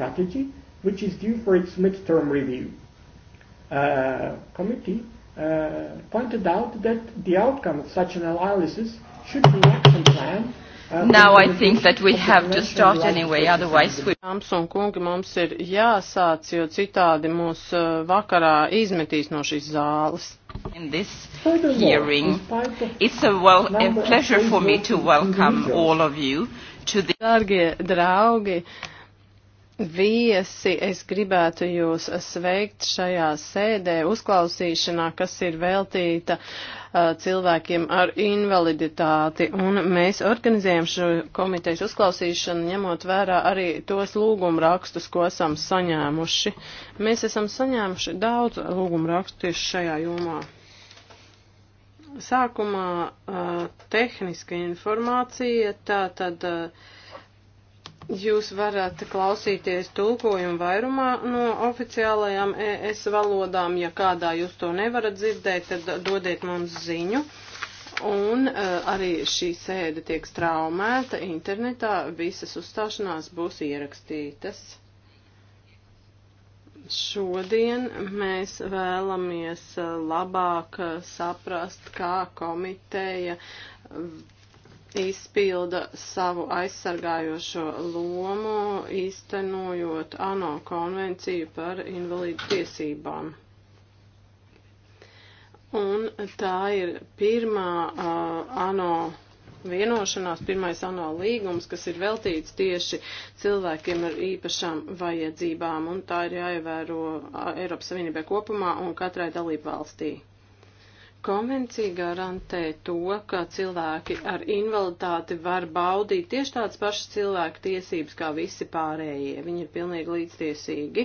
strategy, which is due for its midterm review. Uh, committee uh, pointed out that the outcome of such an analysis should be an action plan. Uh, Now I think that we have to start anyway, otherwise we... Dāmas un kungi, mums ir jāsāc, jo citādi mūs uh, vakarā izmetīs no šīs zāles. In this hearing, it's a, well, a pleasure for me to welcome all of you to the... Dargie draugi, uh, viesi, es gribētu jūs sveikt šajā sēdē uzklausīšanā, kas ir veltīta uh, cilvēkiem ar invaliditāti. Un mēs organizējam šo komitejas uzklausīšanu, ņemot vērā arī tos lūgumu rakstus, ko esam saņēmuši. Mēs esam saņēmuši daudz lūgumu rakstu tieši šajā jomā. Sākumā uh, tehniska informācija, tā tad. Uh, Jūs varat klausīties tulkojumu vairumā no oficiālajām ES valodām. Ja kādā jūs to nevarat dzirdēt, tad dodiet mums ziņu. Un uh, arī šī sēde tiek straumēta internetā. Visas uzstāšanās būs ierakstītas. Šodien mēs vēlamies e, labāk e, saprast, kā komiteja izpilda savu aizsargājošo lomu, īstenojot ANO konvenciju par invalīdu tiesībām. Un tā ir pirmā uh, ANO vienošanās, pirmais ANO līgums, kas ir veltīts tieši cilvēkiem ar īpašām vajadzībām, un tā ir jāievēro Eiropas Savienībai kopumā un katrai dalību valstī. Konvencija garantē to, ka cilvēki ar invaliditāti var baudīt tieši tādas pašas cilvēku tiesības kā visi pārējie. Viņi ir pilnīgi līdztiesīgi.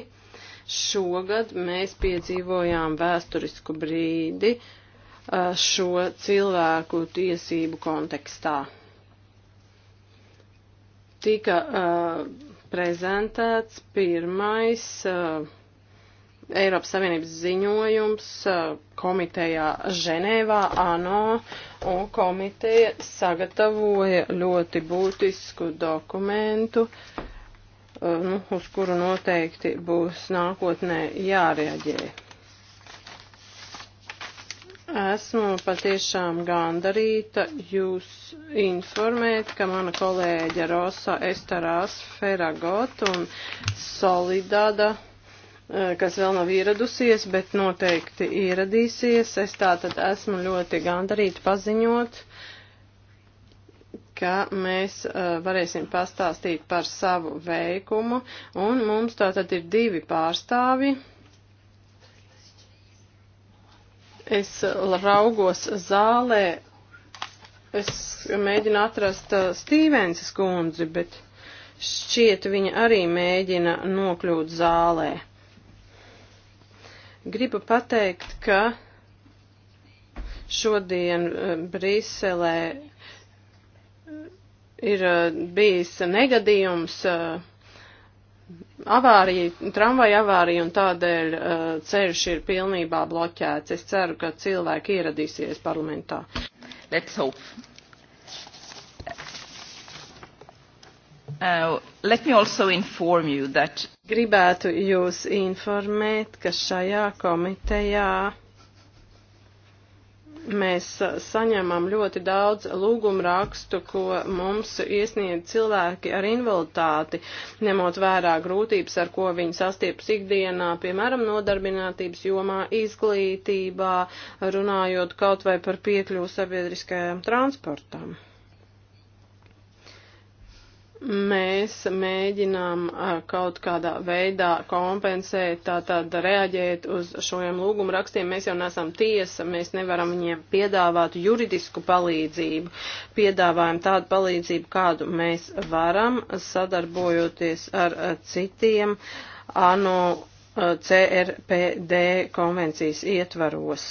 Šogad mēs piedzīvojām vēsturisku brīdi šo cilvēku tiesību kontekstā. Tika uh, prezentēts pirmais uh, Eiropas Savienības ziņojums eh, komitejā Ženēvā, ANO, un komiteja sagatavoja ļoti būtisku dokumentu, eh, nu, uz kuru noteikti būs nākotnē jārēģē. Esmu patiešām gandarīta jūs informēt, ka mana kolēģa Rosa Estarās Feragot un Solidada Eh, kas vēl nav ieradusies, bet noteikti ieradīsies. Es tātad esmu ļoti gandarīti paziņot, ka mēs eh, varēsim pastāstīt par savu veikumu, un mums tātad ir divi pārstāvi. Es raugos zālē, es mēģinu atrast eh, Stīvenses kundzi, bet šķiet viņa arī mēģina nokļūt zālē. Gribu pateikt, ka šodien eh, Brīselē eh, ir eh, bijis negadījums, avārija, tramvaja avārija un tādēļ ceļš ir pilnībā bloķēts. Es ceru, ka cilvēki ieradīsies parlamentā. Let's hope. Uh, let me also inform you that. Gribētu jūs informēt, ka šajā komitejā mēs saņemam ļoti daudz lūgumu rakstu, ko mums iesniedz cilvēki ar invaliditāti, ņemot vērā grūtības, ar ko viņi sastiepas ikdienā, piemēram, nodarbinātības jomā, izglītībā, runājot kaut vai par piekļuvu sabiedriskajām transportām mēs mēģinām kaut kādā veidā kompensēt, tātad reaģēt uz šiem lūgumu rakstiem. Mēs jau nesam tiesa, mēs nevaram viņiem piedāvāt juridisku palīdzību. Piedāvājam tādu palīdzību, kādu mēs varam, sadarbojoties ar citiem ANO CRPD konvencijas ietvaros.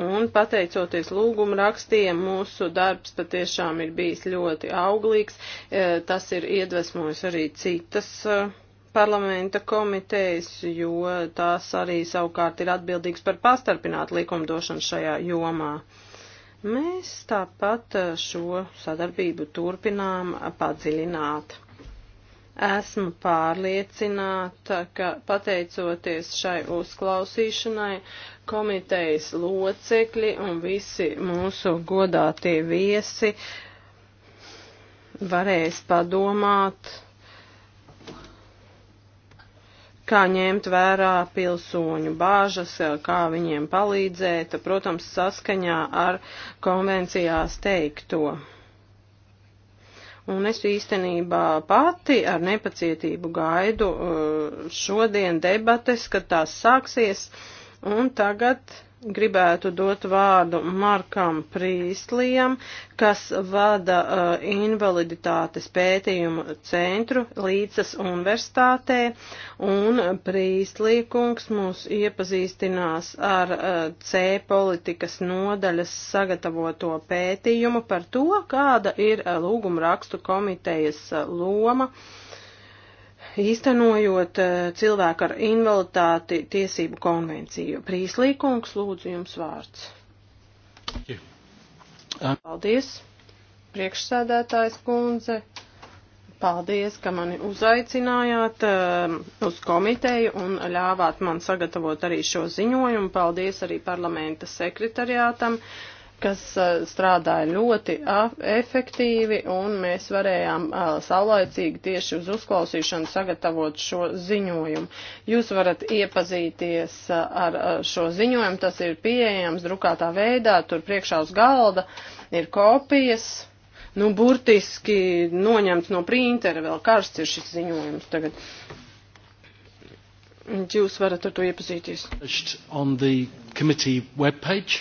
Un pateicoties lūguma rakstiem, mūsu darbs patiešām ir bijis ļoti auglīgs. E, tas ir iedvesmojis arī citas e, parlamenta komitejas, jo tās arī savukārt ir atbildīgs par pastarpinātu likumdošanu šajā jomā. Mēs tāpat e, šo sadarbību turpinām padziļināt. Esmu pārliecināta, ka pateicoties šai uzklausīšanai, komitejas locekļi un visi mūsu godātie viesi varēs padomāt, kā ņemt vērā pilsoņu bāžas, kā viņiem palīdzēt, protams, saskaņā ar konvencijās teikto. Un es īstenībā pati ar nepacietību gaidu uh, šodien debates, kad tās sāksies. Un tagad gribētu dot vārdu Markam Prīslijam, kas vada uh, invaliditātes pētījumu centru Līdzas universitātē, un Prīslīkungs mūs iepazīstinās ar uh, C politikas nodaļas sagatavoto pētījumu par to, kāda ir uh, lūgumrakstu komitejas uh, loma. Uh, īstenojot eh, cilvēku ar invaliditāti tiesību konvenciju. Prīslīkungs, lūdzu jums vārds. Um, Paldies, priekšsēdētājs kundze. Paldies, ka mani uzaicinājāt uh, uz komiteju un ļāvāt man sagatavot arī šo ziņojumu. Paldies arī parlamenta sekretariātam. Uh, kas strādāja ļoti efektīvi, un mēs varējām saulaicīgi tieši uz uzklausīšanu sagatavot šo ziņojumu. Jūs varat iepazīties ar šo ziņojumu, tas ir pieejams drukātā veidā, tur priekšā uz galda ir kopijas. Nu, burtiski noņemts no printera, vēl karsts ir šis ziņojums tagad. Jūs varat ar to iepazīties. On the committee webpage.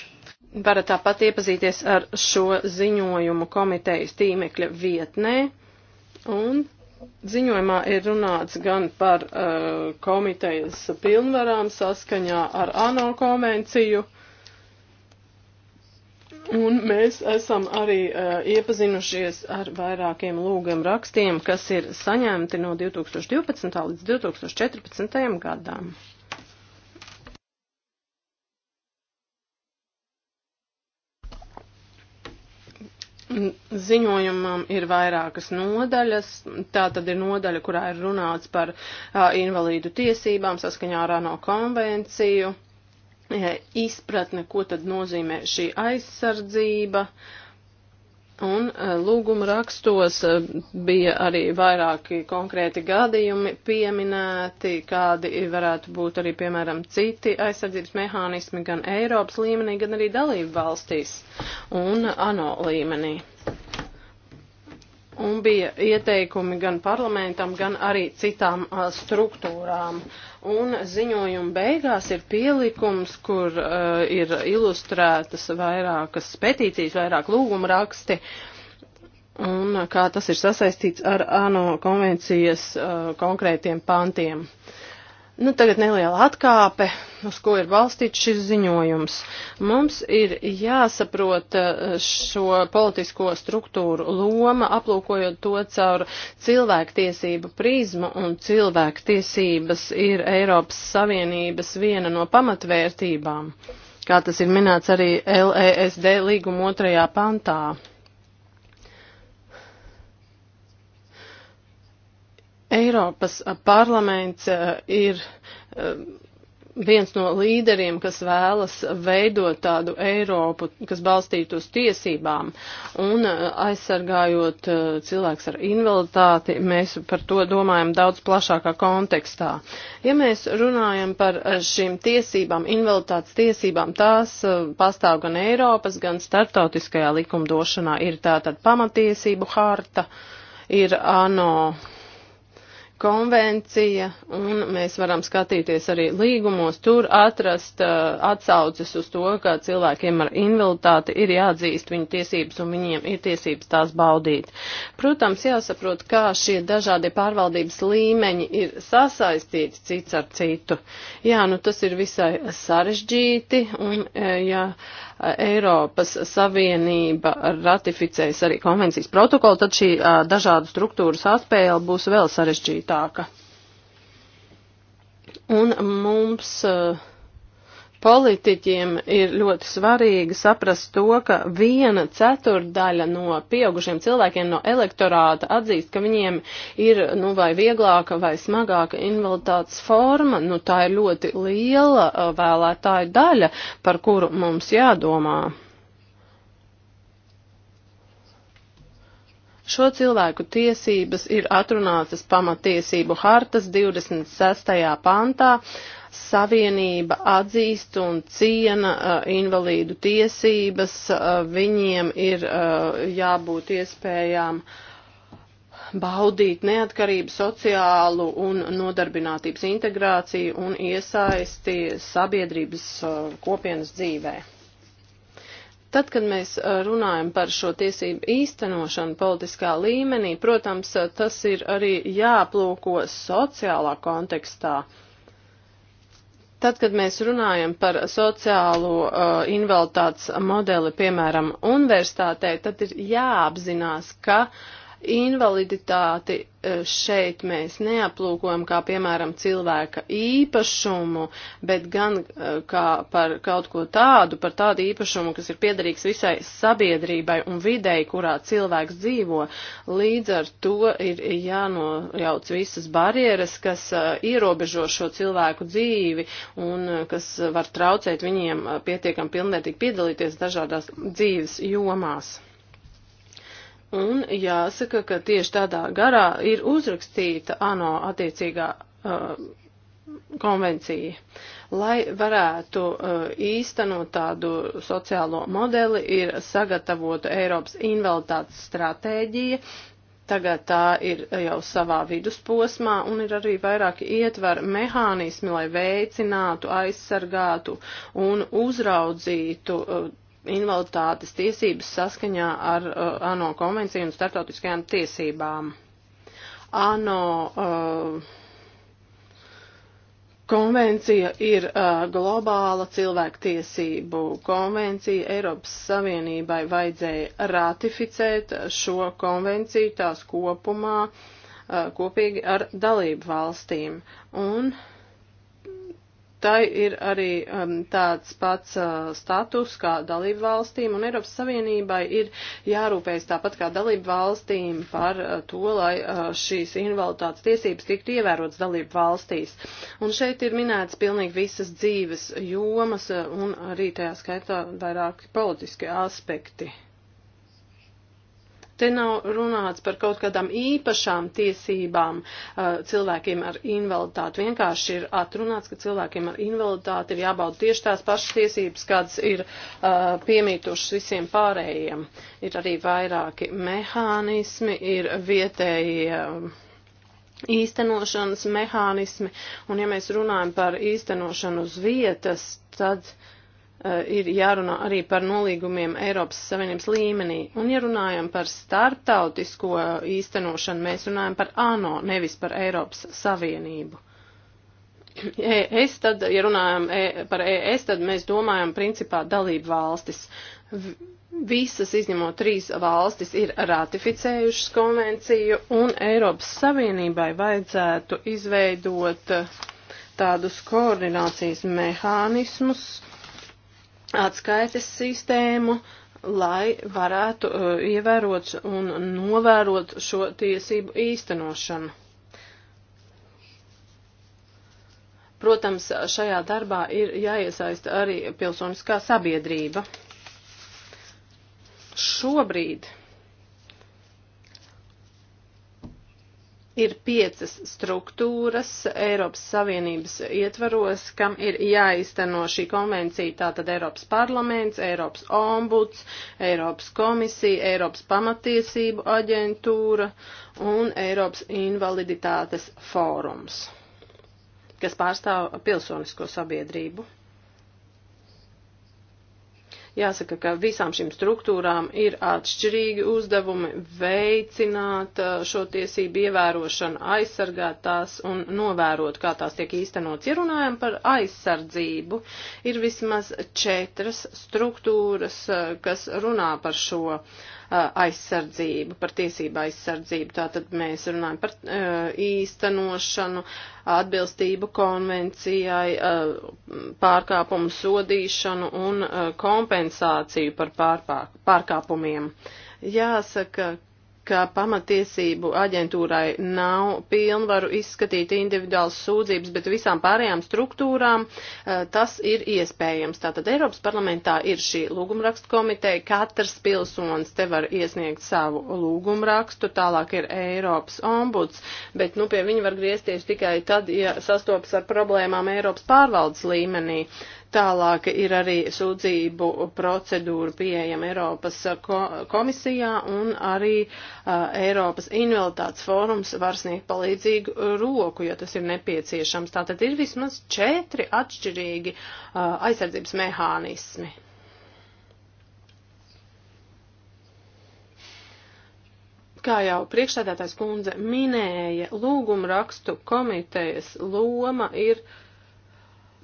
Varat tāpat iepazīties ar šo ziņojumu komitejas tīmekļa vietnē. Un ziņojumā ir runāts gan par uh, komitejas pilnvarām saskaņā ar ANO konvenciju. Un mēs esam arī uh, iepazinušies ar vairākiem lūgiem rakstiem, kas ir saņemti no 2012. līdz 2014. gadām. Ziņojumam ir vairākas nodaļas. Tā tad ir nodaļa, kurā ir runāts par uh, invalīdu tiesībām saskaņā ar ANO konvenciju, e, izpratne, ko tad nozīmē šī aizsardzība. Uh, Un e, lūguma rakstos e, bija arī vairāki konkrēti gadījumi pieminēti, kādi varētu būt arī, piemēram, citi aizsardzības mehānismi gan Eiropas līmenī, gan arī dalību valstīs un ANO līmenī. Un bija ieteikumi gan parlamentam, gan arī citām e, struktūrām. Uh, un ziņojuma beigās ir pielikums, kur uh, ir ilustrētas vairākas petīcijas, vairāk lūguma raksti, un uh, kā tas ir sasaistīts ar ANO konvencijas uh, konkrētiem pantiem. Uh, Nu, tagad neliela atkāpe, uz ko ir balstīts šis ziņojums. Mums ir jāsaprot eh, šo politisko struktūru loma, aplūkojot to caur cilvēktiesību prizmu, un cilvēktiesības ir Eiropas Savienības viena no pamatvērtībām, kā tas ir minēts arī LESD līguma otrajā pantā. Eiropas parlaments eh, ir eh, viens no līderiem, kas vēlas veidot tādu Eiropu, kas balstītu uz tiesībām un eh, aizsargājot cilvēks ar invaliditāti, mēs par to domājam daudz plašākā kontekstā. Ja mēs runājam par šīm tiesībām, invaliditātes tiesībām, tās pastāv gan Eiropas, gan startautiskajā likumdošanā ir tātad pamatiesību harta, ir ANO konvencija, un mēs varam skatīties arī līgumos, tur atrast uh, atsauces uz to, ka cilvēkiem ar invaliditāti ir jāatzīst viņu tiesības un viņiem ir tiesības tās baudīt. Protams, jāsaprot, kā šie dažādie pārvaldības līmeņi ir sasaistīti cits ar citu. Jā, nu tas ir visai sarežģīti, un uh, eh, jā. Ja, Eiropas Savienība ratificēs arī konvencijas protokolu, tad šī dažādu struktūru saspēle būs vēl sarežģītāka. Un mums uh, Politiķiem ir ļoti svarīgi saprast to, ka viena ceturdaļa no pieaugušiem cilvēkiem no elektorāta atzīst, ka viņiem ir, nu, vai vieglāka vai smagāka invaliditātes forma. Nu, tā ir ļoti liela uh, vēlētāju daļa, par kuru mums jādomā. Šo cilvēku tiesības ir atrunātas pamatiesību hartas 26. pantā Savienība atzīst un ciena uh, invalīdu tiesības, uh, viņiem ir uh, jābūt iespējām baudīt neatkarību, sociālu un nodarbinātības integrāciju un iesaisti sabiedrības uh, kopienas dzīvē. Tad, kad mēs uh, runājam par šo tiesību īstenošanu politiskā līmenī, protams, uh, tas ir arī jāplūko sociālā kontekstā. Uh, Tad, kad mēs runājam par sociālo uh, invaliditātes modeli, piemēram, universitātē, tad ir jāapzinās, ka uh, Invaliditāti e, šeit mēs neaplūkojam kā, piemēram, cilvēka īpašumu, bet gan e, kā par kaut ko tādu, par tādu īpašumu, kas ir piederīgs visai sabiedrībai un videi, kurā cilvēks dzīvo. Līdz ar to ir jānojauc visas barjeras, kas e, ierobežo šo cilvēku dzīvi un kas var traucēt viņiem pietiekam pilnvērtīgi piedalīties dažādās dzīves jomās. Un jāsaka, ka tieši tādā garā ir uzrakstīta ANO attiecīgā uh, konvencija. Lai varētu uh, īstenot tādu sociālo modeli, ir sagatavota Eiropas invaliditātes stratēģija, tagad tā ir jau savā vidusposmā un ir arī vairāki ietver mehānismi, lai veicinātu, aizsargātu un uzraudzītu uh, invaliditātes tiesības saskaņā ar uh, ANO konvenciju un startautiskajām tiesībām. ANO uh, Konvencija ir uh, globāla cilvēktiesību konvencija. Eiropas Savienībai vajadzēja ratificēt šo konvenciju tās kopumā uh, kopīgi ar dalību valstīm. Un uh, tai ir arī um, tāds pats uh, status kā dalību valstīm, un Eiropas Savienībai ir jārūpējas tāpat kā dalību valstīm par uh, to, lai uh, šīs invaliditātes tiesības tiktu ievērotas dalību valstīs. Un šeit ir minēts pilnīgi visas dzīves jomas, uh, un arī tajā skaitā vairāki politiski aspekti. Te nav runāts par kaut kādām īpašām tiesībām uh, cilvēkiem ar invaliditāti. Vienkārši ir atrunāts, ka cilvēkiem ar invaliditāti ir jābauda tieši tās pašas tiesības, kādas ir uh, piemītušas visiem pārējiem. Ir arī vairāki mehānismi, ir vietēji uh, īstenošanas mehānismi, un ja mēs runājam par īstenošanu uz vietas, tad uh, Eh, ir jārunā arī par nolīgumiem Eiropas Savienības līmenī. Un, ja runājam par starptautisko īstenošanu, mēs runājam par ANO, nevis par Eiropas Savienību. E, es tad, ja runājam e, par ES, tad mēs domājam principā dalību valstis. Visas izņemot trīs valstis ir ratificējušas konvenciju un Eiropas Savienībai vajadzētu izveidot tādus koordinācijas mehānismus, uh, atskaites sistēmu, lai varētu uh, ievērot un novērot šo tiesību īstenošanu. Protams, šajā darbā ir jāiesaista arī pilsoniskā sabiedrība. Šobrīd ir piecas struktūras Eiropas Savienības ietvaros, kam ir jāizteno šī konvencija. Tātad Eiropas parlaments, Eiropas ombuds, Eiropas komisija, Eiropas pamatiesību aģentūra un Eiropas invaliditātes fórums, kas pārstāv pilsonisko sabiedrību. Jāsaka, ka visām šīm struktūrām ir atšķirīgi uzdevumi veicināt uh, šo tiesību ievērošanu, aizsargāt tās un novērot, kā tās tiek īstenots. Ja runājam par aizsardzību, ir vismaz četras struktūras, uh, kas runā par šo aizsardzību, par tiesību aizsardzību. Tātad mēs runājam par īstenošanu, atbilstību konvencijai, pārkāpumu sodīšanu un kompensāciju par pārpār, pārkāpumiem. Jāsaka, ka pamatiesību aģentūrai nav pilnvaru izskatīt individuālas sūdzības, bet visām pārējām struktūrām eh, tas ir iespējams. Tātad Eiropas parlamentā ir šī lūgumrakstu komiteja, katrs pilsonis te var iesniegt savu lūgumrakstu, tālāk ir Eiropas ombuds, bet nu, pie viņa var griezties tikai tad, ja sastopas ar problēmām Eiropas pārvaldes līmenī. Uh, Tālāk ir arī sūdzību procedūra pieejama Eiropas uh, komisijā un arī uh, Eiropas invaliditātes fórums var sniegt palīdzīgu roku, ja tas ir nepieciešams. Tātad ir vismaz četri atšķirīgi uh, aizsardzības mehānismi. Kā jau priekšstādātājs kundze minēja, lūguma rakstu komitejas loma ir uh,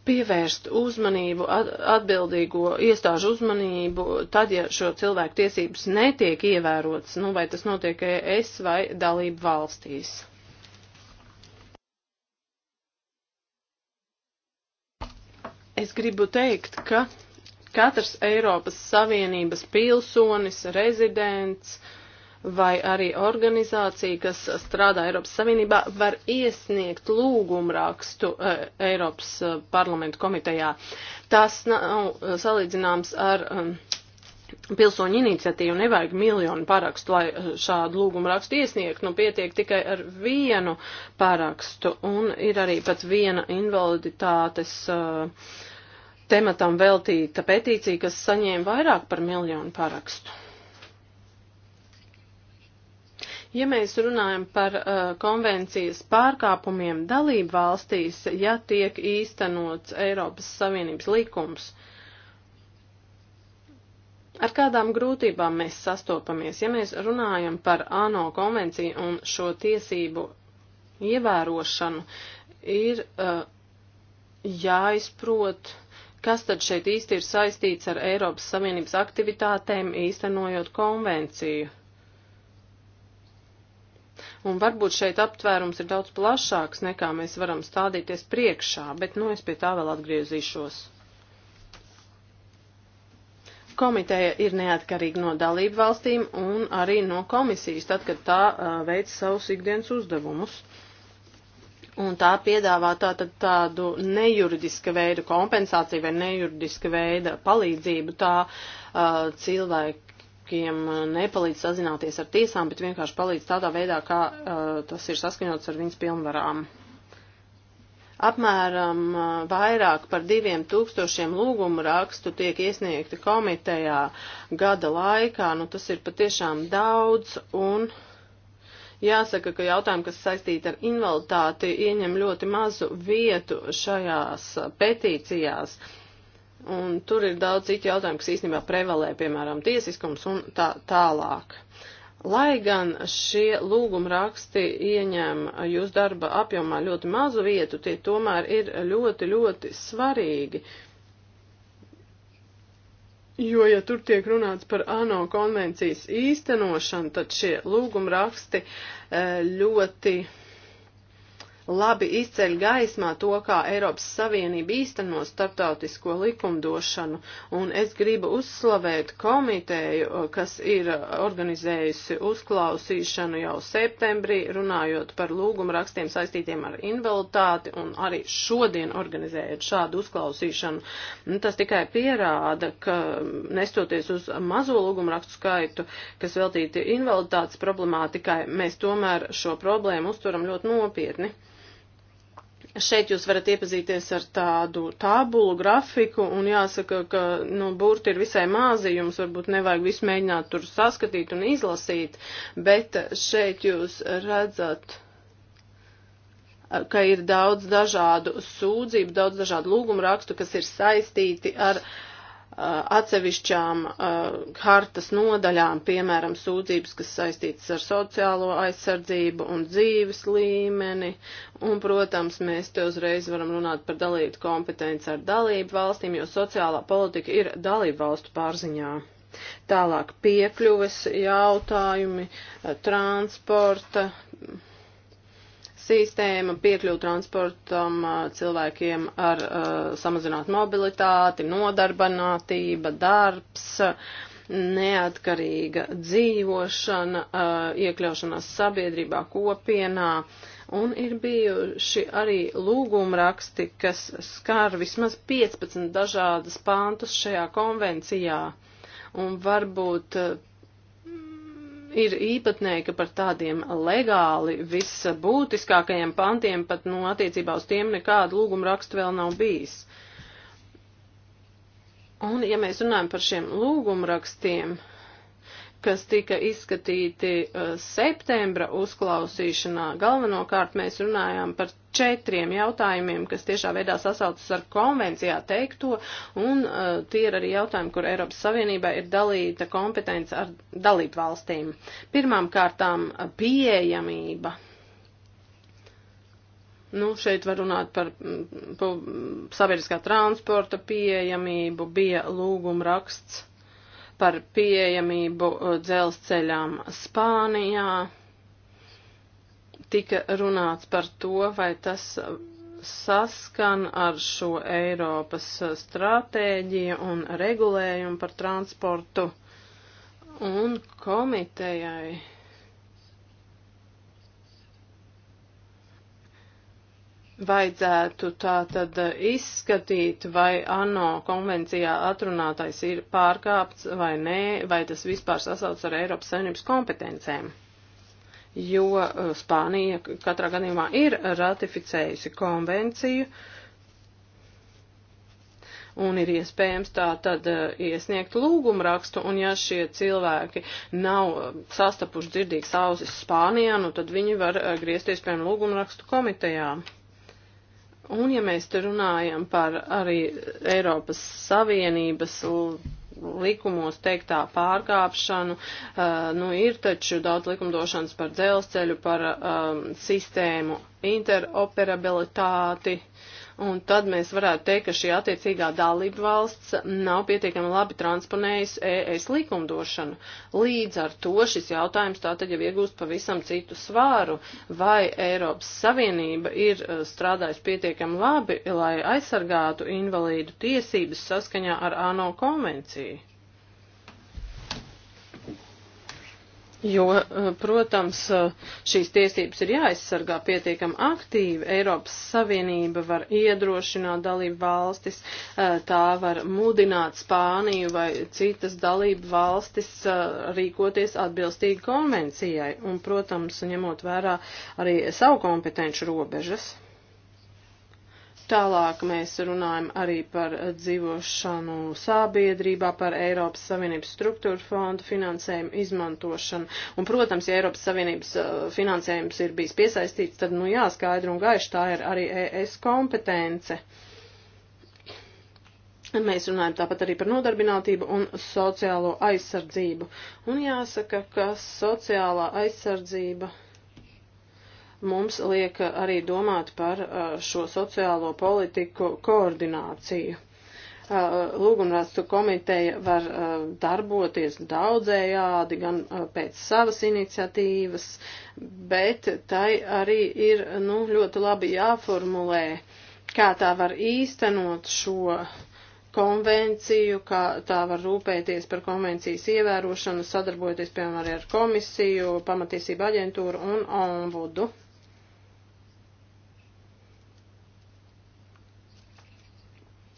pievērst uzmanību, atbildīgo iestāžu uzmanību, tad, ja šo cilvēku tiesības netiek ievērotas, nu vai tas notiek es vai dalību valstīs. Es gribu teikt, ka katrs Eiropas Savienības pilsonis, rezidents, uh, vai arī organizācija, kas strādā Eiropas Savienībā, var iesniegt lūgumrakstu eh, Eiropas eh, parlamentu komitejā. Tas nav eh, salīdzināms ar ehm, pilsoņu iniciatīvu, nevajag miljonu parakstu, lai šādu lūgumu rakstu iesniegt, nu pietiek tikai ar vienu parakstu, un ir arī pat viena invaliditātes uh, tematam veltīta petīcija, kas saņēma vairāk par miljonu parakstu. Ja mēs runājam par uh, konvencijas pārkāpumiem dalību valstīs, ja tiek īstenots Eiropas Savienības likums, ar kādām grūtībām mēs sastopamies, ja mēs runājam par ANO konvenciju un šo tiesību ievērošanu, ir uh, jāizprot kas tad šeit īsti ir saistīts ar Eiropas Savienības aktivitātēm īstenojot konvenciju. Un varbūt šeit aptvērums ir daudz plašāks, nekā mēs varam stādīties priekšā, bet nu es pie tā vēl atgriezīšos. Komiteja ir neatkarīga no dalību valstīm un arī no komisijas, tad, kad tā uh, veic savus ikdienas uzdevumus. Un tā piedāvā tātad tādu nejuridiska veida kompensāciju vai nejuridiska veida palīdzību tā uh, cilvēku cilvēkiem uh, nepalīdz sazināties ar tiesām, bet vienkārši palīdz tādā veidā, kā uh, tas ir saskaņots ar viņas pilnvarām. Apmēram uh, vairāk par diviem tūkstošiem lūgumu rakstu tiek iesniegti komitejā gada laikā, nu tas ir patiešām daudz un jāsaka, ka jautājumi, kas saistīti ar invaliditāti, ieņem ļoti mazu vietu šajās uh, petīcijās. Uh, Un tur ir daudz citu jautājumu, kas īstenībā prevalē, piemēram, tiesiskums un tā tālāk. Lai gan šie lūguma raksti ieņem jūs darba apjomā ļoti mazu vietu, tie tomēr ir ļoti, ļoti svarīgi. Jo, ja tur tiek runāts par ANO konvencijas īstenošanu, tad šie lūguma raksti eh, ļoti labi izceļ gaismā to, kā Eiropas Savienība īsteno starptautisko likumdošanu, un es gribu uzslavēt komiteju, kas ir organizējusi uzklausīšanu jau septembrī, runājot par lūgumu rakstiem saistītiem ar invaliditāti, un arī šodien organizējot šādu uzklausīšanu. Nu, tas tikai pierāda, ka nestoties uz mazo lūgumu rakstu skaitu, kas veltīti invaliditātes problemātikai, mēs tomēr šo problēmu uztveram ļoti nopietni. Šeit jūs varat iepazīties ar tādu tabulu, grafiku, un jāsaka, ka, nu, burti ir visai mazi, jums varbūt nevajag visu mēģināt tur saskatīt un izlasīt, bet šeit jūs redzat ka ir daudz dažādu sūdzību, daudz dažādu lūgumu rakstu, kas ir saistīti ar uh, Eh, atsevišķām eh, hartas nodaļām, piemēram, sūdzības, kas saistītas ar sociālo aizsardzību un dzīves līmeni, un, protams, mēs te uzreiz varam runāt par dalību kompetenci ar dalību valstīm, jo sociālā politika ir dalību valstu pārziņā. Tālāk piekļuves jautājumi, eh, transporta sistēma, piekļuvu transportam cilvēkiem ar uh, samazinātu mobilitāti, nodarbinātība, darbs, neatkarīga dzīvošana, uh, iekļaušanās sabiedrībā, kopienā. Un ir bijuši arī lūgumraksti, kas skar vismaz 15 dažādas pāntus šajā konvencijā. Un varbūt uh, ir īpatnēji, ka par tādiem legāli visbūtiskākajiem pantiem pat no nu, attiecībā uz tiem nekādu lūgumu rakstu vēl nav bijis. Un, ja mēs runājam par šiem lūgumu rakstiem, uh, kas tika izskatīti eh, septembra uzklausīšanā, galvenokārt mēs runājām par četriem jautājumiem, kas tiešā veidā sasaucas ar konvencijā teikto, un uh, tie ir arī jautājumi, kur Eiropas Savienībā ir dalīta kompetence ar dalību valstīm. Pirmām kārtām eh, pieejamība. Nu, šeit var runāt par, mm, par sabiedriskā transporta pieejamību, bija lūguma raksts par pieejamību uh, dzelzceļām Spānijā. Tika runāts par to, vai tas saskan ar šo Eiropas uh, stratēģiju un regulējumu par transportu un komitejai vajadzētu tā tad izskatīt, vai ANO konvencijā atrunātais ir pārkāpts vai nē, vai tas vispār sasauc ar Eiropas Savienības kompetencēm. Jo uh, Spānija katrā gadījumā ir ratificējusi konvenciju un ir iespējams tā tad uh, iesniegt lūgumu rakstu, un ja šie cilvēki nav uh, sastapuši dzirdīgas ausis Spānijā, nu tad viņi var griezties, piemēram, lūgumu rakstu komitejām. Un ja mēs te runājam par arī Eiropas Savienības likumos teiktā pārkāpšanu, uh, nu ir taču daudz likumdošanas par dzelzceļu, par um, sistēmu interoperabilitāti. Uh, un tad mēs varētu teikt, ka šī attiecīgā dalība valsts nav pietiekami labi transponējusi ES likumdošanu. Līdz ar to šis jautājums tātad jau iegūst pavisam citu svāru, vai Eiropas Savienība ir eh, strādājusi pietiekami labi, lai aizsargātu invalīdu tiesības saskaņā ar ANO konvenciju. Jo, eh, protams, eh, šīs tiesības ir jāaizsargā pietiekam aktīvi. Eiropas Savienība var iedrošināt dalību valstis, eh, tā var mudināt Spāniju vai citas dalību valstis rīkoties atbilstīgi konvencijai un, protams, ņemot vērā arī savu kompetenci robežas. Tālāk mēs runājam arī par dzīvošanu sabiedrībā, par Eiropas Savienības struktūra fondu finansējumu izmantošanu. Un, protams, ja Eiropas Savienības uh, finansējums ir bijis piesaistīts, tad, nu jā, skaidri un gaiši tā ir arī ES kompetence. Mēs runājam tāpat arī par nodarbinātību un sociālo aizsardzību. Un jāsaka, ka sociālā aizsardzība mums liek arī domāt par uh, šo sociālo politiku koordināciju. Uh, lūgumrakstu komiteja var uh, darboties daudzējādi, gan pēc savas iniciatīvas, bet tai arī ir nu, ļoti labi jāformulē, kā tā var īstenot šo konvenciju, kā tā var rūpēties par konvencijas ievērošanu, sadarbojoties, piemēram, arī ar komisiju, pamatiesību aģentūru un ombudu.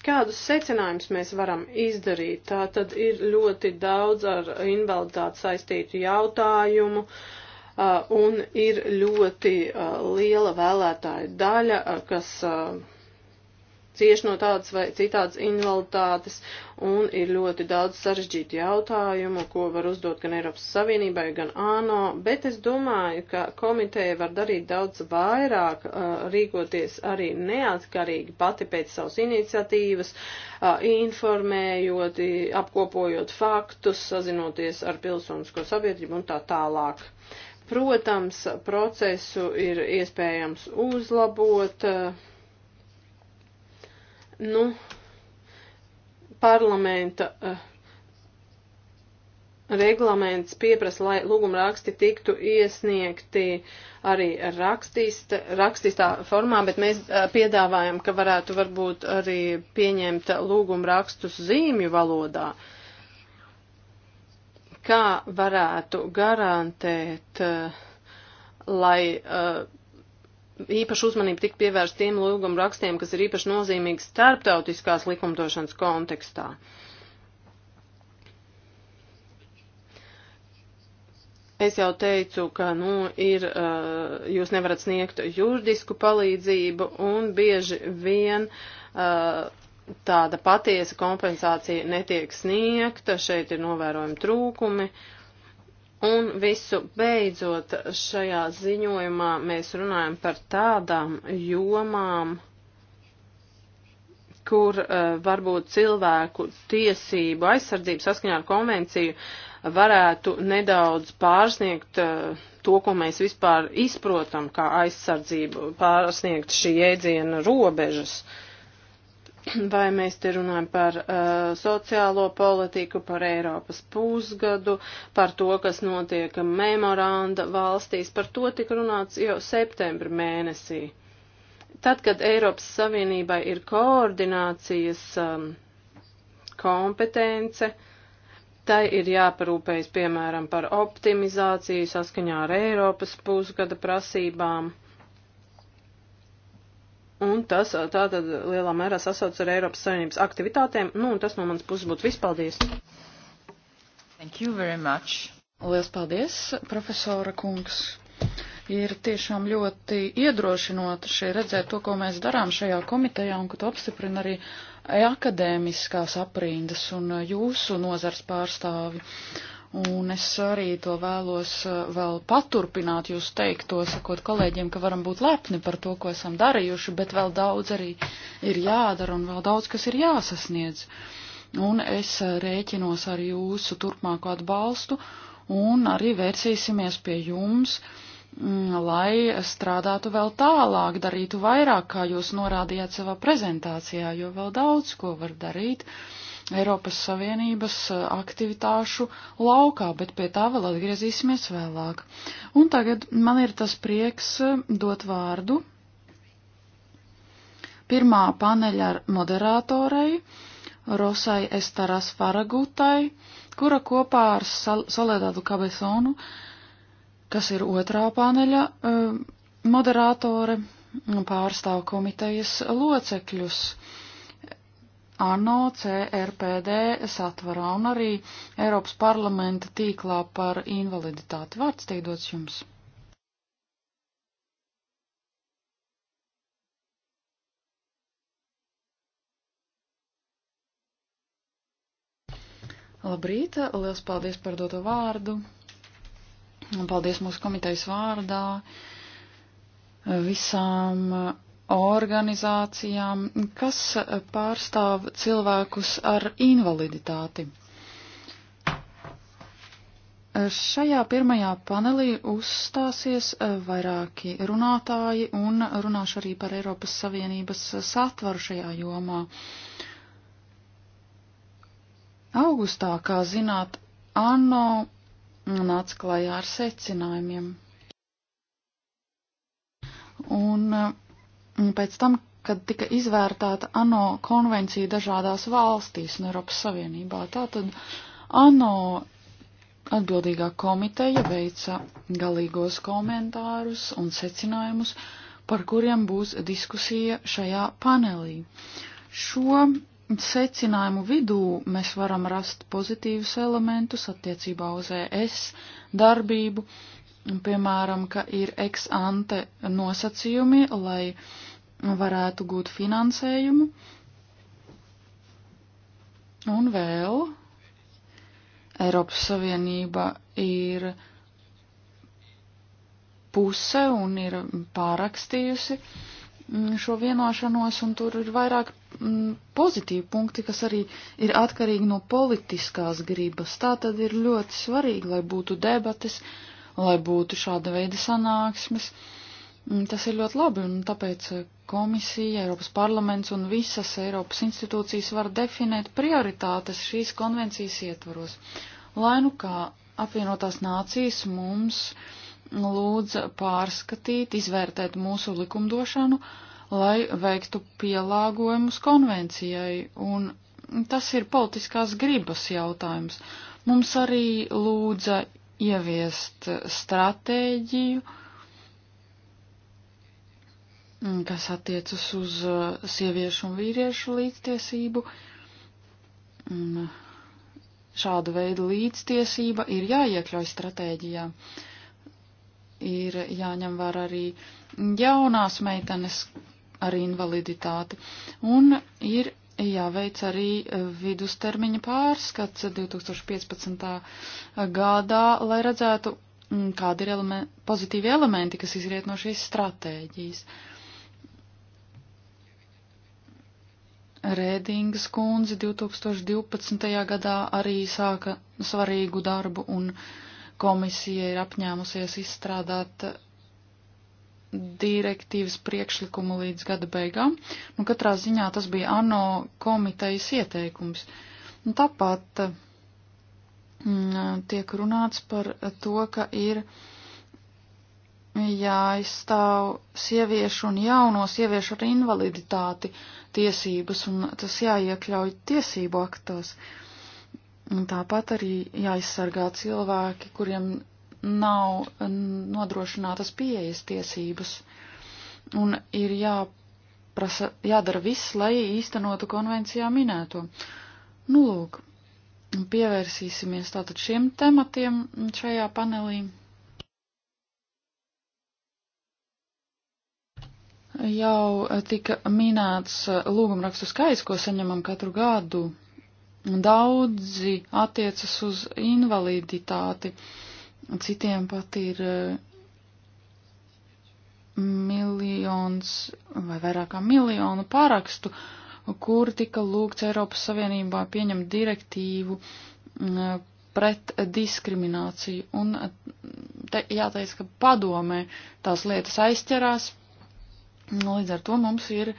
Kādus secinājumus mēs varam izdarīt? Tā tad ir ļoti daudz ar invaliditāti saistītu jautājumu. Uh, un ir ļoti uh, liela vēlētāja daļa, uh, kas uh, cieši no tādas vai citādas invaliditātes, un ir ļoti daudz sarežģītu jautājumu, ko var uzdot gan Eiropas Savienībai, gan ANO, bet es domāju, ka komiteja var darīt daudz vairāk, uh, rīkoties arī neatkarīgi pati pēc savas iniciatīvas, uh, informējot, apkopojot faktus, sazinoties ar pilsonisko sabiedrību un tā tālāk. Protams, procesu ir iespējams uzlabot, uh, nu, parlamenta uh, reglaments pieprasa, lai lūgumraksti tiktu iesniegti arī rakstist, rakstistā formā, bet mēs eh, piedāvājam, ka varētu varbūt arī pieņemt lūgumrakstus zīmju valodā. Kā varētu garantēt, eh, lai īpašu uzmanību tik pievērst tiem lūgumu rakstiem, kas ir īpaši nozīmīgi starptautiskās likumdošanas kontekstā. Es jau teicu, ka, nu, ir, uh, jūs nevarat sniegt juridisku palīdzību un bieži vien uh, tāda patiesa kompensācija netiek sniegta, šeit ir novērojami trūkumi. Uh, Un visu beidzot šajā ziņojumā mēs runājam par tādām jomām, kur uh, varbūt cilvēku tiesību aizsardzību saskaņā ar konvenciju varētu nedaudz pārsniegt uh, to, ko mēs vispār izprotam kā aizsardzību, pārsniegt šī jēdziena robežas. Uh, vai mēs te runājam par uh, sociālo politiku, par Eiropas pusgadu, par to, kas notiek memoranda valstīs, par to tika runāts jau septembra mēnesī. Tad, kad Eiropas Savienībai ir koordinācijas um, kompetence, tai ir jāparūpējas piemēram par optimizāciju saskaņā ar Eiropas pusgada prasībām. Uh, Un tas tātad lielā mērā sasauc ar Eiropas Savienības aktivitātēm. Nu, un tas no manas puses būtu viss. Paldies! Thank you very much! Lielas paldies, profesora kungs! Ir tiešām ļoti iedrošinoši redzēt to, ko mēs darām šajā komitejā un ka to apstiprina arī akadēmiskās aprindas un jūsu nozars pārstāvi. Uh, Un es arī to vēlos eh, vēl paturpināt jūs teikto, sakot kolēģiem, ka varam būt lepni par to, ko esam darījuši, bet vēl daudz arī ir jādara un vēl daudz, kas ir jāsasniedz. Un es eh, rēķinos ar jūsu turpmāko atbalstu un arī vērsīsimies pie jums, mm, lai strādātu vēl tālāk, darītu vairāk, kā jūs norādījāt savā prezentācijā, jo vēl daudz ko var darīt. Uh, Eiropas Savienības eh, aktivitāšu laukā, bet pie tā vēl atgriezīsimies vēlāk. Un tagad man ir tas prieks eh, dot vārdu pirmā paneļa moderatorei Rosai Estaras Faragutai, kura kopā ar Sol Soledādu Kabesonu, kas ir otrā paneļa eh, moderatore, pārstāv komitejas locekļus. ANO CRPD satvarā un arī Eiropas parlamenta tīklā par invaliditāti. Vārds tiek dots jums. Labrīt, liels paldies par doto vārdu. Un paldies mūsu komitejas vārdā visām organizācijām, kas pārstāv cilvēkus ar invaliditāti. Šajā pirmajā panelī uzstāsies e, vairāki runātāji un runāšu arī par Eiropas Savienības satvaru šajā jomā. Augustā, kā zināt, Anno nāca klajā ar secinājumiem. Un uh, pēc tam, kad tika izvērtēta ANO konvencija dažādās valstīs un Eiropas Savienībā. Tātad ANO atbildīgā komiteja veica galīgos komentārus un secinājumus, par kuriem būs diskusija šajā panelī. Šo secinājumu vidū mēs varam rast pozitīvus elementus attiecībā uz ES darbību, piemēram, ka ir ex ante nosacījumi, lai uh, varētu gūt finansējumu. Un vēl Eiropas Savienība ir puse un ir pārakstījusi mm, šo vienošanos, un tur ir vairāk mm, pozitīvi punkti, kas arī ir atkarīgi no politiskās gribas. Tā tad ir ļoti svarīgi, lai būtu debates, lai būtu šāda veida sanāksmes. Uh, Mm, tas ir ļoti labi, un tāpēc eh, komisija, Eiropas parlaments un visas Eiropas institūcijas var definēt prioritātes šīs konvencijas ietvaros. Lai nu kā apvienotās nācijas mums lūdz pārskatīt, izvērtēt mūsu likumdošanu, lai veiktu pielāgojumus konvencijai, un tas ir politiskās gribas jautājums. Mums arī lūdza ieviest stratēģiju, Mm, kas attiecas uz uh, sieviešu un vīriešu līdztiesību. Un uh, šāda veida līdztiesība ir jāiekļauj stratēģijā. Ir jāņem vērā arī jaunās meitenes ar invaliditāti. Un ir jāveic arī vidustermiņa pārskats 2015. gadā, lai redzētu, mm, kādi ir elemen pozitīvi elementi, kas izriet no šīs stratēģijas. Uh, Rēdingas kundze 2012. gadā arī sāka svarīgu darbu un komisija ir apņēmusies izstrādāt direktīvas priekšlikumu līdz gada beigām. Nu, katrā ziņā tas bija ANO komitejas ieteikums. Un tāpat m, mm, tiek runāts par to, ka ir uh, jāizstāv sieviešu un jauno sieviešu ar invaliditāti tiesības, un tas jāiekļauj tiesību aktos. Un tāpat arī jāizsargā cilvēki, kuriem nav nodrošinātas pieejas tiesības, un ir jāprasa, jādara viss, lai īstenotu konvencijā minēto. Nu, lūk, pievērsīsimies tātad šiem tematiem šajā panelī. Jau tika minēts eh, lūgumrakstu skaits, ko saņemam katru gadu. Daudzi attiecas uz invaliditāti, citiem pat ir eh, miljons vai vairāk kā miljonu parakstu, kur tika lūgts Eiropas Savienībā pieņemt direktīvu eh, pret diskrimināciju. Un te, jāteic, ka padomē tās lietas aizķerās, Līdz ar to mums ir e,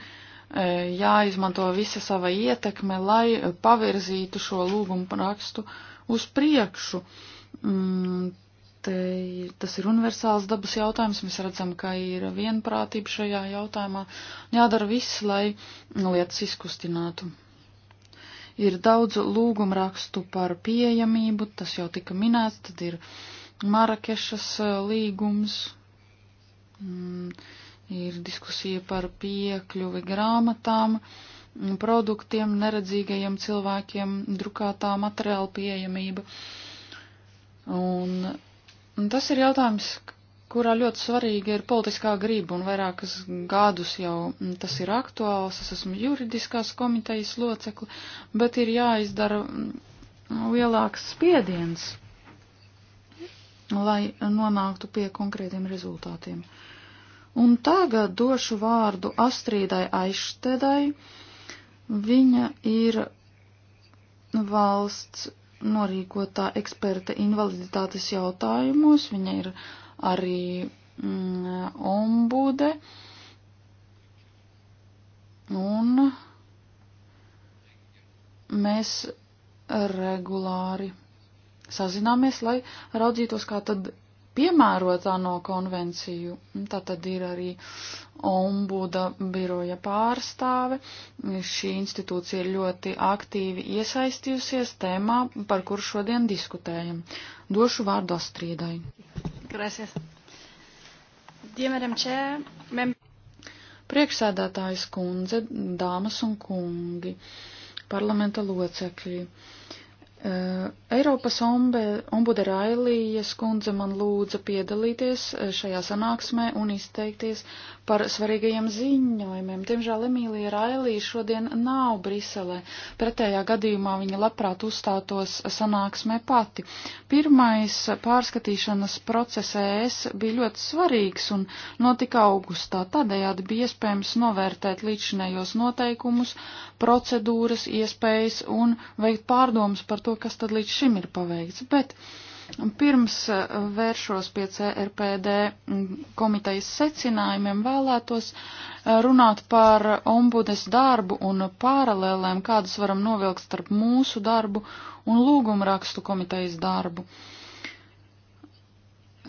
jāizmanto visa sava ietekme, lai pavirzītu šo lūgumu rakstu uz priekšu. Mm, te, tas ir universāls dabas jautājums. Mēs redzam, ka ir vienprātība šajā jautājumā. Jādara viss, lai lietas izkustinātu. Ir daudz lūgumu rakstu par pieejamību, tas jau tika minēts, tad ir Marakešas e, līgums. Mm ir diskusija par piekļuvi grāmatām, produktiem, neredzīgajiem cilvēkiem, drukātā materiāla pieejamība. Un, un tas ir jautājums, kurā ļoti svarīga ir politiskā grība, un vairākas gadus jau tas ir aktuāls, es esmu juridiskās komitejas locekli, bet ir jāizdara lielāks spiediens, lai nonāktu pie konkrētiem rezultātiem. Uh, Un tagad došu vārdu Astrīdai Aištedai. Viņa ir valsts norīkotā eksperte invaliditātes jautājumos. Viņa ir arī mm, ombude. Un mēs regulāri sazināmies, lai raudzītos, kā tad piemērotā no konvenciju. Tā tad ir arī ombuda biroja pārstāve. Šī institūcija ir ļoti aktīvi iesaistījusies tēmā, par kur šodien diskutējam. Došu vārdu Astrīdai. Gracias. Diemeram čē. Mem... Priekšsēdētājs kundze, dāmas un kungi, parlamenta locekļi. Uh, Eh, Eiropas ombuda Railijas kundze man lūdza piedalīties eh, šajā sanāksmē un izteikties par svarīgajiem ziņojumiem. Diemžēl Emīlija Railija šodien nav Briselē, pretējā gadījumā viņa labprāt uzstātos sanāksmē pati. Pirmais pārskatīšanas process ES bija ļoti svarīgs un notika augustā, tādējādi bija iespējams novērtēt līdzinējos noteikumus, procedūras, iespējas un veikt pārdomas par to, to, kas tad līdz šim ir paveikts. Bet pirms eh, vēršos pie CRPD mm, komitejas secinājumiem, vēlētos eh, runāt par ombudes darbu un paralēlēm, kādas varam novilkt starp mūsu darbu un lūgumrakstu komitejas darbu. Uh,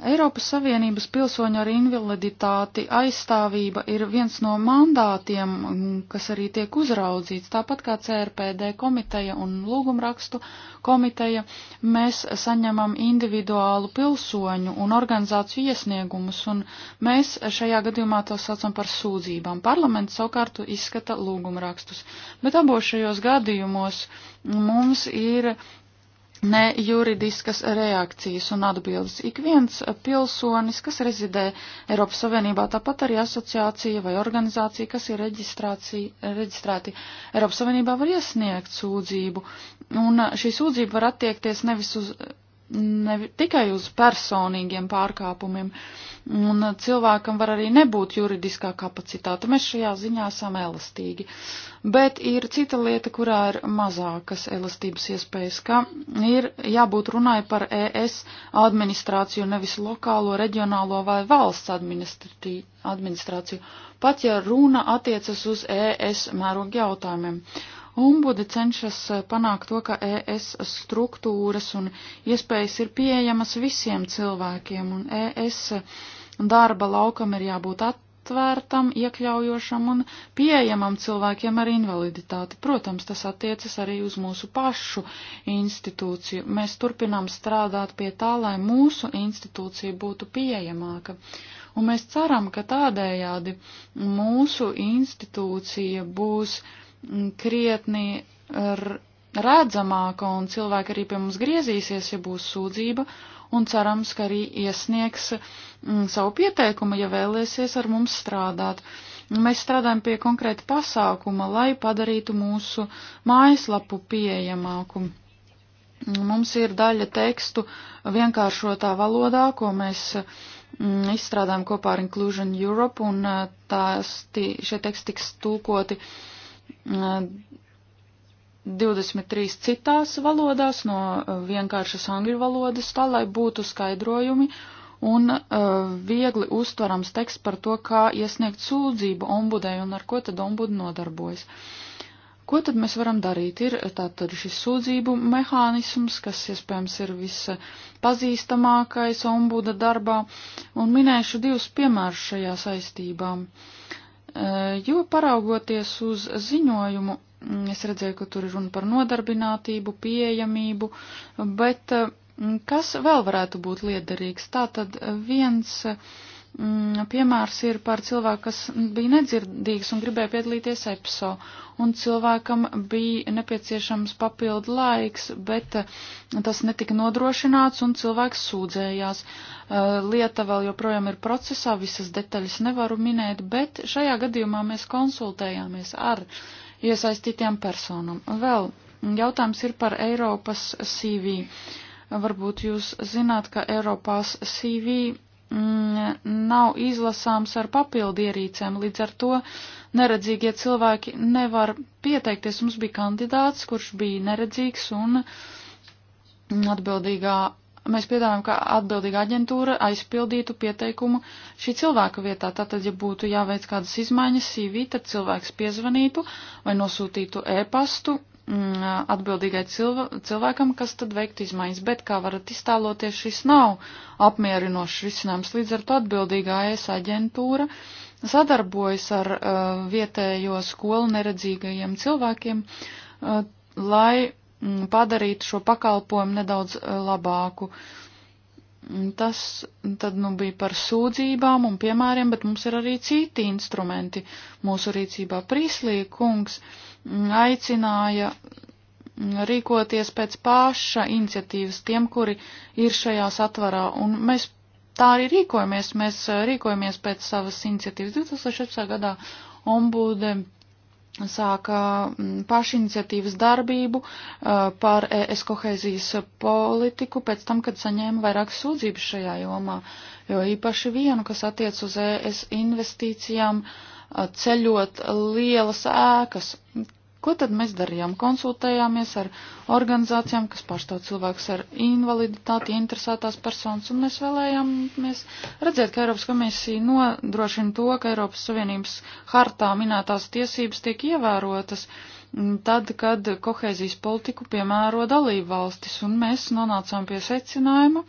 Eiropas Savienības pilsoņu ar invaliditāti aizstāvība ir viens no mandātiem, kas arī tiek uzraudzīts, tāpat kā CRPD komiteja un lūgumrakstu komiteja. Mēs saņemam individuālu pilsoņu un organizāciju iesniegumus, un mēs šajā gadījumā to saucam par sūdzībām. Parlaments savukārt izskata lūgumrakstus, bet abos šajos gadījumos mums ir ne juridiskas reakcijas un atbildes. Ik viens pilsonis, kas rezidē Eiropas Savienībā, tāpat arī asociācija vai organizācija, kas ir reģistrēti Eiropas Savienībā, var iesniegt sūdzību. Un šī sūdzība var attiekties nevis uz ne tikai uz personīgiem pārkāpumiem, un cilvēkam var arī nebūt juridiskā kapacitāte. Mēs šajā ziņā esam elastīgi. Bet ir cita lieta, kurā ir mazākas elastības iespējas, ka ir jābūt runai par ES administrāciju, nevis lokālo, reģionālo vai valsts administrāciju, pat ja runa attiecas uz ES mērogu jautājumiem. Ombude cenšas eh, panākt to, ka ES struktūras un iespējas ir pieejamas visiem cilvēkiem, un ES darba laukam ir jābūt atvērtam, iekļaujošam un pieejamam cilvēkiem ar invaliditāti. Protams, tas attiecas arī uz mūsu pašu institūciju. Mēs turpinām strādāt pie tā, lai mūsu institūcija būtu pieejamāka un mēs ceram, ka tādējādi mūsu institūcija būs krietni redzamāka un cilvēki arī pie mums griezīsies, ja būs sūdzība, un cerams, ka arī iesniegs mm, savu pieteikumu, ja vēlēsies ar mums strādāt. Mēs strādājam pie konkrēta pasākuma, lai padarītu mūsu mājaslapu pieejamāku. Mums ir daļa tekstu vienkāršotā valodā, ko mēs mm, izstrādājam kopā ar Inclusion Europe, un eh, tās, šie teksti tiks tulkoti uh, 23 citās valodās no vienkāršas angļu valodas, tā lai būtu skaidrojumi un viegli uztverams teksts par to, kā iesniegt sūdzību ombudai un ar ko tad ombudu nodarbojas. Ko tad mēs varam darīt? Ir tātad šis sūdzību mehānisms, kas iespējams ir vispazīstamākais ombuda darbā, un minēšu divus piemērus šajā saistībā. Uh, Eh, jo paraugoties uz ziņojumu, mm, es redzēju, ka tur ir runa par nodarbinātību, pieejamību, bet eh, kas vēl varētu būt liederīgs? Tātad viens eh, Mm, piemērs ir par cilvēku, kas bija nedzirdīgs un gribēja piedalīties EPSO, un cilvēkam bija nepieciešams papildu laiks, bet uh, tas netika nodrošināts, un cilvēks sūdzējās. Uh, lieta vēl joprojām ir procesā, visas detaļas nevaru minēt, bet šajā gadījumā mēs konsultējāmies ar iesaistītiem personam. Vēl jautājums ir par Eiropas CV. Varbūt jūs zināt, ka Eiropās CV Mm, nav izlasāms ar papildu ierīcēm, līdz ar to neredzīgie cilvēki nevar pieteikties. Mums bija kandidāts, kurš bija neredzīgs un atbildīgā. Mēs piedāvājam, ka atbildīga aģentūra aizpildītu pieteikumu šī cilvēka vietā. Tātad, ja būtu jāveic kādas izmaiņas CV, tad cilvēks piezvanītu vai nosūtītu e-pastu Mm, atbildīgai cilv cilvēkam, kas tad veiktu izmaiņas, bet, kā varat iztāloties, šis nav apmierinošs risinājums. Līdz ar to atbildīgā ES aģentūra sadarbojas ar uh, vietējo skolu neredzīgajiem cilvēkiem, uh, lai mm, padarītu šo pakalpojumu nedaudz uh, labāku. Tas tad nu bija par sūdzībām un piemēriem, bet mums ir arī citi instrumenti mūsu rīcībā. Prīslī kungs uh, aicināja rīkoties pēc paša iniciatīvas tiem, kuri ir šajā satvarā, un mēs tā arī rīkojamies, mēs eh, rīkojamies pēc savas iniciatīvas. 2016. gadā ombude sāka mm, pašiniciatīvas darbību eh, par ES kohēzijas politiku pēc tam, kad saņēma vairāk sūdzības šajā jomā, jo īpaši vienu, kas attiec uz ES investīcijām uh, ceļot lielas ēkas. Ko tad mēs darījām? Konsultējāmies ar organizācijām, kas pārstāv cilvēkus ar invaliditāti, interesētās personas, un mēs vēlējāmies redzēt, ka Eiropas komisija nodrošina to, ka Eiropas Savienības hartā minētās tiesības tiek ievērotas mm, tad, kad kohēzijas politiku piemēro dalību valstis, un mēs nonācām pie secinājuma,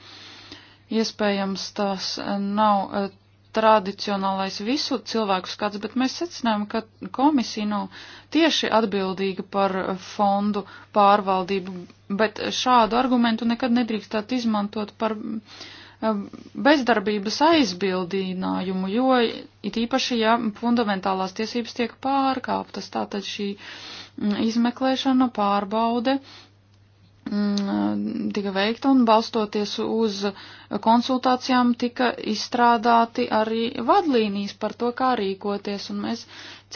iespējams, tas nav eh, tradicionālais visu cilvēku skats, bet mēs secinām, ka komisija nav nu, tieši atbildīga par fondu pārvaldību, bet šādu argumentu nekad nedrīkstāt izmantot par eh, bezdarbības aizbildinājumu, jo it īpaši, ja fundamentālās tiesības tiek pārkāptas, tātad šī mm, izmeklēšana, pārbaude Mm, tika veikta un balstoties uz konsultācijām tika izstrādāti arī vadlīnijas par to, kā rīkoties, un mēs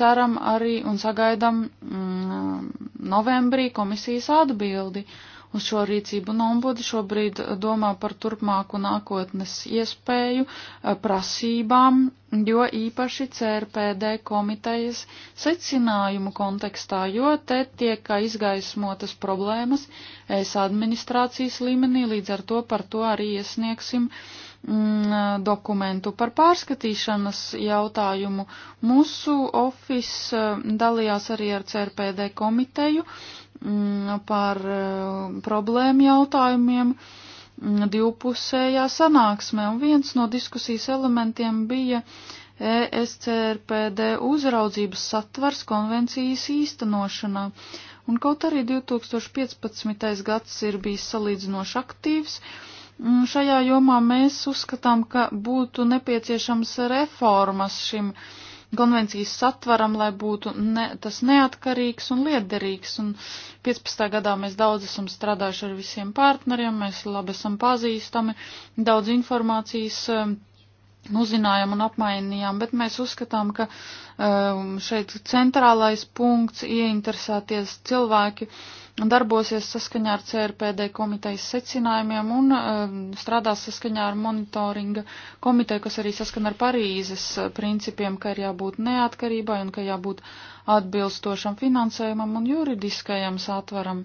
ceram arī un sagaidam mm, novembrī komisijas atbildi. Uh, uz šo rīcību. Nu, un ombudi šobrīd eh, domā par turpmāku nākotnes iespēju eh, prasībām, jo īpaši CRPD komitejas secinājumu kontekstā, jo te tiek izgaismotas problēmas es administrācijas līmenī, līdz ar to par to arī iesniegsim mm, dokumentu par pārskatīšanas jautājumu. Mūsu ofis eh, dalījās arī ar CRPD komiteju Mm, par eh, problēmu jautājumiem mm, divpusējā sanāksmē, un viens no diskusijas elementiem bija ESCRPD uzraudzības satvars konvencijas īstenošanā. Un kaut arī 2015. gads ir bijis salīdzinoši aktīvs, mm, šajā jomā mēs uzskatām, ka būtu nepieciešams reformas šim uh, konvencijas satvaram, lai būtu ne, tas neatkarīgs un liederīgs. Un 15. gadā mēs daudz esam strādājuši ar visiem partneriem, mēs labi esam pazīstami, daudz informācijas um, uzzinājām un apmainījām, bet mēs uzskatām, ka um, šeit centrālais punkts ieinteresēties cilvēki darbosies saskaņā ar CRPD komitejas secinājumiem un um, strādās saskaņā ar monitoringa komiteju, kas arī saskan ar Parīzes uh, principiem, ka ir jābūt neatkarībai un ka jābūt atbilstošam finansējumam un juridiskajam satvaram.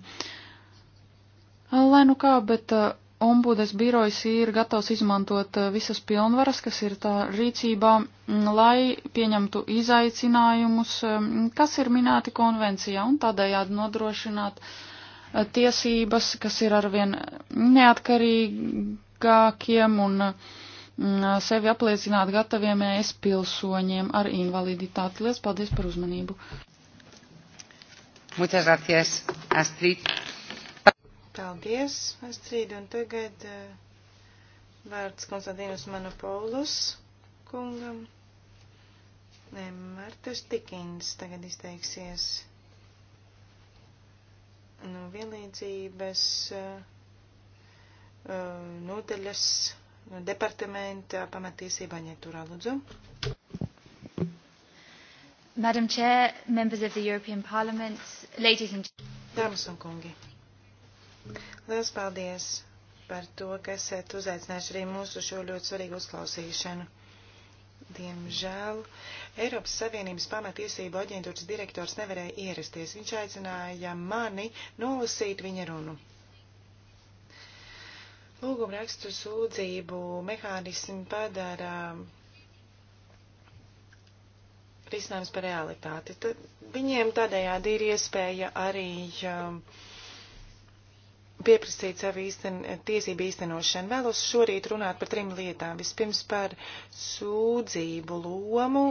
Lai nu kā, bet uh, ombudes birojs ir gatavs izmantot eh, visas pilnvaras, kas ir tā rīcībā, mm, lai pieņemtu izaicinājumus, mm, kas ir minēti konvencijā, un tādējādi nodrošināt eh, tiesības, kas ir arvien neatkarīgākiem un mm, sevi apliecināt gataviem es pilsoņiem ar invaliditāti. Lielas paldies par uzmanību! Muchas gracias, Astrid. Paldies, Astrid, un tagad uh, vārds Konstantinus Manopoulos kungam. Nē, Martas Tikins tagad izteiksies no vienlīdzības uh, uh, nodaļas no departamenta pamatiesībā ņeturā lūdzu. Madam Chair, members of the European Parliament, ladies and gentlemen. Dāmas un kungi. Liels paldies par to, ka esat uzaicinājuši arī mūsu šo ļoti svarīgu uzklausīšanu. Diemžēl Eiropas Savienības pamatiesību aģentūras direktors nevarēja ierasties. Viņš aicināja mani nolasīt viņa runu. Lūguma rakstu sūdzību mehānismi padara risinājums par realitāti. Tad viņiem tādējādi ir iespēja arī um, uh, pieprasīt savu īsten, tiesību īstenošanu. Vēlos šorīt runāt par trim lietām. Vispirms par sūdzību lomu,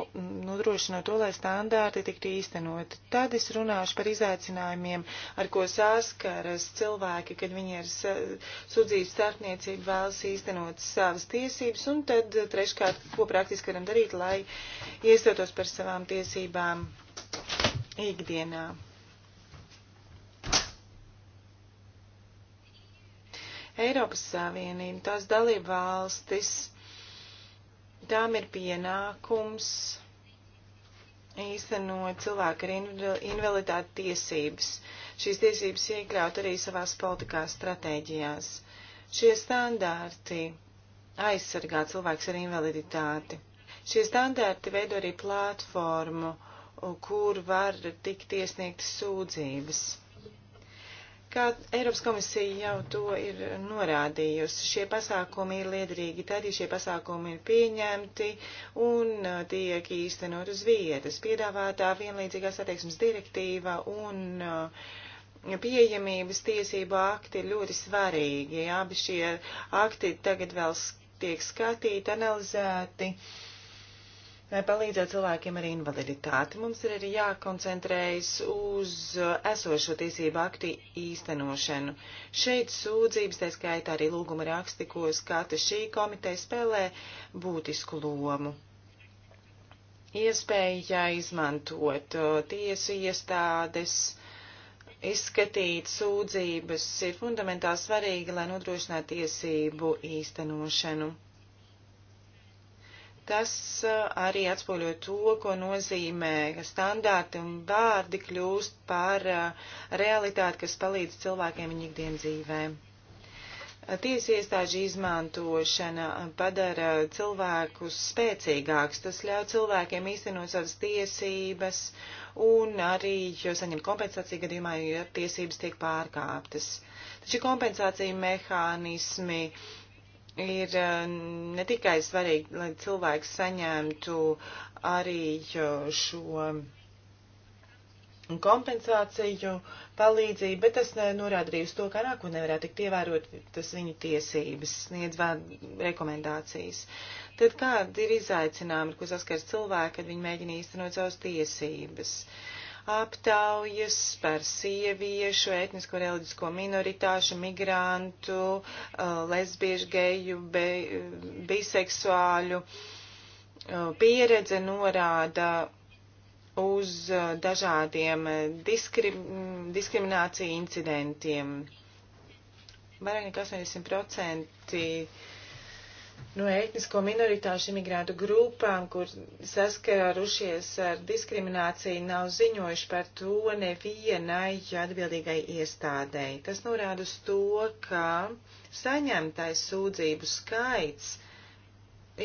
nodrošinot to, lai standārti tiktu īstenot. Tad es runāšu par izaicinājumiem, ar ko saskaras cilvēki, kad viņi ar sūdzību starpniecību vēlas īstenot savas tiesības. Un tad treškārt, ko praktiski varam darīt, lai iestātos par savām tiesībām ikdienā. Eiropas Savienība, tās dalība valstis, tām ir pienākums īstenot cilvēku ar invaliditāti tiesības. Šīs tiesības iekļaut arī savās politikās stratēģijās. Šie standārti aizsargā cilvēks ar invaliditāti. Šie standārti veido arī platformu, kur var tikt iesniegtas sūdzības. Kā Eiropas komisija jau to ir norādījusi, šie pasākumi ir liederīgi tad, ja šie pasākumi ir pieņemti un uh, tiek īstenot uz vietas. Piedāvātā vienlīdzīgās attieksmes direktīva un uh, pieejamības tiesību akti ir ļoti svarīgi. Abi šie akti tagad vēl tiek skatīti, analizēti. Uh, Lai palīdzētu cilvēkiem ar invaliditāti, mums ir arī jākoncentrējas uz uh, esošo tiesību akti īstenošanu. Šeit sūdzības, tā skaitā arī lūguma raksti, ko skata šī komiteja spēlē būtisku lomu. Iespēja izmantot uh, tiesu iestādes, izskatīt sūdzības ir fundamentāli svarīga, lai nodrošinātu tiesību īstenošanu. Tas uh, arī atspoļo to, ko nozīmē, ka standārti un vārdi kļūst par uh, realitāti, kas palīdz cilvēkiem viņa ikdienas dzīvēm. Uh, Tiesa iestāžu izmantošana padara cilvēkus spēcīgāks, tas ļauj cilvēkiem īstenot savas tiesības un arī saņemt kompensāciju gadījumā, ja tiesības tiek pārkāptas. Taču kompensācija mehānismi uh, ir eh, ne tikai svarīgi, lai cilvēks saņemtu arī eh, šo kompensāciju palīdzību, bet tas eh, norāda arī uz to, ka nākotnē nevarētu tikt ievērot tas viņu tiesības, sniedz rekomendācijas. Tad kādi ir izaicinājumi, ar ko saskars cilvēki, kad viņi mēģina īstenot savas tiesības? Uh, aptaujas par sieviešu, etnisko reliģisko minoritāšu, migrantu, uh, lesbiešu, geju, be, biseksuāļu uh, pieredze norāda uz uh, dažādiem diskrim, diskrimināciju incidentiem. Vairāk nekā 80% no etnisko minoritāšu imigrantu grupām, kur saskarušies ar diskrimināciju, nav ziņojuši par to nevienai atbildīgai iestādēji. Tas norāda uz to, ka saņemtais sūdzību skaits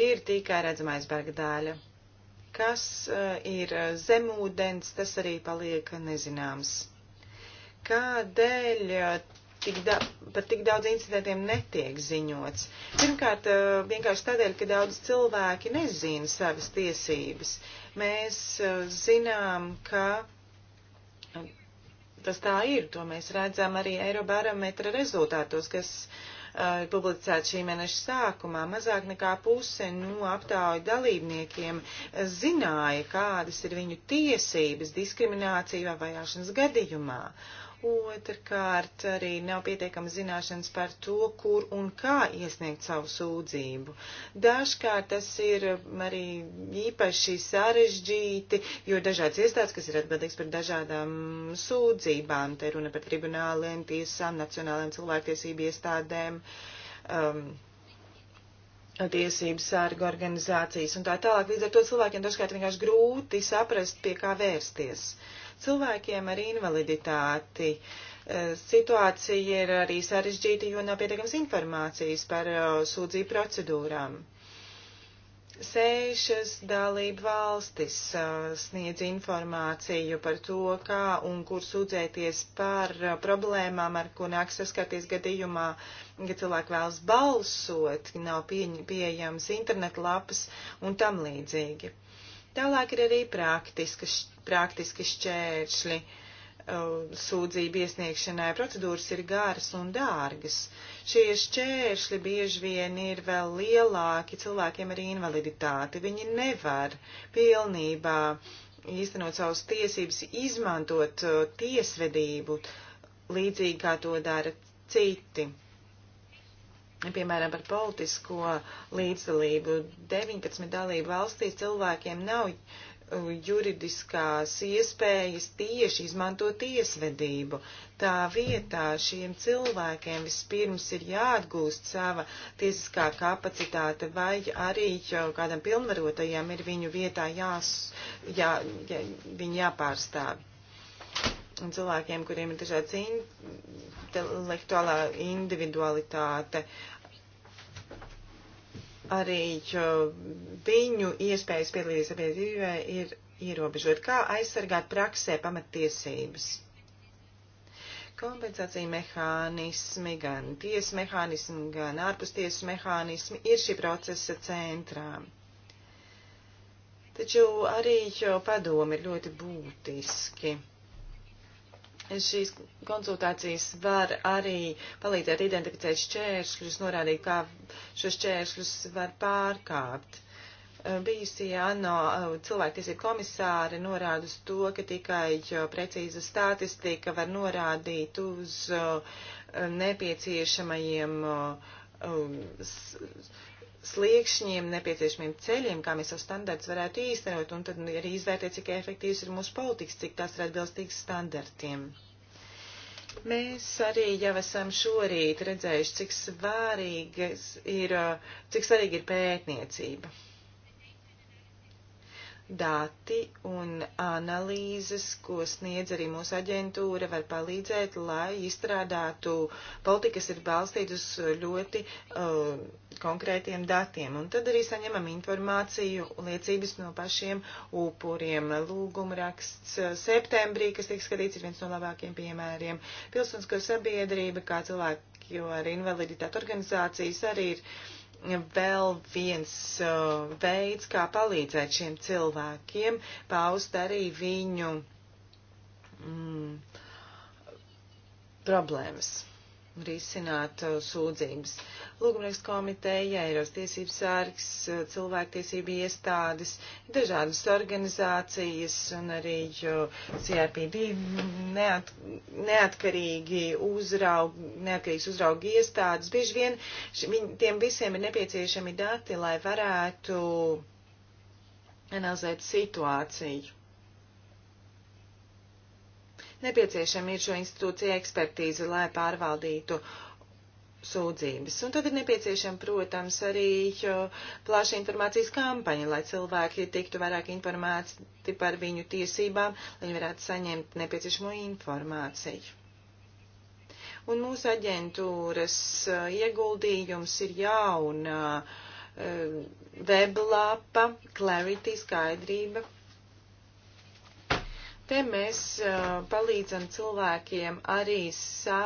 ir tikai redzamais bergdāļa. Kas eh, ir eh, zemūdens, tas arī paliek nezināms. Kādēļ eh, tik da, par tik daudz incidentiem netiek ziņots. Pirmkārt, eh, vienkārši tādēļ, ka daudz cilvēki nezina savas tiesības. Mēs eh, zinām, ka eh, tas tā ir, to mēs redzam arī Eirobarometra rezultātos, kas ir publicēts šī mēneša sākumā. Mazāk nekā puse no aptāju dalībniekiem zināja, kādas ir viņu tiesības diskriminācijā vai vajāšanas gadījumā. Uh, Otrkārt, arī nav pietiekama zināšanas par to, kur un kā iesniegt savu sūdzību. Dažkārt tas ir arī īpaši sarežģīti, jo dažādas iestādes, kas ir atbildīgs par dažādām sūdzībām, te runa par tribunāliem, tiesām, nacionāliem cilvēktiesību iestādēm, um, tiesības sārga organizācijas un tā tālāk. Līdz ar to cilvēkiem dažkārt vienkārši grūti saprast, pie kā vērsties. Uh, cilvēkiem ar invaliditāti. E, situācija ir arī sarežģīta, jo nav pietiekams informācijas par e, sūdzību procedūrām. Sešas dalību valstis e, sniedz informāciju par to, kā un kur sūdzēties par problēmām, ar ko nāk saskarties gadījumā, ja cilvēki vēlas balsot, nav pieejams internetlapas un tam līdzīgi. Tālāk ir arī praktiskas praktiski šķēršļi uh, sūdzību iesniegšanai. Procedūras ir garas un dārgas. Šie šķēršļi bieži vien ir vēl lielāki cilvēkiem ar invaliditāti. Viņi nevar pilnībā īstenot savas tiesības, izmantot uh, tiesvedību līdzīgi kā to dara citi. Piemēram, par politisko līdzdalību. 19 dalību valstīs cilvēkiem nav uh, juridiskās iespējas tieši izmantot tiesvedību. Tā vietā šiem cilvēkiem vispirms ir jāatgūst sava tiesiskā kapacitāte, vai arī kādam pilnvarotajam ir viņu vietā jās, jā, jā, viņu jāpārstāv. Un cilvēkiem, kuriem ir dažāds intelektuālā individualitāte, arī viņu iespējas piedalīties sabiedrībā ir ierobežot. Kā aizsargāt praksē pamatiesības? Kompensācija mehānismi, gan tiesu mehānismi, gan ārpustiesu mehānismi ir šī procesa centrā. Taču arī padomi ir ļoti būtiski. Šīs konsultācijas var arī palīdzēt identificēt šķēršļus, norādīt, kā šos šķēršļus var pārkāpt. E, Bijusi ANO e, cilvēktiesība komisāri norāda uz to, ka tikai e, precīza statistika var norādīt uz nepieciešamajiem um, sliekšņiem, nepieciešamiem ceļiem, kā mēs savus standartus varētu īstenot, un tad arī izvērtēt, cik efektīvs ir mūsu politikas, cik tās ir atbilstīgas standartiem. Mēs arī jau esam šorīt redzējuši, cik svarīga ir, cik svarīga ir pētniecība dati un analīzes, ko sniedz arī mūsu aģentūra, var palīdzēt, lai izstrādātu politiku, kas ir balstīta uz ļoti uh, konkrētiem datiem. Un tad arī saņemam informāciju, liecības no pašiem upuriem. Lūguma raksts uh, septembrī, kas tiek skatīts, ir viens no labākajiem piemēriem. Pilsonisko sabiedrība, kā cilvēki, jo ar invaliditātu organizācijas arī ir. Uh, vēl viens uh, veids, kā palīdzēt šiem cilvēkiem, paust arī viņu mm, problēmas risināt uh, sūdzības. Lūgumraks komiteja, Eiros tiesības sārgs, uh, cilvēktiesība iestādes, dažādas organizācijas un arī uh, CRPD neat, neatkarīgi uzraug, neatkarīgs uzraugi iestādes. Bieži vien š, viņ, tiem visiem ir nepieciešami dati, lai varētu analizēt situāciju nepieciešama ir šo institūciju ekspertīze, lai pārvaldītu sūdzības. Un tad ir nepieciešama, protams, arī plaša informācijas kampaņa, lai cilvēki tiktu vairāk informēti par viņu tiesībām, lai viņi varētu saņemt nepieciešamo informāciju. Un mūsu aģentūras eh, ieguldījums ir jauna eh, weblapa, clarity, skaidrība Te mēs uh, palīdzam cilvēkiem arī sā,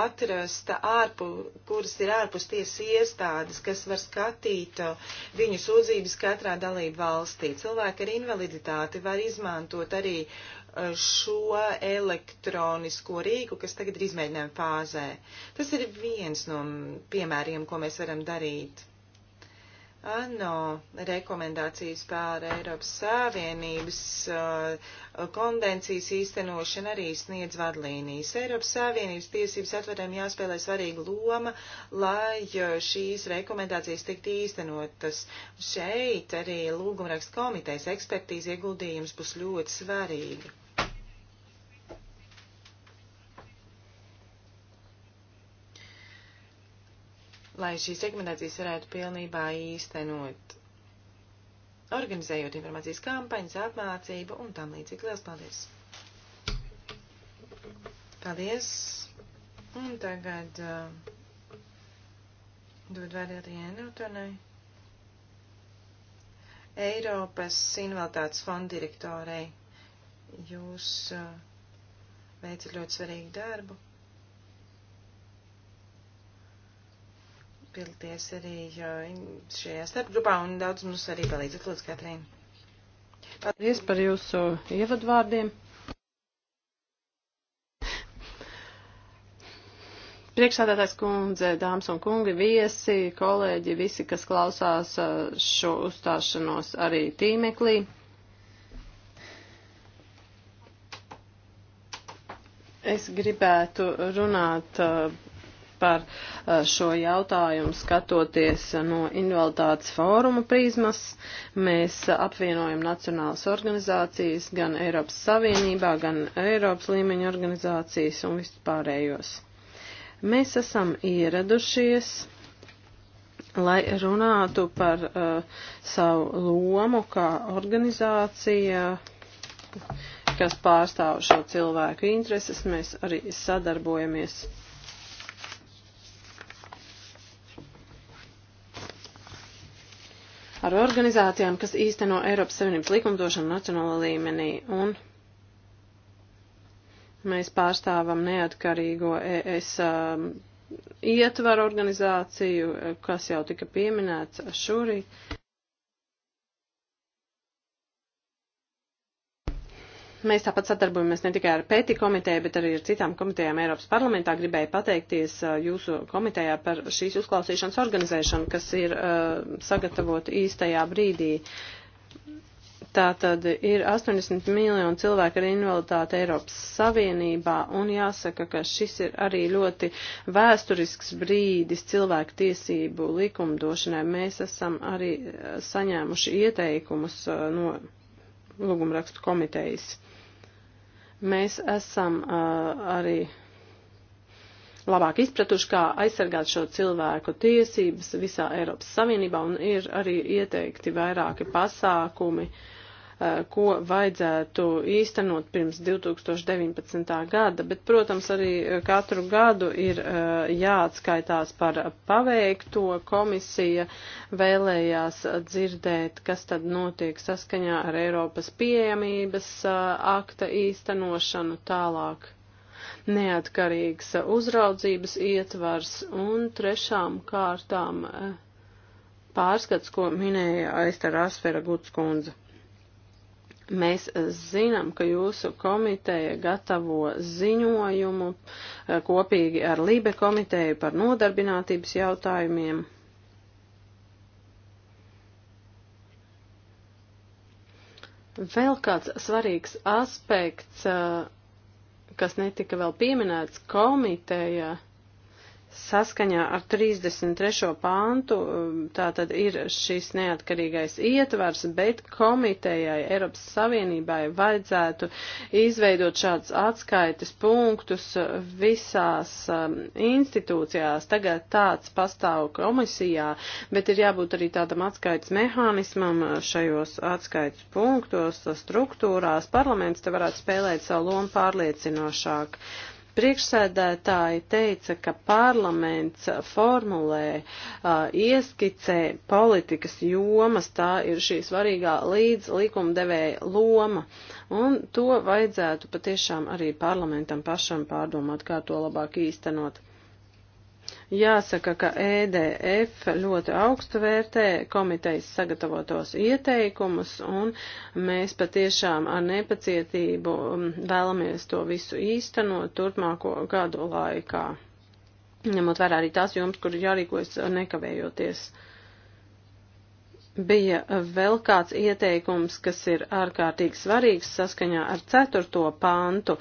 atrast ārpu, kuras ir ārpus tiesas iestādes, kas var skatīt uh, viņu sūdzības katrā dalību valstī. Cilvēki ar invaliditāti var izmantot arī uh, šo elektronisko rīku, kas tagad ir izmēģinājuma fāzē. Tas ir viens no piemēriem, ko mēs varam darīt. ANO rekomendācijas pār Eiropas Savienības uh, konvencijas īstenošana arī sniedz vadlīnijas. Eiropas Savienības tiesības atverēm jāspēlē svarīga loma, lai uh, šīs rekomendācijas tiktu īstenotas. Šeit arī lūgumrakstu komitejas ekspertīze ieguldījums būs ļoti svarīga. lai šīs rekomendācijas varētu pilnībā īstenot, organizējot informācijas kampaņas, apmācību un tam līdzīgi. Lielas paldies! Paldies! Un tagad uh, dod vārdu arī Enrutonai. Eiropas Invaliditātes fonda direktorei. Jūs uh, veicat ļoti svarīgu darbu. piedalīties arī šajā starpgrupā un daudz mums arī palīdzat. Lūdzu, Katrīna. Paldies par jūsu ievadvārdiem. Priekšsādātājs kundze, dāmas un kungi, viesi, kolēģi, visi, kas klausās šo uzstāšanos arī tīmeklī. Es gribētu runāt par eh, šo jautājumu skatoties no invaliditātes fóruma prizmas. Mēs apvienojam nacionālas organizācijas gan Eiropas Savienībā, gan Eiropas līmeņa organizācijas un vispārējos. Mēs esam ieradušies lai runātu par uh, savu lomu kā organizācija, kas pārstāv šo cilvēku intereses, mēs arī sadarbojamies ar organizācijām, kas īsteno Eiropas Savienības likumdošanu nacionālā līmenī, un mēs pārstāvam neatkarīgo ES um, ietvaru organizāciju, kas jau tika pieminēts šurī. Uh, Mēs tāpat sadarbojamies ne tikai ar pēti komiteju, bet arī ar citām komitejām Eiropas parlamentā. Gribēju pateikties uh, jūsu komitejā par šīs uzklausīšanas organizēšanu, kas ir uh, sagatavota īstajā brīdī. Tā tad ir 80 miljoni cilvēku ar invaliditāti Eiropas Savienībā, un jāsaka, ka šis ir arī ļoti vēsturisks brīdis cilvēku tiesību likumdošanai. Mēs esam arī uh, saņēmuši ieteikumus uh, no lūgumrakstu komitejas. Mēs esam uh, arī labāk izpratuši, kā aizsargāt šo cilvēku tiesības visā Eiropas Savienībā, un ir arī ieteikti vairāki pasākumi, uh, Eh, ko vajadzētu īstenot pirms 2019. gada, bet, protams, arī eh, katru gadu ir eh, jāatskaitās par paveikto. Komisija vēlējās dzirdēt, kas tad notiek saskaņā ar Eiropas pieejamības akta īstenošanu tālāk neatkarīgs uzraudzības ietvars un trešām kārtām pārskats, ko minēja Aistara Asfera Gutskundze. Mēs eh, zinām, ka jūsu komiteja gatavo ziņojumu eh, kopīgi ar Lībe komiteju par nodarbinātības jautājumiem. Vēl kāds svarīgs aspekts, eh, kas netika vēl pieminēts komiteja saskaņā ar 33. pāntu, um, tā tad ir šis neatkarīgais ietvars, bet komitejai Eiropas Savienībai vajadzētu izveidot šādus atskaites punktus visās um, institūcijās. Tagad tāds pastāv komisijā, bet ir jābūt arī tādam atskaites mehānismam šajos atskaites punktos, struktūrās. Parlaments te varētu spēlēt savu lomu pārliecinošāk. Uh, Priekšsēdētāji teica, ka parlaments formulē, ieskicē politikas jomas, tā ir šī svarīgā līdz likumdevēja loma, un to vajadzētu patiešām arī parlamentam pašam pārdomāt, kā to labāk īstenot. Jāsaka, ka EDF ļoti augstu vērtē komitejas sagatavotos ieteikumus, un mēs patiešām ar nepacietību um, vēlamies to visu īstenot turpmāko gadu laikā, ņemot vērā arī tās jomas, kur jārīkojas nekavējoties bija vēl kāds ieteikums, kas ir ārkārtīgi svarīgs saskaņā ar 4. pāntu.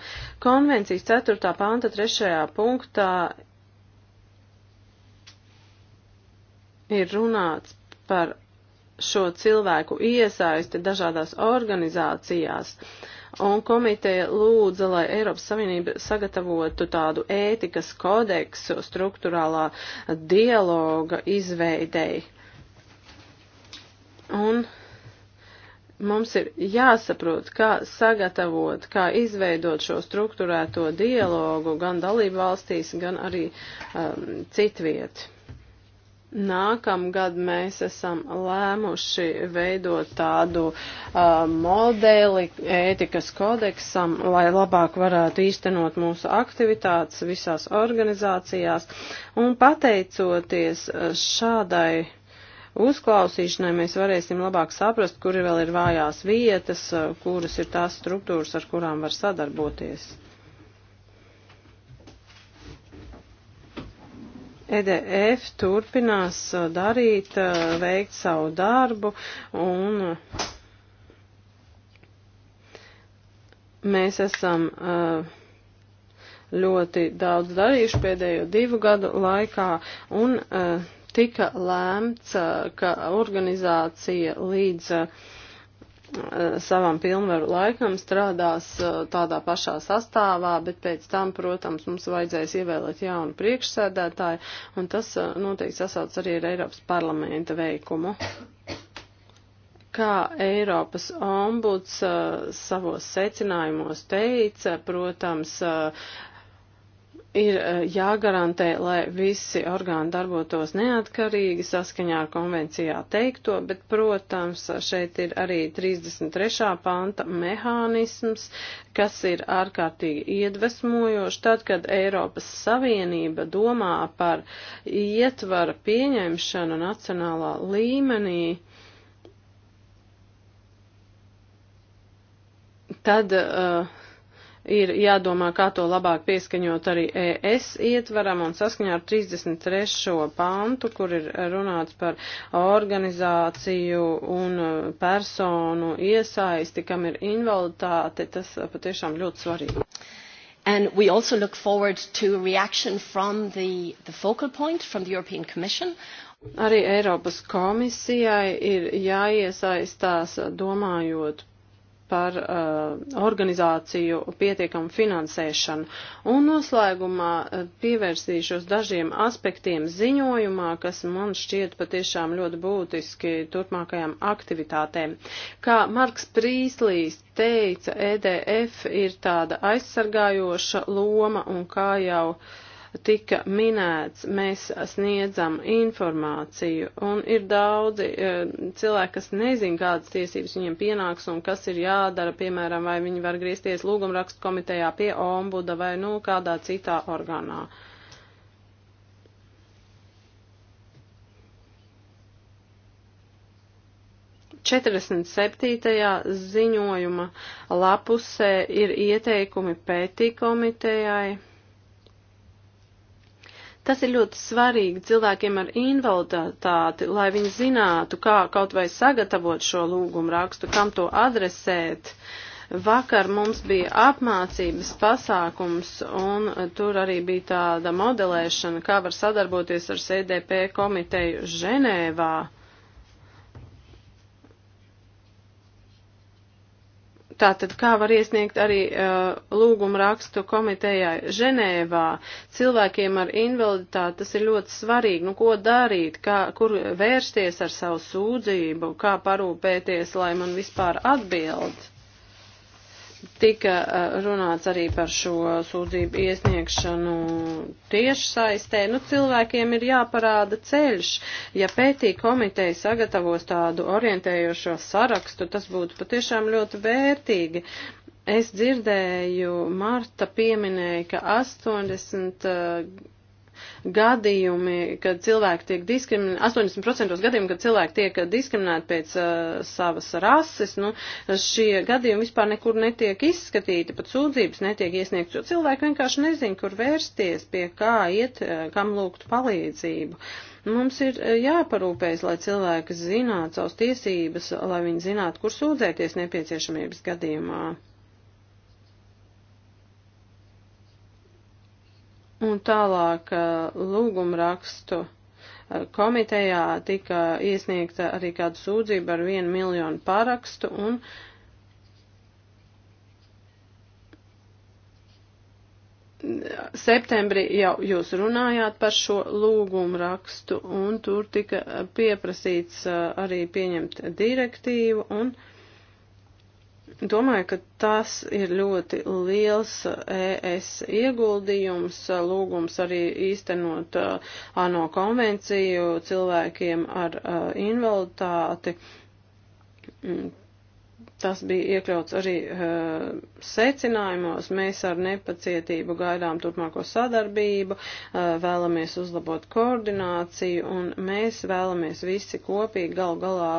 Konvencijas 4. pānta 3. punktā ir runāts par šo cilvēku iesaisti dažādās organizācijās. Un komiteja lūdza, lai Eiropas Savienība sagatavotu tādu ētikas kodeksu struktūrālā dialoga izveidei. Un mums ir jāsaprot, kā sagatavot, kā izveidot šo struktūrēto dialogu gan dalību valstīs, gan arī um, citviet. Nākamgad mēs esam lēmuši veidot tādu uh, modeli ētikas kodeksam, lai labāk varētu īstenot mūsu aktivitātes visās organizācijās. Un pateicoties uh, šādai uzklausīšanai, mēs varēsim labāk saprast, kuri vēl ir vājās vietas, uh, kuras ir tās struktūras, ar kurām var sadarboties. EDF turpinās uh, darīt, uh, veikt savu darbu un uh, mēs esam ļoti daudz darījuši pēdējo divu gadu laikā un tika lēmts, ka organizācija līdz Eh, savam pilnvaru laikam strādās eh, tādā pašā sastāvā, bet pēc tam, protams, mums vajadzēs ievēlēt jaunu priekšsēdētāju, un tas eh, noteikti sasauc arī ar Eiropas parlamenta veikumu. Kā Eiropas ombuds savos secinājumos teica, protams, ir e, jāgarantē, lai visi orgāni darbotos neatkarīgi saskaņā ar konvencijā teikto, bet, protams, šeit ir arī 33. panta mehānisms, kas ir ārkārtīgi iedvesmojoši. Tad, kad Eiropas Savienība domā par ietvara pieņemšanu nacionālā līmenī, tad uh, ir jādomā, kā to labāk pieskaņot arī ES ietvaram un saskaņā ar 33. pantu, kur ir runāts par organizāciju un uh, personu iesaisti, kam ir invaliditāte, tas uh, patiešām ļoti svarīgi. And we also look forward to reaction from the, the focal point, from the European Commission, Arī Eiropas komisijai ir jāiesaistās domājot par uh, organizāciju pietiekamu finansēšanu. Un noslēgumā uh, pievērsīšos dažiem aspektiem ziņojumā, kas man šķiet patiešām ļoti būtiski turpmākajām aktivitātēm. Kā Marks Prīslīs teica, EDF ir tāda aizsargājoša loma un kā jau uh, tika minēts, mēs sniedzam informāciju, un ir daudzi e, cilvēki, kas nezin, kādas tiesības viņiem pienāks un kas ir jādara, piemēram, vai viņi var griezties lūgumrakstu komitejā pie ombuda vai, nu, kādā citā organā. Četrdesmit septītajā ziņojuma lapusē ir ieteikumi pētī komitejai. Tas ir ļoti svarīgi cilvēkiem ar invaliditāti, lai viņi zinātu, kā kaut vai sagatavot šo lūgumu rakstu, kam to adresēt. Vakar mums bija apmācības pasākums, un tur arī bija tāda modelēšana, kā var sadarboties ar CDP komiteju Ženēvā. Tātad, kā var iesniegt arī uh, lūgumu rakstu komitejai Ženēvā? Cilvēkiem ar invaliditāti tas ir ļoti svarīgi. Nu, ko darīt, kā, kur vērsties ar savu sūdzību, kā parūpēties, lai man vispār atbildi? Tika eh, runāts arī par šo sūdzību iesniegšanu tiešsaistē. Nu, cilvēkiem ir jāparāda ceļš. Ja pētī komiteja sagatavos tādu orientējošo sarakstu, tas būtu patiešām ļoti vērtīgi. Es dzirdēju, Marta pieminēja, ka 80 gadījumi, kad cilvēki tiek diskriminēti, 80% gadījumu, kad cilvēki tiek diskriminēti pēc uh, savas rases, nu, šie gadījumi vispār nekur netiek izskatīti, pat sūdzības netiek iesniegts, jo cilvēki vienkārši nezin, kur vērsties, pie kā iet, uh, kam lūgt palīdzību. Mums ir uh, jāparūpējas, lai cilvēki zinātu savas tiesības, lai viņi zinātu, kur sūdzēties nepieciešamības gadījumā. Un tālāk lūgumrakstu komitejā tika iesniegta arī kāda sūdzība ar vienu miljonu parakstu un septembrī jau jūs runājāt par šo lūgumu rakstu, un tur tika pieprasīts arī pieņemt direktīvu, un uh, Domāju, ka tas ir ļoti liels eh, ES ieguldījums, eh, lūgums arī īstenot eh, ANO konvenciju cilvēkiem ar invaliditāti mm. Tas bija iekļauts arī uh, secinājumos. Mēs ar nepacietību gaidām turpmāko sadarbību, uh, vēlamies uzlabot koordināciju un mēs vēlamies visi kopīgi gal galā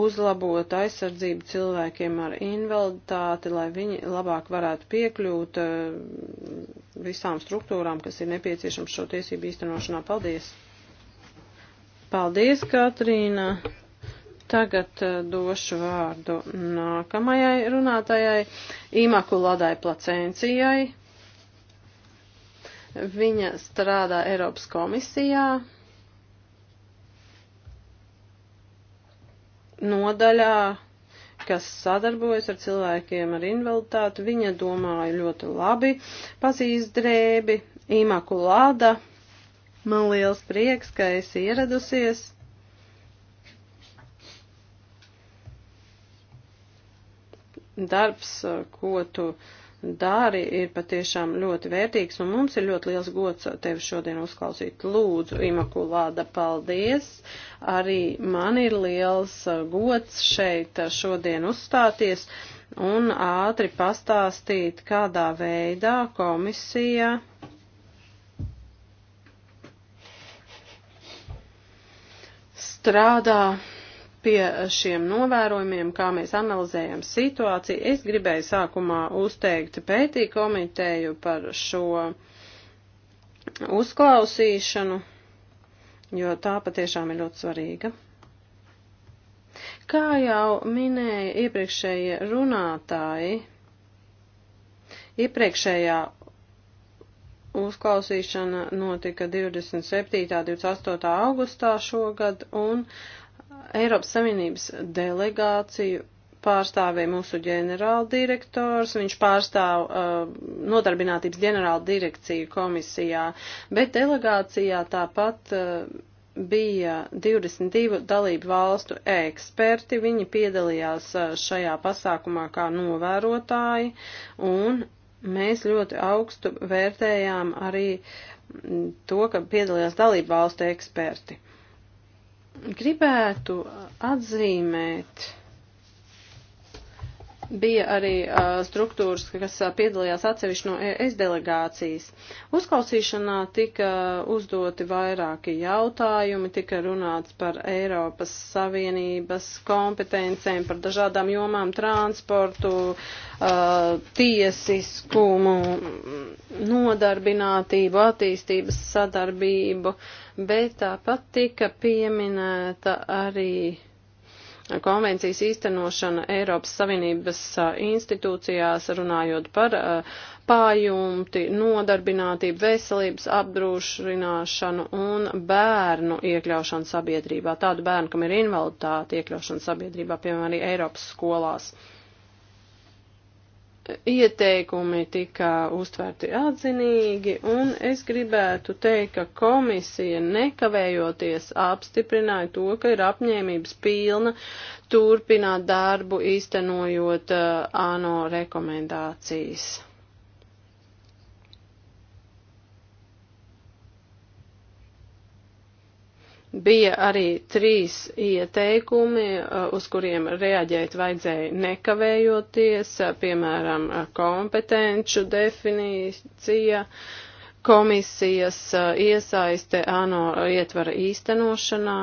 uzlabot aizsardzību cilvēkiem ar invaliditāti, lai viņi labāk varētu piekļūt uh, visām struktūrām, kas ir nepieciešams šo tiesību īstenošanā. Paldies! Paldies, Katrīna! Tagad eh, došu vārdu nākamajai runātājai, Imakuladai Placencijai. Viņa strādā Eiropas komisijā. nodaļā, kas sadarbojas ar cilvēkiem ar invaliditāti, viņa domāja ļoti labi, pazīst drēbi, imakulāda. Man liels prieks, ka esi ieradusies. darbs, ko tu dari, ir patiešām ļoti vērtīgs, un mums ir ļoti liels gods tevi šodien uzklausīt. Lūdzu, Imakulāda, paldies! Arī man ir liels uh, gods šeit uh, šodien uzstāties un ātri pastāstīt, kādā veidā komisija strādā pie šiem novērojumiem, kā mēs analizējam situāciju. Es gribēju sākumā uzteikt pētī komiteju par šo uzklausīšanu, jo tā patiešām ir ļoti svarīga. Kā jau minēja iepriekšējie runātāji, iepriekšējā uzklausīšana notika 27. un 28. augustā šogad, un uh, Eiropas Savienības delegāciju pārstāvēja mūsu ģenerāldirektors, viņš pārstāv uh, nodarbinātības ģenerāldirekciju komisijā, bet delegācijā tāpat uh, bija 22 dalību valstu eksperti, viņi piedalījās uh, šajā pasākumā kā novērotāji, un mēs ļoti augstu vērtējām arī mm, to, ka piedalījās dalību valstu eksperti gribētu atzīmēt Bija arī uh, struktūras, kas uh, piedalījās atsevišķi no ES delegācijas. Uzklausīšanā tika uzdoti vairāki jautājumi, tika runāts par Eiropas Savienības kompetencēm, par dažādām jomām transportu, uh, tiesiskumu, nodarbinātību, attīstības sadarbību, bet tāpat tika pieminēta arī konvencijas īstenošana Eiropas Savienības institūcijās, runājot par pājumti, nodarbinātību, veselības apdrošināšanu un bērnu iekļaušanu sabiedrībā. Tādu bērnu, kam ir invaliditāte, iekļaušanu sabiedrībā, piemēram, arī Eiropas skolās ieteikumi tika uztverti atzinīgi, un es gribētu teikt, ka komisija nekavējoties apstiprināja to, ka ir apņēmības pilna turpināt darbu, īstenojot uh, ANO rekomendācijas. Bija arī trīs ieteikumi, uh, uz kuriem reaģēt vajadzēja nekavējoties, uh, piemēram, uh, kompetenču definīcija, komisijas iesaiste ANO ietvara īstenošanā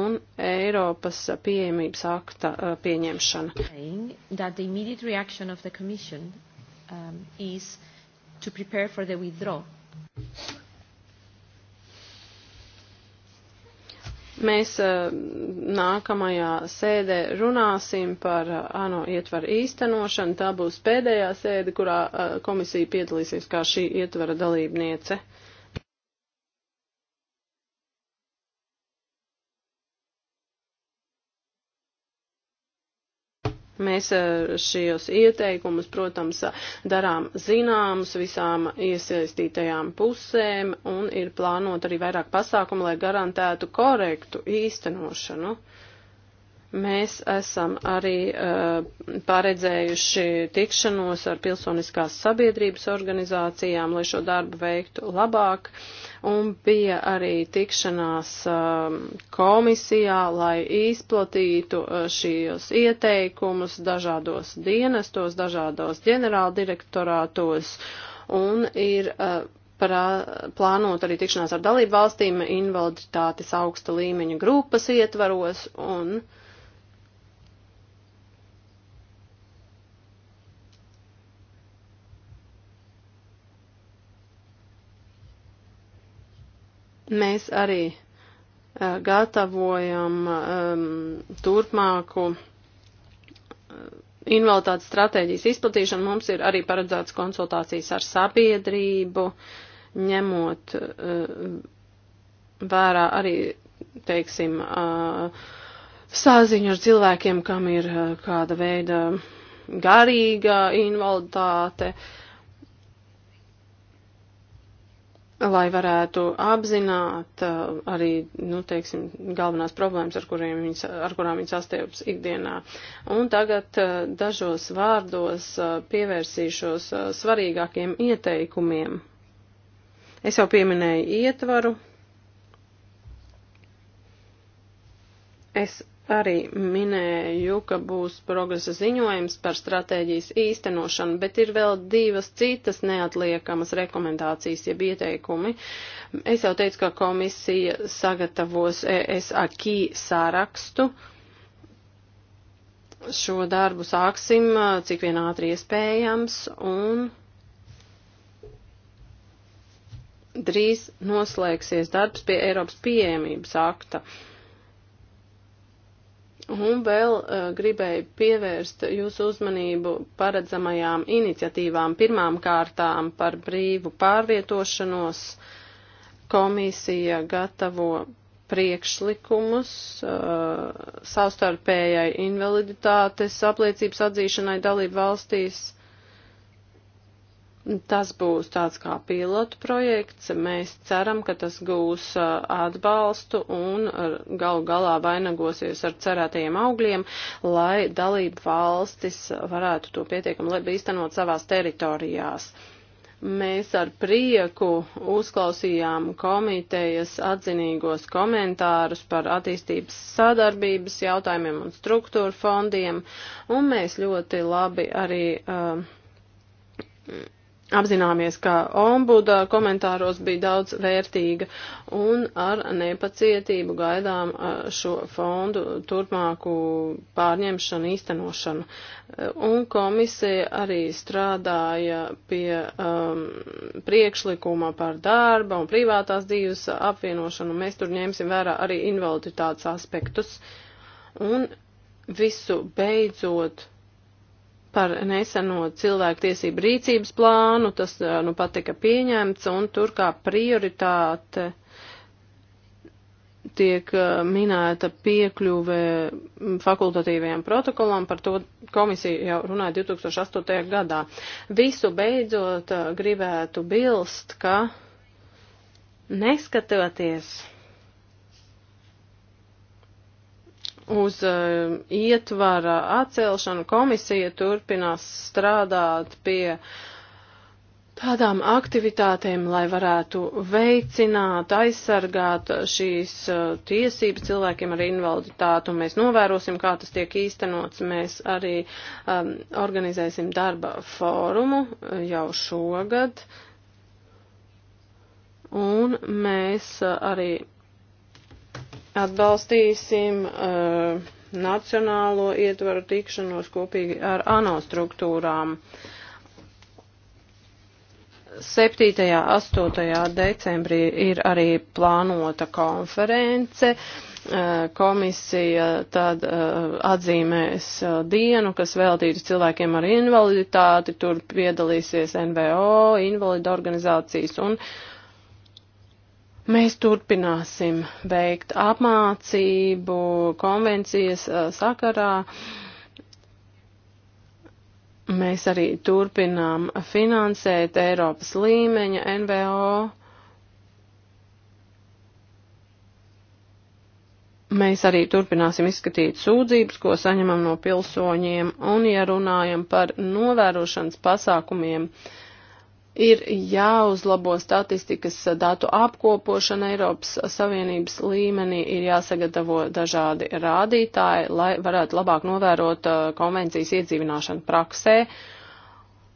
un Eiropas pieejamības akta pieņemšana. Um, to prepare for the withdrawal. Mēs eh, nākamajā sēdē runāsim par eh, ANO ietvaru īstenošanu. Tā būs pēdējā sēde, kurā eh, komisija piedalīsies kā šī ietvara dalībniece. Mēs eh, šos ieteikumus, protams, darām zināmus visām iesaistītajām pusēm un ir plānot arī vairāk pasākumu, lai garantētu korektu īstenošanu. Uh, Mēs esam arī uh, paredzējuši tikšanos ar pilsoniskās sabiedrības organizācijām, lai šo darbu veiktu labāk, un bija arī tikšanās uh, komisijā, lai izplatītu uh, šīs ieteikumus dažādos dienestos, dažādos ģenerāldirektorātos, un ir. Uh, parā, plānot arī tikšanās ar dalību valstīm invaliditātes augsta līmeņa grupas ietvaros, un Mēs arī uh, gatavojam um, turpmāku uh, invaliditātes stratēģijas izplatīšanu. Mums ir arī paredzēts konsultācijas ar sabiedrību, ņemot uh, vērā arī, teiksim, uh, sāziņu ar cilvēkiem, kam ir uh, kāda veida garīga invaliditāte. Uh, lai varētu apzināt uh, arī, nu, teiksim, galvenās problēmas, ar, viņas, ar kurām viņi sastiepas ikdienā. Un tagad uh, dažos vārdos uh, pievērsīšos svarīgākiem ieteikumiem. Es jau pieminēju ietvaru. Es arī minēju, ka būs progresa ziņojums par stratēģijas īstenošanu, bet ir vēl divas citas neatliekamas rekomendācijas, jeb ieteikumi. Es jau teicu, ka komisija sagatavos ESAKI sārakstu. Šo darbu sāksim, cik vien ātri iespējams, un drīz noslēgsies darbs pie Eiropas pieejamības akta. Uh, Un vēl uh, gribēju pievērst jūsu uzmanību paredzamajām iniciatīvām pirmām kārtām par brīvu pārvietošanos. Komisija gatavo priekšlikumus uh, savstarpējai invaliditātes apliecības atzīšanai dalību valstīs. Uh, Tas būs tāds kā pilotu projekts. Mēs ceram, ka tas gūs uh, atbalstu un uh, galu galā vainagosies ar cerētajiem augļiem, lai dalību valstis varētu to pietiekami labi īstenot savās teritorijās. Mēs ar prieku uzklausījām komitejas atzinīgos komentārus par attīstības sadarbības jautājumiem un struktūra fondiem, un mēs ļoti labi arī. Uh, Apzināmies, ka ombuda komentāros bija daudz vērtīga un ar nepacietību gaidām šo fondu turpmāku pārņemšanu, īstenošanu. E, un komisija arī strādāja pie um, priekšlikuma par darba un privātās dzīves apvienošanu. Mēs tur ņemsim vērā arī invaliditātes aspektus. Un visu beidzot par neseno cilvēku tiesību rīcības plānu, tas nu pat tika pieņemts, un tur kā prioritāte tiek minēta piekļuve fakultatīvajam protokolam, par to komisija jau runāja 2008. gadā. Visu beidzot gribētu bilst, ka neskatoties uz uh, ietvara atcelšanu komisija turpinās strādāt pie tādām aktivitātēm, lai varētu veicināt, aizsargāt šīs uh, tiesības cilvēkiem ar invaliditātu. Mēs novērosim, kā tas tiek īstenots. Mēs arī um, organizēsim darba fórumu uh, jau šogad. Un mēs uh, arī atbalstīsim uh, nacionālo ietvaru tikšanos kopīgi ar ANO struktūrām. 7. 8. decembrī ir arī plānota konference. Uh, komisija tad uh, atzīmēs uh, dienu, kas veltīta cilvēkiem ar invaliditāti. Tur piedalīsies NVO, invalida organizācijas un uh, Mēs turpināsim veikt apmācību konvencijas sakarā. Mēs arī turpinām finansēt Eiropas līmeņa NVO. Mēs arī turpināsim izskatīt sūdzības, ko saņemam no pilsoņiem, un ja runājam par novērošanas pasākumiem, uh, ir jāuzlabo statistikas datu apkopošana Eiropas Savienības līmenī, ir jāsagatavo dažādi rādītāji, lai varētu labāk novērot uh, konvencijas iedzīvināšanu praksē,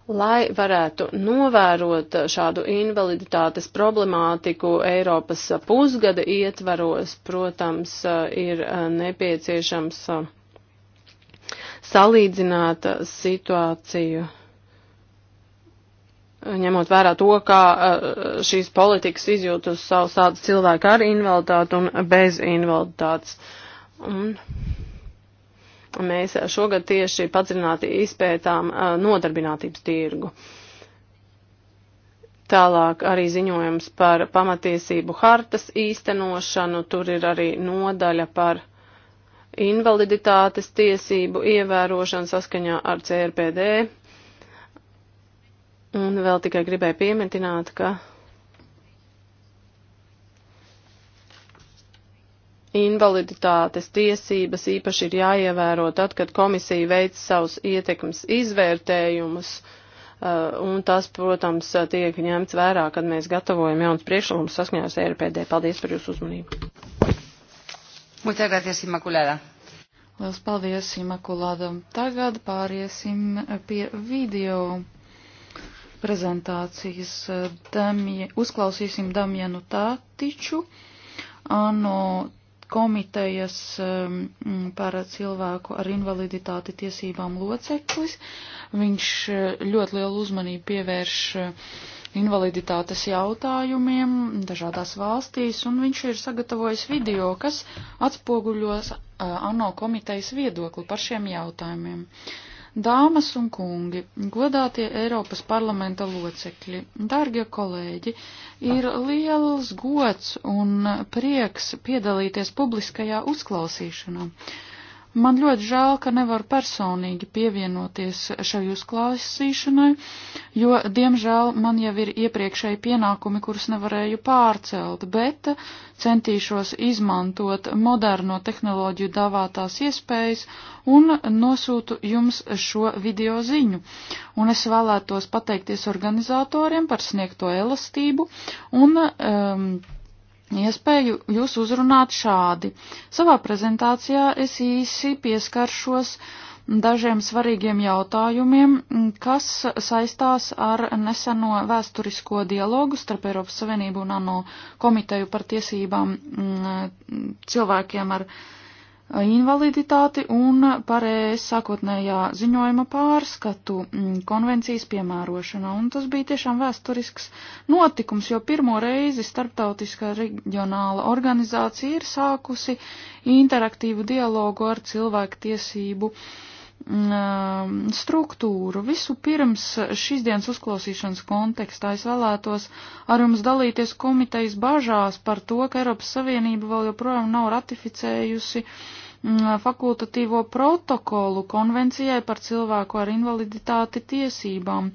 lai varētu novērot šādu invaliditātes problemātiku Eiropas pusgada ietvaros, protams, uh, ir uh, nepieciešams salīdzināt situāciju ņemot vērā to, kā eh, šīs politikas izjūt uz savu tādu cilvēku ar invaliditāti un bez invaliditātes. Un mēs šogad tieši padziļināti izpētām eh, nodarbinātības tirgu. Tālāk arī ziņojums par pamatiesību hartas īstenošanu, tur ir arī nodaļa par invaliditātes tiesību ievērošanu saskaņā ar CRPD Un vēl tikai gribēju pieminēt, ka invaliditātes tiesības īpaši ir jāievēro tad, kad komisija veic savus ietekmes izvērtējumus, uh, un tas, protams, uh, tiek ņemts vērā, kad mēs gatavojam jaunas priekšlikumus saskaņā ar ERPD. Paldies par jūsu uzmanību. Muchas gracias, Immaculada. Lielas paldies, Imakulada. Tagad pāriesim pie video prezentācijas. Eh, Damie, uzklausīsim Damienu Tātiču, ANO komitejas eh, par cilvēku ar invaliditāti tiesībām loceklis. Viņš eh, ļoti lielu uzmanību pievērš invaliditātes jautājumiem dažādās valstīs, un viņš ir sagatavojis video, kas atspoguļos ANO komitejas viedokli par šiem jautājumiem. Uh, Dāmas un kungi, godātie Eiropas parlamenta locekļi, dārgie kolēģi, ir liels gods un prieks piedalīties publiskajā uzklausīšanā Man ļoti žēl, ka nevaru personīgi pievienoties šai uzklāsīšanai, jo, diemžēl, man jau ir iepriekšēji pienākumi, kurus nevarēju pārcelt, bet centīšos izmantot moderno tehnoloģiju davātās iespējas un nosūtu jums šo video ziņu. Un es vēlētos pateikties organizatoriem par sniegto elastību un. Um, iespēju jūs uzrunāt šādi. Savā prezentācijā es īsi pieskaršos dažiem svarīgiem jautājumiem, kas saistās ar neseno vēsturisko dialogu starp Eiropas Savienību un ANO komiteju par tiesībām mm, cilvēkiem ar invaliditāti un par ES sākotnējā ziņojuma pārskatu mm, konvencijas piemērošanu. Un tas bija tiešām vēsturisks notikums, jo pirmo reizi starptautiskā reģionāla organizācija ir sākusi interaktīvu dialogu ar cilvēku tiesību uh, Mm, um, struktūru. Visu pirms šīs dienas uzklausīšanas kontekstā es vēlētos ar jums dalīties komitejas bažās par to, ka Eiropas Savienība vēl joprojām nav ratificējusi mm, fakultatīvo protokolu konvencijai par cilvēku ar invaliditāti tiesībām,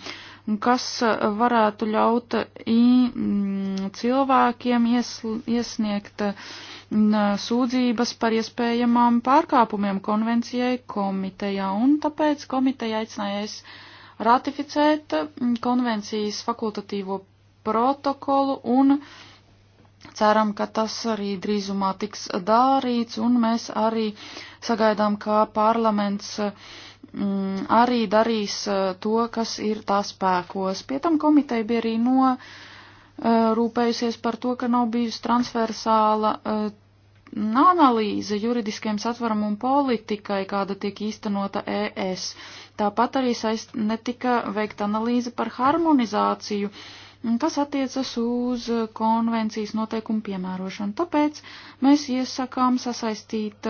kas e, varētu ļaut e, cilvēkiem iesniegt e, sūdzības par iespējamām pārkāpumiem konvencijai komitejā, un tāpēc komiteja aicinājās ratificēt konvencijas fakultatīvo protokolu un Ceram, ka tas arī drīzumā tiks dārīts, un mēs arī sagaidām, kā parlaments uh, mm, arī darīs uh, to, kas ir tā spēkos. Pie tam komiteja bija arī no uh, rūpējusies par to, ka nav bijusi transversāla uh, analīze juridiskiem satvaram un politikai, kāda tiek īstenota ES. Tāpat arī saist, netika veikta analīze par harmonizāciju, kas attiecas uz konvencijas noteikumu piemērošanu. Tāpēc mēs iesakām sasaistīt,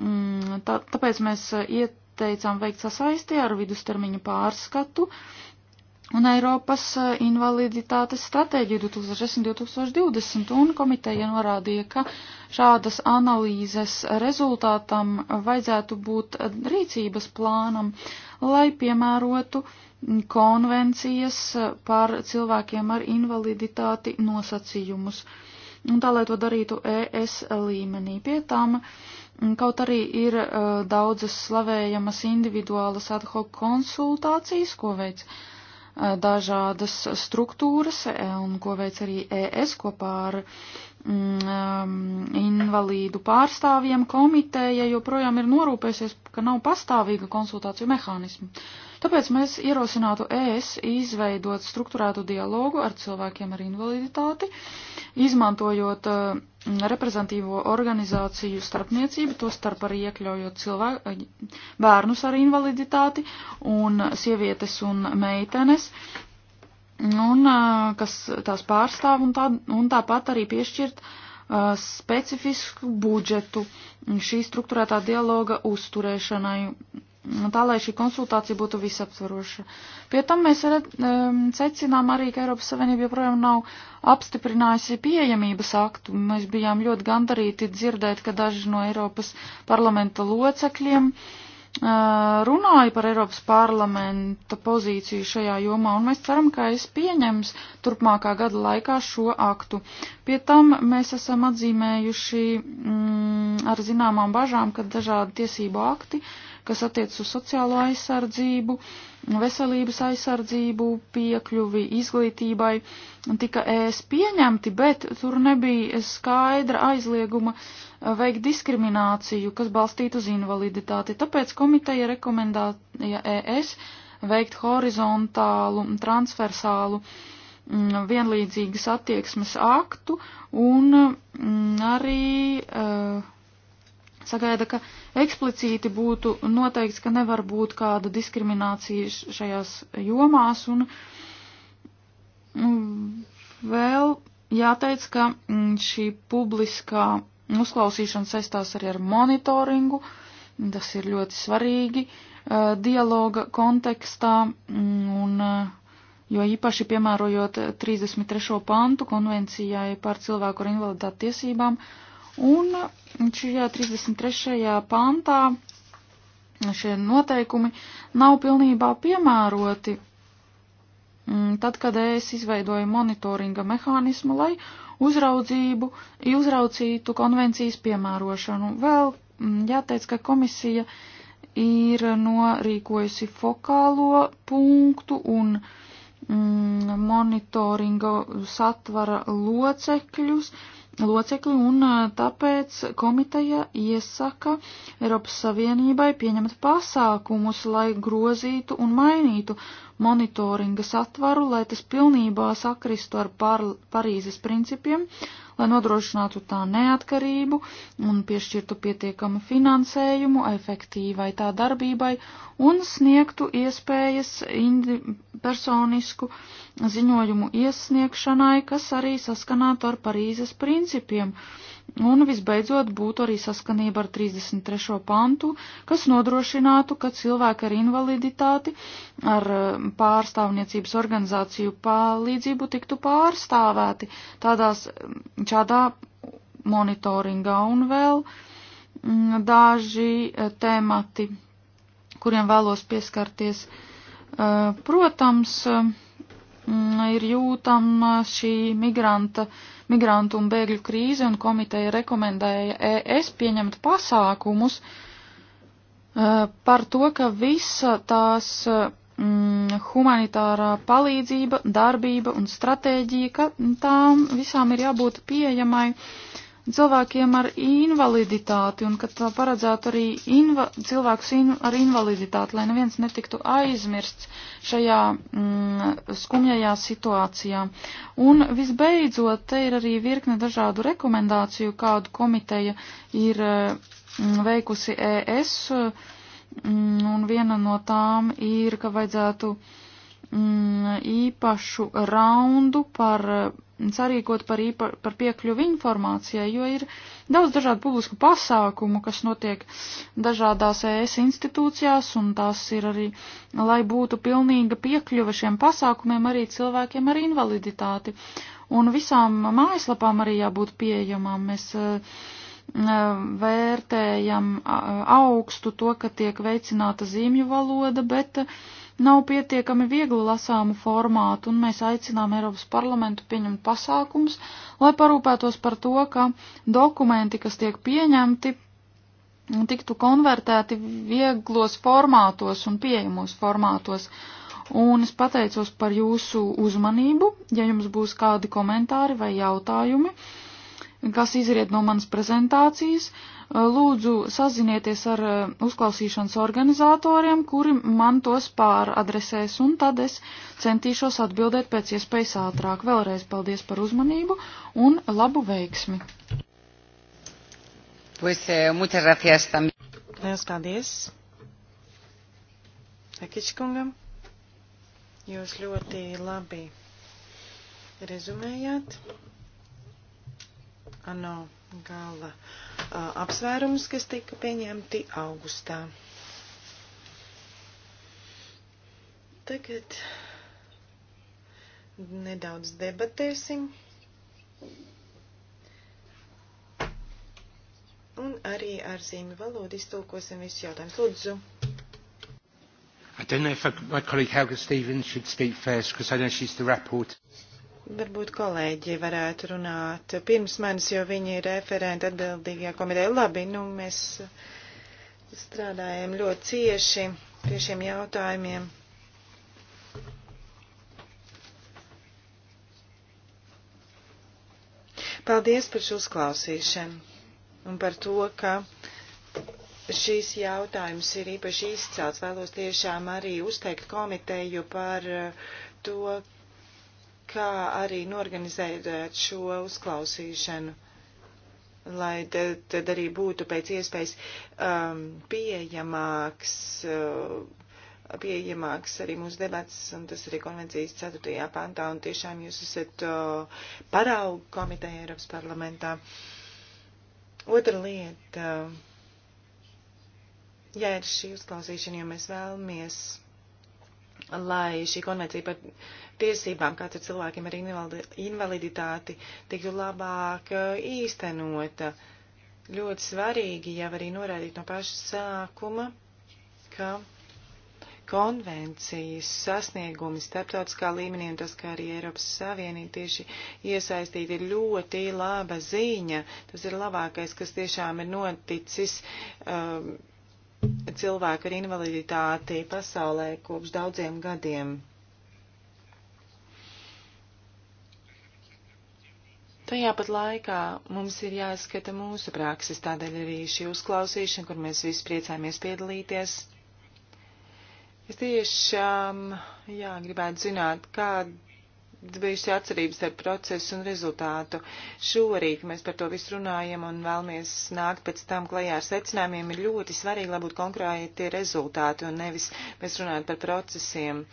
mm, tā, tāpēc mēs iet ieteicām veikt sasaisti ar vidustermiņu pārskatu un Eiropas e, invaliditātes stratēģiju 2010-2020, un komiteja norādīja, ka šādas analīzes rezultātam vajadzētu būt rīcības plānam, lai piemērotu konvencijas par cilvēkiem ar invaliditāti nosacījumus. Un tā, lai to darītu ES līmenī pie tām, uh, Kaut arī ir uh, daudzas slavējamas individuālas ad hoc konsultācijas, ko veic uh, dažādas struktūras e, un ko veic arī ES kopā ar mm, um, invalīdu pārstāvjiem komiteja, joprojām ir norūpēsies, ka nav pastāvīga konsultāciju mehānismu. Tāpēc mēs ierosinātu ES izveidot struktūrētu dialogu ar cilvēkiem ar invaliditāti, izmantojot uh, Mm, reprezentīvo organizāciju starpniecību, to starp arī iekļaujot cilvēku, eh, bērnus ar invaliditāti un sievietes un meitenes, un eh, kas tās pārstāv, un, tā, un tāpat arī piešķirt uh, specifisku budžetu šī struktūrētā dialoga uzturēšanai tā lai šī konsultācija būtu visaptvaroša. Pie tam mēs red, um, secinām arī, ka Eiropas Savienība joprojām nav apstiprinājusi pieejamības aktu. Mēs bijām ļoti gandarīti dzirdēt, ka daži no Eiropas parlamenta locekļiem uh, runāja par Eiropas parlamenta pozīciju šajā jomā, un mēs ceram, ka es pieņems turpmākā gada laikā šo aktu. Pie tam mēs esam atzīmējuši mm, ar zināmām bažām, ka dažādi tiesību akti uh, kas attiec uz sociālo aizsardzību, veselības aizsardzību, piekļuvi izglītībai, tika ēs pieņemti, bet tur nebija skaidra aizlieguma eh, veikt diskrimināciju, kas balstītu uz invaliditāti. Tāpēc komiteja rekomendēja ēs veikt horizontālu, transversālu mm, vienlīdzīgas attieksmes aktu un mm, arī uh, sagaida, ka eksplicīti būtu noteikts, ka nevar būt kāda diskriminācija šajās jomās, un mm, vēl jāteic, ka mm, šī publiskā uzklausīšana saistās arī ar monitoringu, tas ir ļoti svarīgi dialoga kontekstā, mm, un, jo īpaši piemērojot 33. pantu konvencijai par cilvēku ar invaliditāti tiesībām, uh, Un šajā 33. pantā šie noteikumi nav pilnībā piemēroti. Mm, tad, kad es izveidoju monitoringa mehānismu, lai uzraudzību, uzraucītu konvencijas piemērošanu. Vēl mm, jāteic, ka komisija ir norīkojusi fokālo punktu un mm, monitoringa satvara locekļus. Mm, locekli, un tāpēc komiteja iesaka Eiropas Savienībai pieņemt pasākumus, lai grozītu un mainītu monitoringa satvaru, lai tas pilnībā sakristu ar par, Parīzes principiem, lai nodrošinātu tā neatkarību un piešķirtu pietiekamu finansējumu efektīvai tā darbībai un sniegtu iespējas indi, personisku ziņojumu iesniegšanai, kas arī saskanātu ar Parīzes principiem Un visbeidzot būtu arī saskanība ar 33. pantu, kas nodrošinātu, ka cilvēki ar invaliditāti ar eh, pārstāvniecības organizāciju palīdzību tiktu pārstāvēti tādās šādā monitoringā un vēl daži eh, temati, kuriem vēlos pieskarties. Eh, protams, ir jūtama šī migranta migrantu un bēgļu krīzi, un komiteja rekomendēja ES pieņemt pasākumus uh, par to, ka visa tās uh, mm, humanitārā palīdzība, darbība un stratēģija, ka tām visām ir jābūt pieejamai uh, cilvēkiem ar invaliditāti un ka tā paredzētu arī inva, cilvēkus in, ar invaliditāti, lai neviens netiktu aizmirsts šajā mm, skumjajā situācijā. Un visbeidzot, te ir arī virkne dažādu rekomendāciju, kādu komiteja ir mm, veikusi ES, mm, un viena no tām ir, ka vajadzētu mm, īpašu raundu par mm, sarīkot par, īpa, par piekļuvi informācijai, jo ir daudz dažādu publisku pasākumu, kas notiek dažādās ES institūcijās, un tās ir arī, lai būtu pilnīga piekļuva šiem pasākumiem arī cilvēkiem ar invaliditāti. Un visām mājaslapām arī jābūt pieejamām. Mēs e, e, vērtējam augstu to, ka tiek veicināta zīmju valoda, bet uh, nav pietiekami viegli lasāma formāta, un mēs aicinām Eiropas parlamentu pieņemt pasākums, lai parūpētos par to, ka dokumenti, kas tiek pieņemti, tiktu konvertēti vieglos formātos un pieejamos formātos. Un es pateicos par jūsu uzmanību, ja jums būs kādi komentāri vai jautājumi, kas izriet no manas prezentācijas. Uh, lūdzu sazinieties ar eh, uzklausīšanas organizatoriem, kuri man tos pāradresēs, un tad es centīšos atbildēt pēc iespējas ātrāk. Vēlreiz paldies par uzmanību un labu veiksmi! Pues, eh, muchas gracias también. Lielas paldies! Ekičkungam, jūs ļoti labi rezumējāt. Ano. Oh, gala apsvērumus, kas tika pieņemti augustā. Tagad nedaudz debatēsim. Un arī ar zīmju valodu iztulkosim visus jautājumus. Lūdzu. I don't know if my colleague Helga Stevens should speak first because I know she's the rapport. Varbūt kolēģi varētu runāt pirms manis, jo viņi ir referenti atbildīgajā komitejā. Labi, nu mēs strādājam ļoti cieši pie šiem jautājumiem. Paldies par šo uzklausīšanu un par to, ka šīs jautājums ir īpaši izcelts. Vēlos tiešām arī uzteikt komiteju par to, kā arī norganizēt eh, šo uzklausīšanu, lai tad, tad arī būtu pēc iespējas um, pieejamāks, uh, pieejamāks arī mūsu debats, un tas arī konvencijas 4. pantā, un tiešām jūs esat uh, paraugu komiteja Eiropas parlamentā. Otra lieta. Uh, Jā, ir šī uzklausīšana, jo mēs vēlamies lai šī konvencija par tiesībām, kāds ir cilvēkiem ar invaliditāti, tiktu labāk uh, īstenota. Ļoti svarīgi jau arī norādīt no paša sākuma, ka konvencijas sasniegumi starptautiskā līmenī un tas, kā arī Eiropas Savienība tieši iesaistīta, ir ļoti laba ziņa. Tas ir labākais, kas tiešām ir noticis. Um, cilvēku ar invaliditāti pasaulē kopš daudziem gadiem. Tajā pat laikā mums ir jāskata mūsu prakses, tādēļ arī šī uzklausīšana, kur mēs visi priecājamies piedalīties. Es tiešām, jā, gribētu zināt, kāda bijusi atcerības ar procesu un rezultātu. Šorīt mēs par to visu runājam un vēlamies nākt pēc tam klajā ar secinājumiem. Ir ļoti svarīgi, lai būtu konkrēti rezultāti un nevis mēs runājam par procesiem.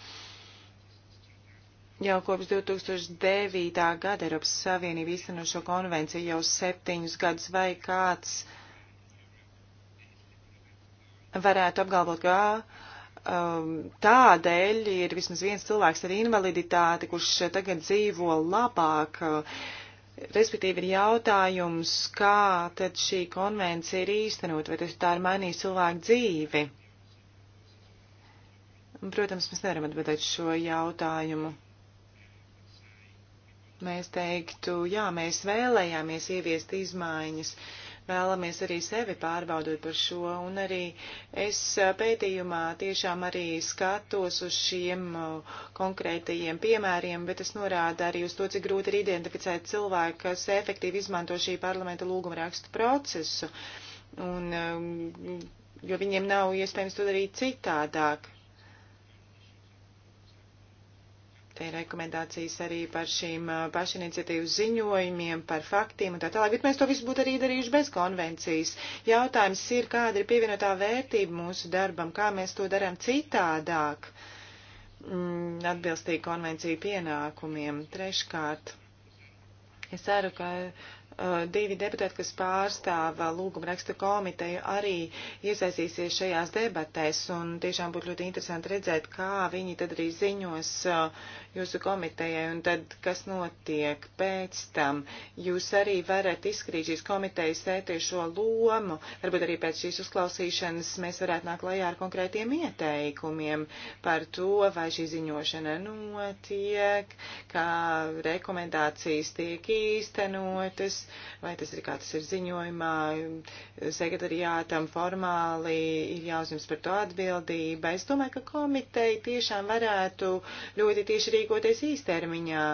Jau kopš 2009. gada Eiropas Savienība īsteno šo konvenciju jau septiņus gadus vai kāds varētu apgalvot, ka um, tādēļ ir vismaz viens cilvēks ar invaliditāti, kurš tagad dzīvo labāk. Respektīvi ir jautājums, kā tad šī konvencija ir īstenot, vai tas tā ir mainījis cilvēku dzīvi. Un, protams, mēs nevaram atbildēt šo jautājumu. Mēs teiktu, jā, mēs vēlējāmies ieviest izmaiņas. Uh, vēlamies arī sevi pārbaudot par šo, un arī es pētījumā tiešām arī skatos uz šiem konkrētajiem piemēriem, bet es norādu arī uz to, cik grūti ir identificēt cilvēku, kas efektīvi izmanto šī parlamenta lūguma rakstu procesu, un, jo viņiem nav iespējams to darīt citādāk. Te ir rekomendācijas arī par šīm uh, pašiniciatīvas ziņojumiem, par faktiem un tā tālāk, bet mēs to visu būtu arī darījuši bez konvencijas. Jautājums ir, kāda ir pievienotā vērtība mūsu darbam, kā mēs to darām citādāk, mm, atbilstīgi konvenciju pienākumiem. Treškārt, es ceru, ka Eh, divi deputāti, kas pārstāv eh, lūguma raksta komiteju, arī iesaistīsies šajās debatēs, un tiešām būtu ļoti interesanti redzēt, kā viņi tad arī ziņos eh, jūsu komitejai, un tad, kas notiek pēc tam. Jūs arī varat izskrīt šīs komitejas ētiešo lomu, varbūt arī pēc šīs uzklausīšanas mēs varētu nākt lajā ar konkrētiem ieteikumiem par to, vai šī ziņošana notiek, kā rekomendācijas tiek īstenotas vai tas ir kā tas ir ziņojumā, sekretariātam formāli ir jāuzņems par to atbildība. Es domāju, ka komiteja tiešām varētu ļoti tieši rīkoties īstermiņā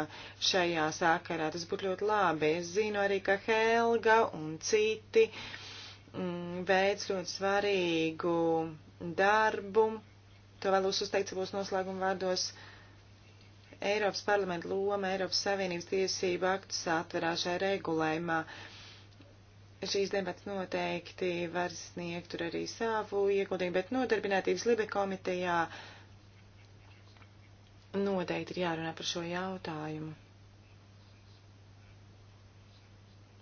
šajā sakarā. Tas būtu ļoti labi. Es zinu arī, ka Helga un citi mm, veids ļoti svarīgu darbu. To vēlos uzteikt savos noslēguma vārdos. Uh, Eiropas parlamenta loma Eiropas Savienības tiesību aktu satverā šajā regulējumā. Šīs debats noteikti var sniegt tur arī savu ieguldījumu, bet nodarbinātības libe komitejā noteikti ir jārunā par šo jautājumu.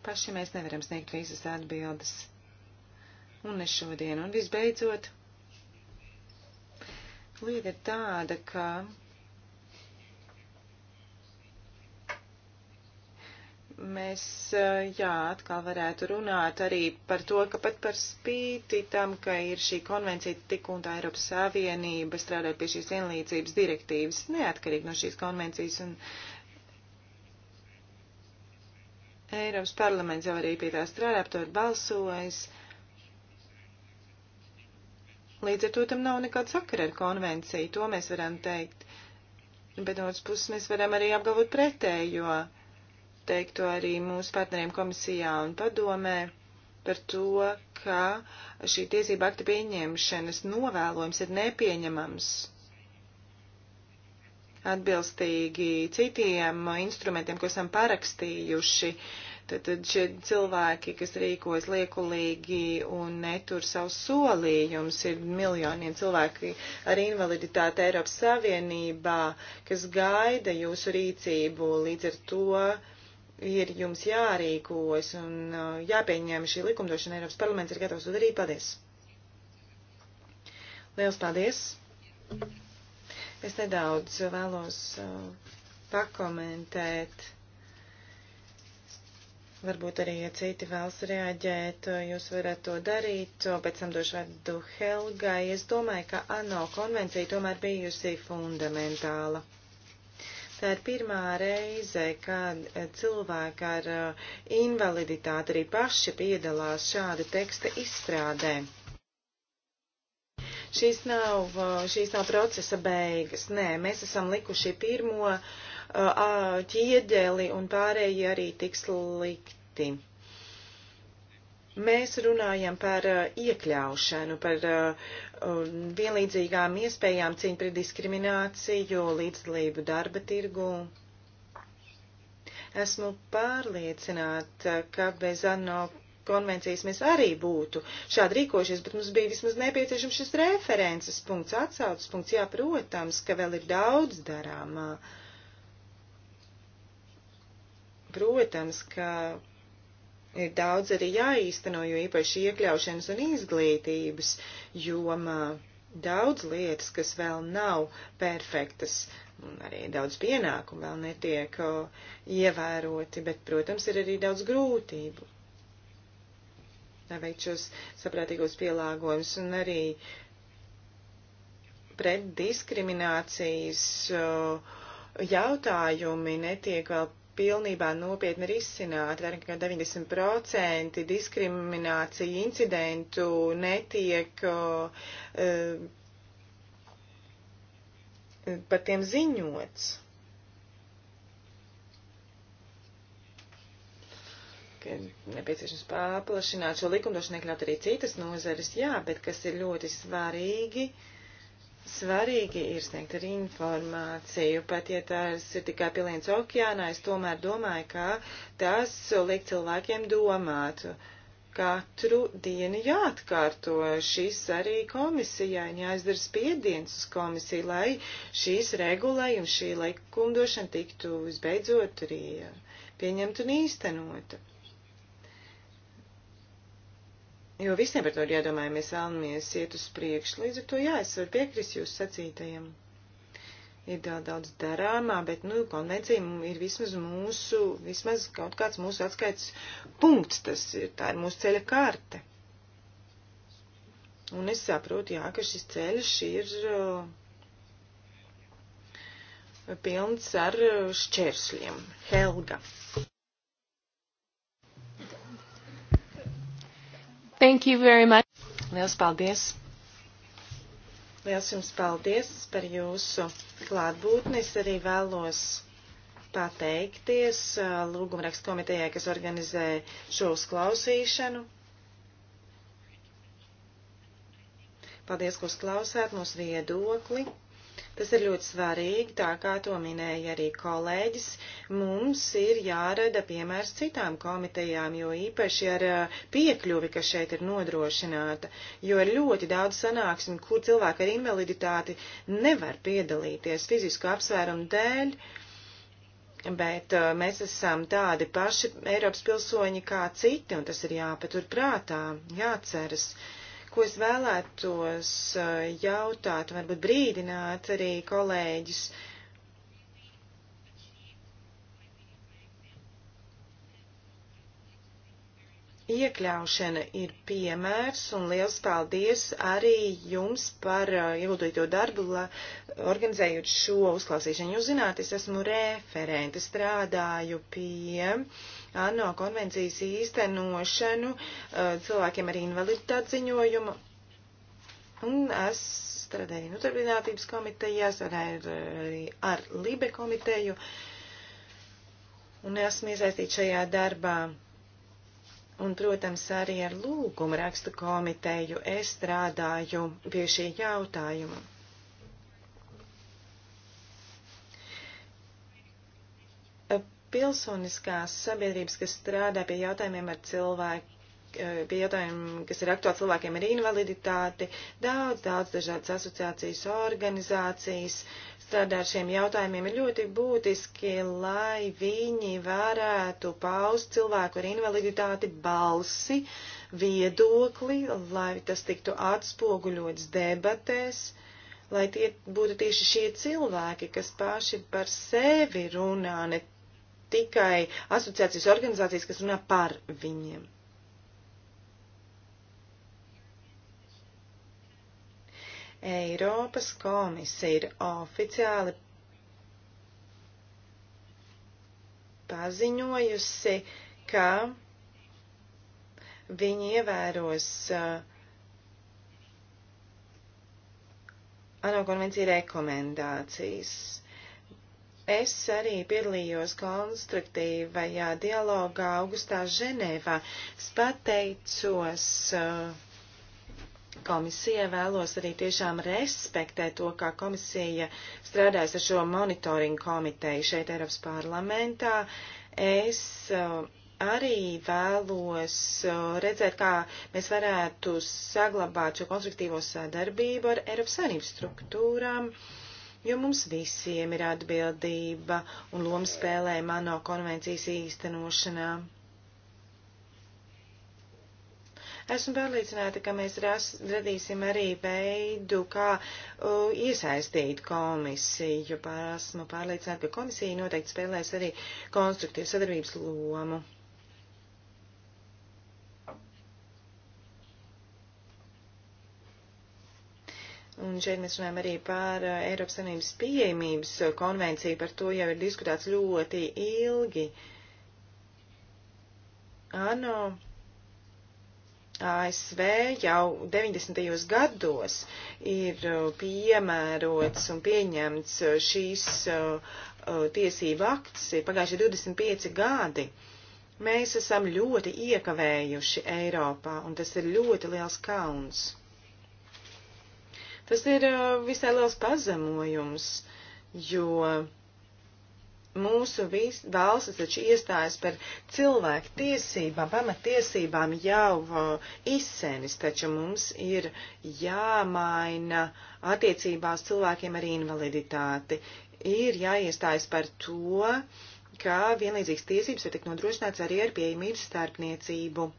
Paši mēs nevaram sniegt visas atbildes. Un ne šodien. Un visbeidzot, lieta ir tāda, ka mēs, jā, atkal varētu runāt arī par to, ka pat par spīti tam, ka ir šī konvencija tik un tā Eiropas Savienība strādāt pie šīs vienlīdzības direktīvas, neatkarīgi no šīs konvencijas, un Eiropas parlaments jau arī pie tā strādā, par to ir balsojis. Līdz ar to tam nav nekāda sakara ar konvenciju, to mēs varam teikt. Bet no otras puses mēs varam arī apgalvot pretējo. jo teiktu arī mūsu partneriem komisijā un padomē par to, ka šī tiesība akta pieņemšanas novēlojums ir nepieņemams atbilstīgi citiem instrumentiem, ko esam parakstījuši. Tad, tad šie cilvēki, kas rīkojas liekulīgi un netur savus solījumus, ir miljoniem cilvēki ar invaliditāti Eiropas Savienībā, kas gaida jūsu rīcību. Līdz ar to ir jums jārīkojas un uh, jāpieņem šī likumdošana. Eiropas parlaments ir gatavs to darīt. Paldies! Liels paldies! Es nedaudz vēlos uh, pakomentēt. Varbūt arī, ja citi vēlas reaģēt, uh, jūs varat to darīt. Pēc tam došu vārdu Helgai. Es domāju, ka ANO konvencija tomēr bijusi fundamentāla. Tā ir pirmā reize, kad eh, cilvēki ar eh, invaliditāti arī paši piedalās šāda teksta izstrādē. Šīs nav, eh, šīs nav procesa beigas, nē, mēs esam likuši pirmo ķieģeli un pārējie arī tiks likti. Mēs runājam par uh, iekļaušanu, par uh, vienlīdzīgām iespējām cīņu pret diskrimināciju, līdzdalību darba tirgu. Esmu pārliecināta, ka bez ANO konvencijas mēs arī būtu šādi rīkojušies, bet mums bija vismaz nepieciešams šis references punkts, atsaucas punkts. Jā, protams, ka vēl ir daudz darāmā. Protams, ka ir daudz arī jāīsteno, jo īpaši iekļaušanas un izglītības jomā daudz lietas, kas vēl nav perfektas, un arī daudz pienākumu vēl netiek ievēroti, bet, protams, ir arī daudz grūtību. Lai veikt šos saprātīgos pielāgojumus un arī pret diskriminācijas jautājumi netiek vēl pilnībā nopietni risināti. Vairāk kā 90% diskriminācija incidentu netiek uh, par tiem ziņots. ka nepieciešams paplašināt šo likumdošanu, iekļaut arī citas nozares, jā, bet kas ir ļoti svarīgi, uh, Svarīgi ir sniegt arī informāciju, pat ja tās ir tikai piliens okeānā, es tomēr domāju, ka tas liek cilvēkiem domāt. Katru dienu jāatkārto šis arī komisijai, jāizdara spiediens uz komisiju, lai šīs regulējumi, šī likumdošana tiktu visbeidzot arī pieņemta un īstenota. Jo visiem par to ir jādomā, ja mēs vēlamies iet uz priekšu. Līdz ar to jā, es varu piekrist jūsu sacītajam. Ir daudz, daudz darāmā, bet, nu, konvencija ir vismaz mūsu, vismaz kaut kāds mūsu atskaits punkts, tas ir, tā ir mūsu ceļa kārte. Un es saprotu, jā, ka šis ceļš ir uh, pilns ar uh, šķēršļiem. Helga. Thank you very much. Liels paldies. Liels jums paldies par jūsu klātbūtni. Es arī vēlos pateikties lūgumrakstu komitejai, kas organizē šo uzklausīšanu. Paldies, ka uzklausāt mūsu viedokli. Tas ir ļoti svarīgi, tā kā to minēja arī kolēģis. Mums ir jārada piemērs citām komitejām, jo īpaši ar eh, piekļuvi, kas šeit ir nodrošināta, jo ir ļoti daudz sanāksmi, kur cilvēki ar invaliditāti nevar piedalīties fizisku apsvērumu dēļ. Bet uh, mēs esam tādi paši Eiropas pilsoņi kā citi, un tas ir jāpatur prātā, jāceras. Uh, ko es vēlētos eh, jautāt, varbūt brīdināt arī kolēģis. Iekļaušana ir piemērs, un liels paldies arī jums par eh, ieguldīto darbu, la, organizējot šo uzklausīšanu. Jūs zināt, es esmu referente, strādāju pie uh, ANO konvencijas īstenošanu eh, cilvēkiem ar invaliditāti ziņojumu. Un es strādēju notarbinātības komitejā, strādēju arī ar Libe komiteju un esmu iesaistīta šajā darbā. Un, protams, arī ar lūgumu rakstu komiteju es strādāju pie šī jautājuma. pilsoniskās sabiedrības, kas strādā pie jautājumiem ar cilvēku eh, pie jautājumiem, kas ir aktuāli cilvēkiem ar invaliditāti, daudz, daudz dažādas asociācijas, organizācijas strādā ar šiem jautājumiem, ir ļoti būtiski, lai viņi varētu paust cilvēku ar invaliditāti balsi, viedokli, lai tas tiktu atspoguļots debatēs, lai tie būtu tieši šie cilvēki, kas paši par sevi runā, ne tikai asociācijas organizācijas, kas runā par viņiem. Eiropas komisija ir oficiāli paziņojusi, ka viņi ievēros uh, ANO konvenciju rekomendācijas. Es arī piedalījos konstruktīvajā dialogā augustā Ženēvā. Es pateicos uh, komisijai, vēlos arī tiešām respektēt to, kā komisija strādājas ar šo monitoringu komiteju šeit Eiropas parlamentā. Es uh, arī vēlos uh, redzēt, kā mēs varētu saglabāt šo konstruktīvo sadarbību ar Eiropas Savienības struktūrām. Uh, jo mums visiem ir atbildība un loma spēlē mano konvencijas īstenošanā. Esmu pārliecināta, ka mēs ras, radīsim arī veidu, kā uh, iesaistīt komisiju, jo pār, esmu pārliecināta, ka komisija noteikti spēlēs arī konstruktīvu sadarbības lomu. Un šeit mēs runājam arī par eh, Eiropas Savienības pieejamības eh, konvenciju, par to jau ir diskutēts ļoti ilgi. ANO ASV jau 90. gados ir eh, piemērots un pieņemts šīs tiesība akts, ir pagājuši 25 gadi. Mēs esam ļoti iekavējuši Eiropā, un tas ir ļoti liels kauns. Tas ir visai liels pazemojums, jo mūsu vis, valsts taču iestājas par cilvēku tiesībām, pamatiesībām jau izsēnis, taču mums ir jāmaina attiecībās cilvēkiem ar invaliditāti. Ir jāiestājas par to, ka vienlīdzīgas tiesības var tikt nodrošināts arī ar pieejamības starpniecību.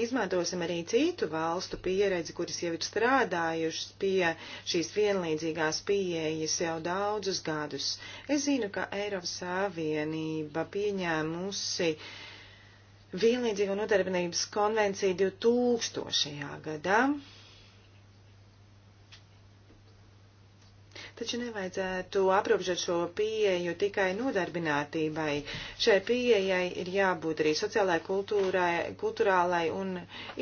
Izmantosim arī citu valstu pieredzi, kuras jau ir strādājušas pie šīs vienlīdzīgās pieejas jau daudzus gadus. Es zinu, ka Eiropas Savienība pieņēmusi vienlīdzīgo nodarbinības konvenciju 2000. gadā. Taču nevajadzētu aprobežot šo pieeju tikai nodarbinātībai. Šai pieejai ir jābūt arī sociālai, kultūrai, kulturālai un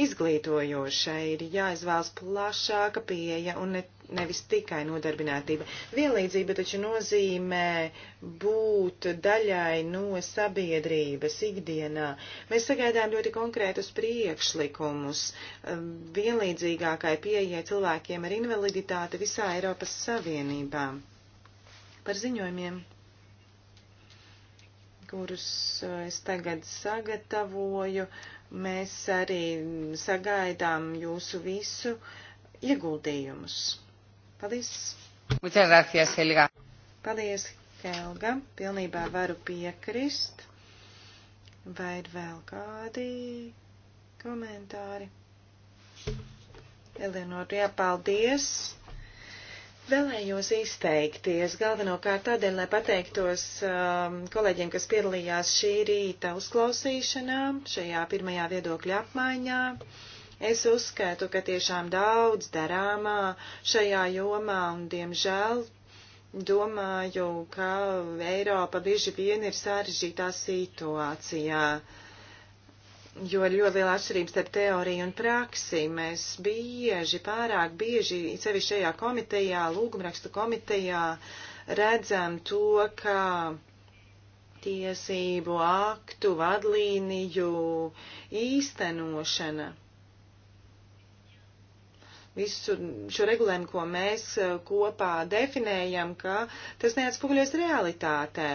izglītojošai. Ir jāizvēlas plašāka pieeja un ne nevis tikai nodarbinātība. Vienlīdzība taču nozīmē būt daļai no sabiedrības ikdienā. Mēs sagaidām ļoti konkrētus priekšlikumus um, vienlīdzīgākai pieejai cilvēkiem ar invaliditāti visā Eiropas Savienībā. Par ziņojumiem, kurus uh, es tagad sagatavoju, mēs arī sagaidām jūsu visu ieguldījumus. Paldies! Muchas gracias, Helga! Paldies, Helga! Pilnībā varu piekrist. Vai ir vēl kādi komentāri? Eleonora, jā, paldies! Vēlējos izteikties galvenokārt tādēļ, lai pateiktos um, kolēģiem, kas piedalījās šī rīta uzklausīšanā, šajā pirmajā viedokļa apmaiņā. Uh, Es uzskatu, ka tiešām daudz darāmā šajā jomā un, diemžēl, domāju, ka Eiropa bieži vien ir sarežģītā situācijā, jo ir ļoti liela atšķirība starp teoriju un praksi. Mēs bieži, pārāk bieži, sevišķi šajā komitejā, lūgumrakstu komitejā, redzam to, ka tiesību aktu vadlīniju īstenošana visu šo regulējumu, ko mēs eh, kopā definējam, ka tas neatspūļos realitātē.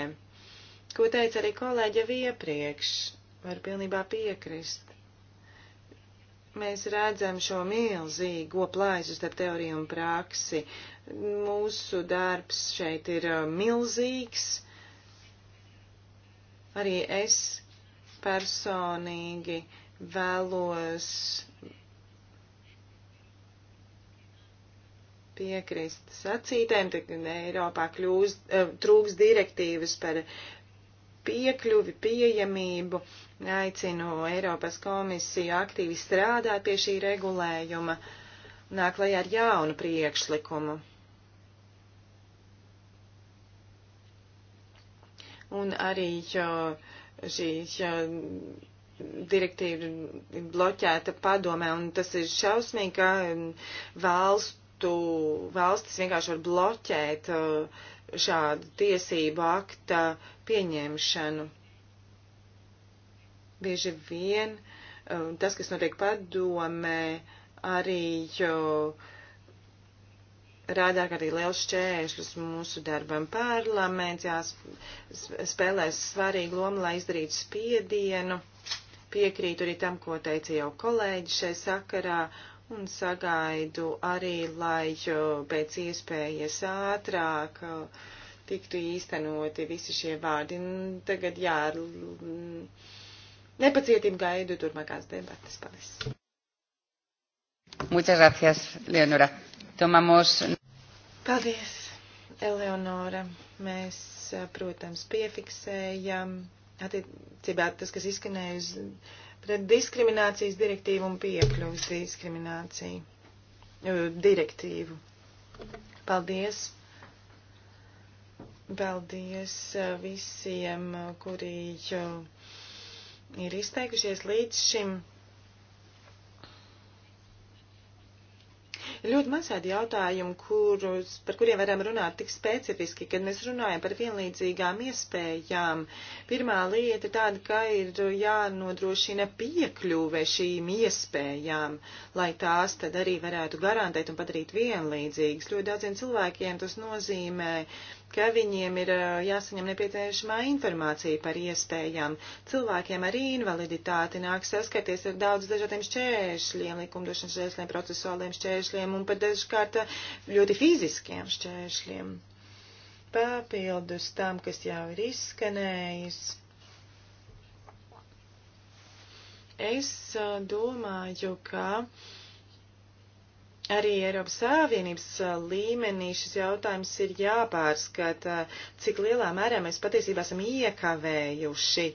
Ko teica arī kolēģi jau iepriekš, var pilnībā piekrist. Mēs redzam šo milzīgo plaisu starp teoriju un praksi. Mūsu darbs šeit ir eh, milzīgs. Arī es personīgi vēlos piekrist sacītēm, tad Eiropā kļūst, eh, trūks direktīvas par piekļuvi, pieejamību. Aicinu Eiropas komisiju aktīvi strādāt pie šī regulējuma, nāk lai ar jaunu priekšlikumu. Un arī šī direktīva ir bloķēta padomē, un tas ir šausmīgi, ka mm, valsts citu valstis vienkārši var bloķēt uh, šādu tiesību akta pieņemšanu. Bieži vien um, tas, kas notiek padomē, arī rādā arī liels šķēršļus mūsu darbam. Parlaments jās spēlēs svarīgu lomu, lai izdarītu spiedienu. Piekrītu arī tam, ko teica jau kolēģi šai sakarā, un sagaidu arī, lai pēc iespējas ātrāk uh, tiktu īstenoti visi šie vārdi. Un tagad, jā, ar mm, nepacietību gaidu turpmākās debatas. Paldies! Muchas gracias, Leonora. Tomamos. Paldies, Eleonora. Mēs, uh, protams, piefiksējam attiecībā tas, kas izskanēja uz pret diskriminācijas direktīvu un piekļuvis diskrimināciju direktīvu. Paldies! Paldies uh, visiem, uh, kuri uh, ir izteikušies līdz šim. Ir ļoti maz tādu jautājumu, kurus, par kuriem varam runāt tik specifiski, kad mēs runājam par vienlīdzīgām iespējām. Pirmā lieta ir tāda, ka ir jānodrošina piekļuve šīm iespējām, lai tās tad arī varētu garantēt un padarīt vienlīdzīgas. Ļoti daudziem cilvēkiem tas nozīmē ka viņiem ir jāsaņem nepieciešamā informācija par iespējām. Cilvēkiem ar invaliditāti nāk saskarties ar daudz dažādiem šķēršļiem, likumdošanas šķēršļiem, procesuāliem šķēršļiem un pat dažkārt ļoti fiziskiem šķēršļiem. Papildus tam, kas jau ir izskanējis. Es domāju, ka uh, Arī Eiropas Savienības uh, līmenī šis jautājums ir jāpārskata, cik lielā mērā mēs patiesībā esam iekavējuši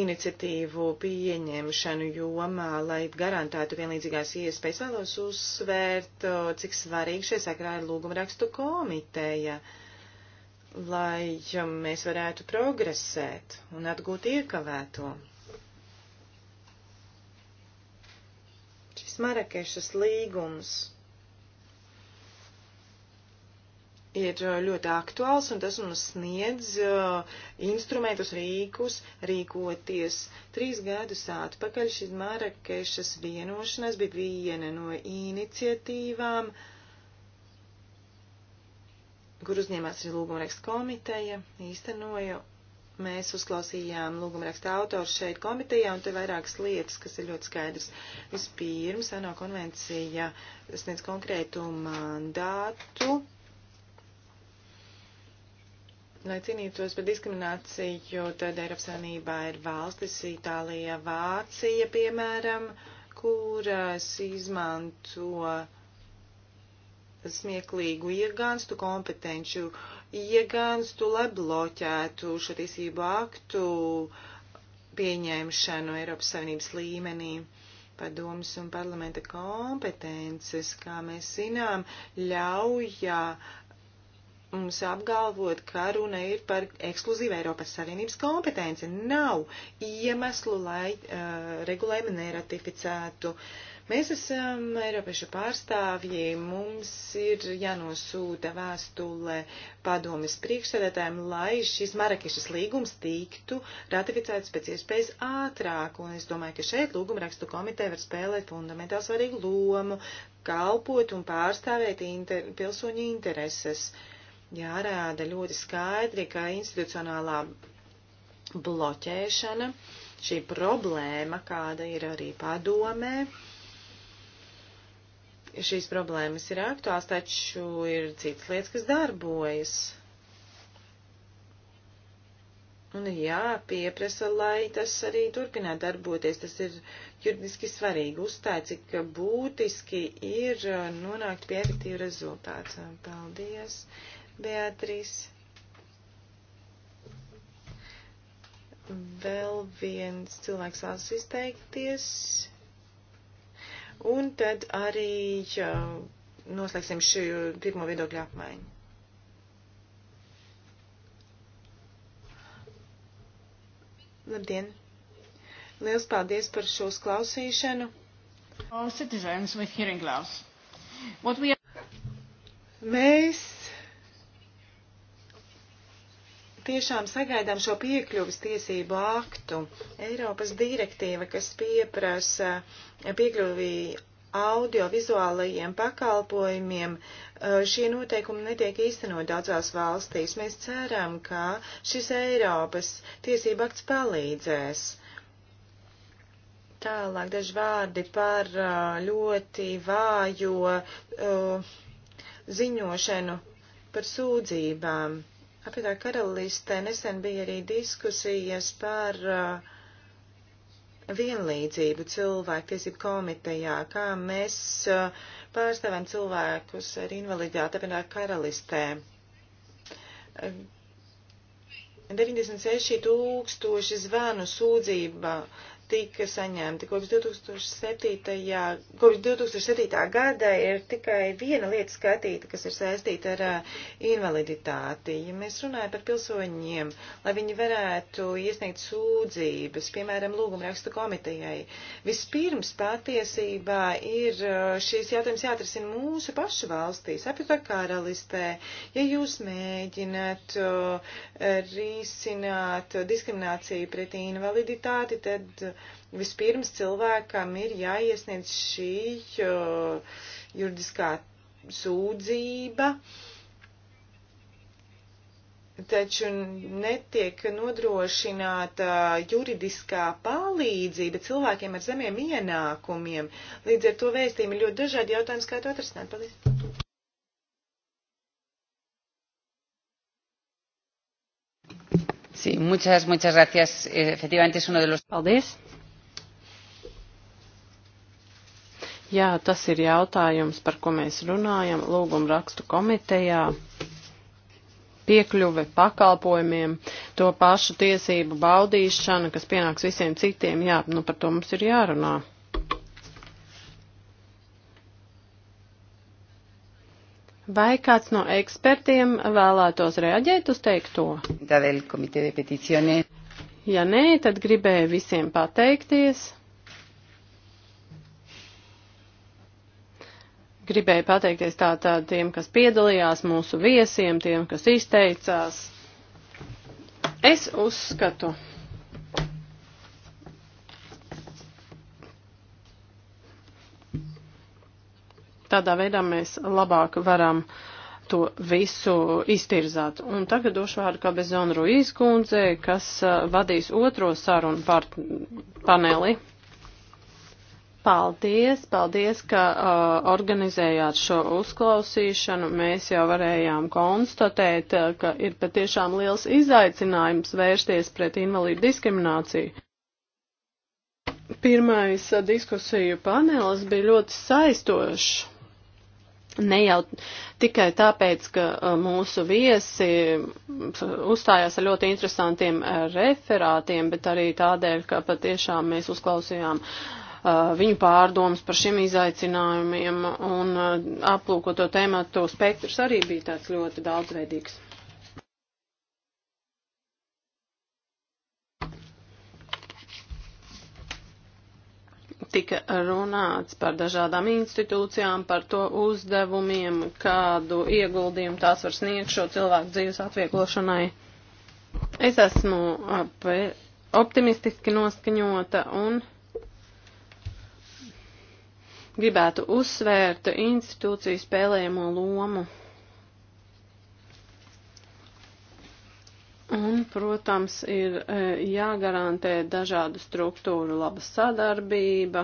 iniciatīvu pieņemšanu jomā, lai garantētu vienlīdzīgās iespējas. Vēlos uzsvērt, cik svarīgi šajā sakrā ir lūgumrakstu komiteja, lai um, mēs varētu progresēt un atgūt iekavēto. Marakešas līgums ir uh, ļoti aktuāls, un tas mums sniedz uh, instrumentus, rīkus, rīkoties. Trīs gadus atpakaļ šis Marakešas vienošanās bija viena no iniciatīvām, kur uzņēmās arī lūgumreks komiteja, īstenoja Mēs uzklausījām lūgumraksta autors šeit komitejā, un te vairākas lietas, kas ir ļoti skaidrs. Vispirms, ANO konvencija sniedz konkrētu mandātu, lai cīnītos par diskrimināciju, tad Eiropas Savienībā ir valstis Itālija, Vācija, piemēram, kuras izmanto smieklīgu iegānstu kompetenču uh, iegānstu, lai bloķētu šo tiesību aktu pieņemšanu Eiropas Savienības līmenī. Padomas un parlamenta kompetences, kā mēs zinām, ļauj mums apgalvot, ka runa ir par ekskluzīvu Eiropas Savienības kompetenci. Nav iemeslu, lai uh, eh, regulējumu neratificētu. Uh, Mēs esam Eiropiešu pārstāvji, mums ir jānosūta vēstule padomis priekšsēdētājiem, lai šis Marakešas līgums tiktu ratificēts pēc iespējas ātrāk, un es domāju, ka šeit lūgumrakstu komiteja var spēlēt fundamentāli svarīgu lomu, kalpot un pārstāvēt inter pilsoņu intereses. Jārāda ļoti skaidri, ka institucionālā bloķēšana, šī problēma, kāda ir arī padomē, šīs problēmas ir aktuāls, taču ir citas lietas, kas darbojas. Un jā, pieprasa, lai tas arī turpinātu darboties. Tas ir juridiski svarīgi. Uzstāja, cik būtiski ir uh, nonākt pie efektīva rezultāta. Paldies, Beatrīs. Vēl viens cilvēks vēlas izteikties. Un tad arī noslēgsim šī pirmo viedokļu apmaiņu. Labdien! Liels paldies par šo klausīšanu. Mēs tiešām sagaidām šo piekļuvis tiesību aktu. Eiropas direktīva, kas pieprasa piekļuvi audiovizuālajiem pakalpojumiem, eh, šie noteikumi netiek īstenot daudzās valstīs. Mēs ceram, ka šis Eiropas tiesība akts palīdzēs. Tālāk daži vārdi par eh, ļoti vājo uh, ziņošanu par sūdzībām. Uh, Apvienotā karalistē nesen bija arī diskusijas par uh, vienlīdzību cilvēktiesību komitejā, kā mēs uh, pārstāvam cilvēkus ar invaliditāti apvienotā karalistē. Uh, 96 tūkstoši zvanu sūdzība tika saņemti. Kopš 2007. Kopš 2007. gada ir tikai viena lieta skatīta, kas ir saistīta ar uh, invaliditāti. Ja mēs runājam par pilsoņiem, lai viņi varētu iesniegt sūdzības, piemēram, lūgumrakstu komitejai, vispirms patiesībā ir uh, šīs jautājums jāatrisina mūsu pašu valstīs, apjūtā karalistē. Ja jūs mēģināt uh, risināt diskrimināciju pret invaliditāti, tad vispirms cilvēkam ir jāiesniedz šī juridiskā sūdzība, taču netiek nodrošināta juridiskā palīdzība cilvēkiem ar zemiem ienākumiem. Līdz ar to vēstījumi ļoti dažādi jautājums, kā to atrisināt. Paldies! Sí, muchas, muchas gracias. Eh, efectivamente es uno de los. Paldies. Jā, tas ir jautājums, par ko mēs runājam lūguma rakstu komitejā. Piekļuve pakalpojumiem, to pašu tiesību baudīšana, kas pienāks visiem citiem, jā, nu par to mums ir jārunā. Vai kāds no ekspertiem vēlētos reaģēt uz teikto? Ja nē, tad gribēju visiem pateikties. Gribēju pateikties tātad tiem, kas piedalījās, mūsu viesiem, tiem, kas izteicās. Es uzskatu, tādā veidā mēs labāk varam to visu iztirzāt. Un tagad došu vārdu kā bez zonru izkundzei, kas uh, vadīs otro sarunu par paneli. Paldies, paldies, ka uh, organizējāt šo uzklausīšanu. Mēs jau varējām konstatēt, uh, ka ir patiešām liels izaicinājums vērsties pret invalīdu diskrimināciju. Pirmais uh, diskusiju panelis bija ļoti saistošs. Ne jau tikai tāpēc, ka uh, mūsu viesi uzstājās ar ļoti interesantiem referātiem, bet arī tādēļ, ka patiešām mēs uzklausījām uh, Uh, viņu pārdomas par šiem izaicinājumiem un uh, aplūkot to tēmatu spektrs arī bija tāds ļoti daudzveidīgs. tika runāts par dažādām institūcijām, par to uzdevumiem, kādu ieguldījumu tās var sniegt šo cilvēku dzīves atvieglošanai. Es esmu uh, optimistiski noskaņota un gribētu uzsvērt institūciju spēlējamo lomu. Un, protams, ir e, jāgarantē dažādu struktūru laba sadarbība,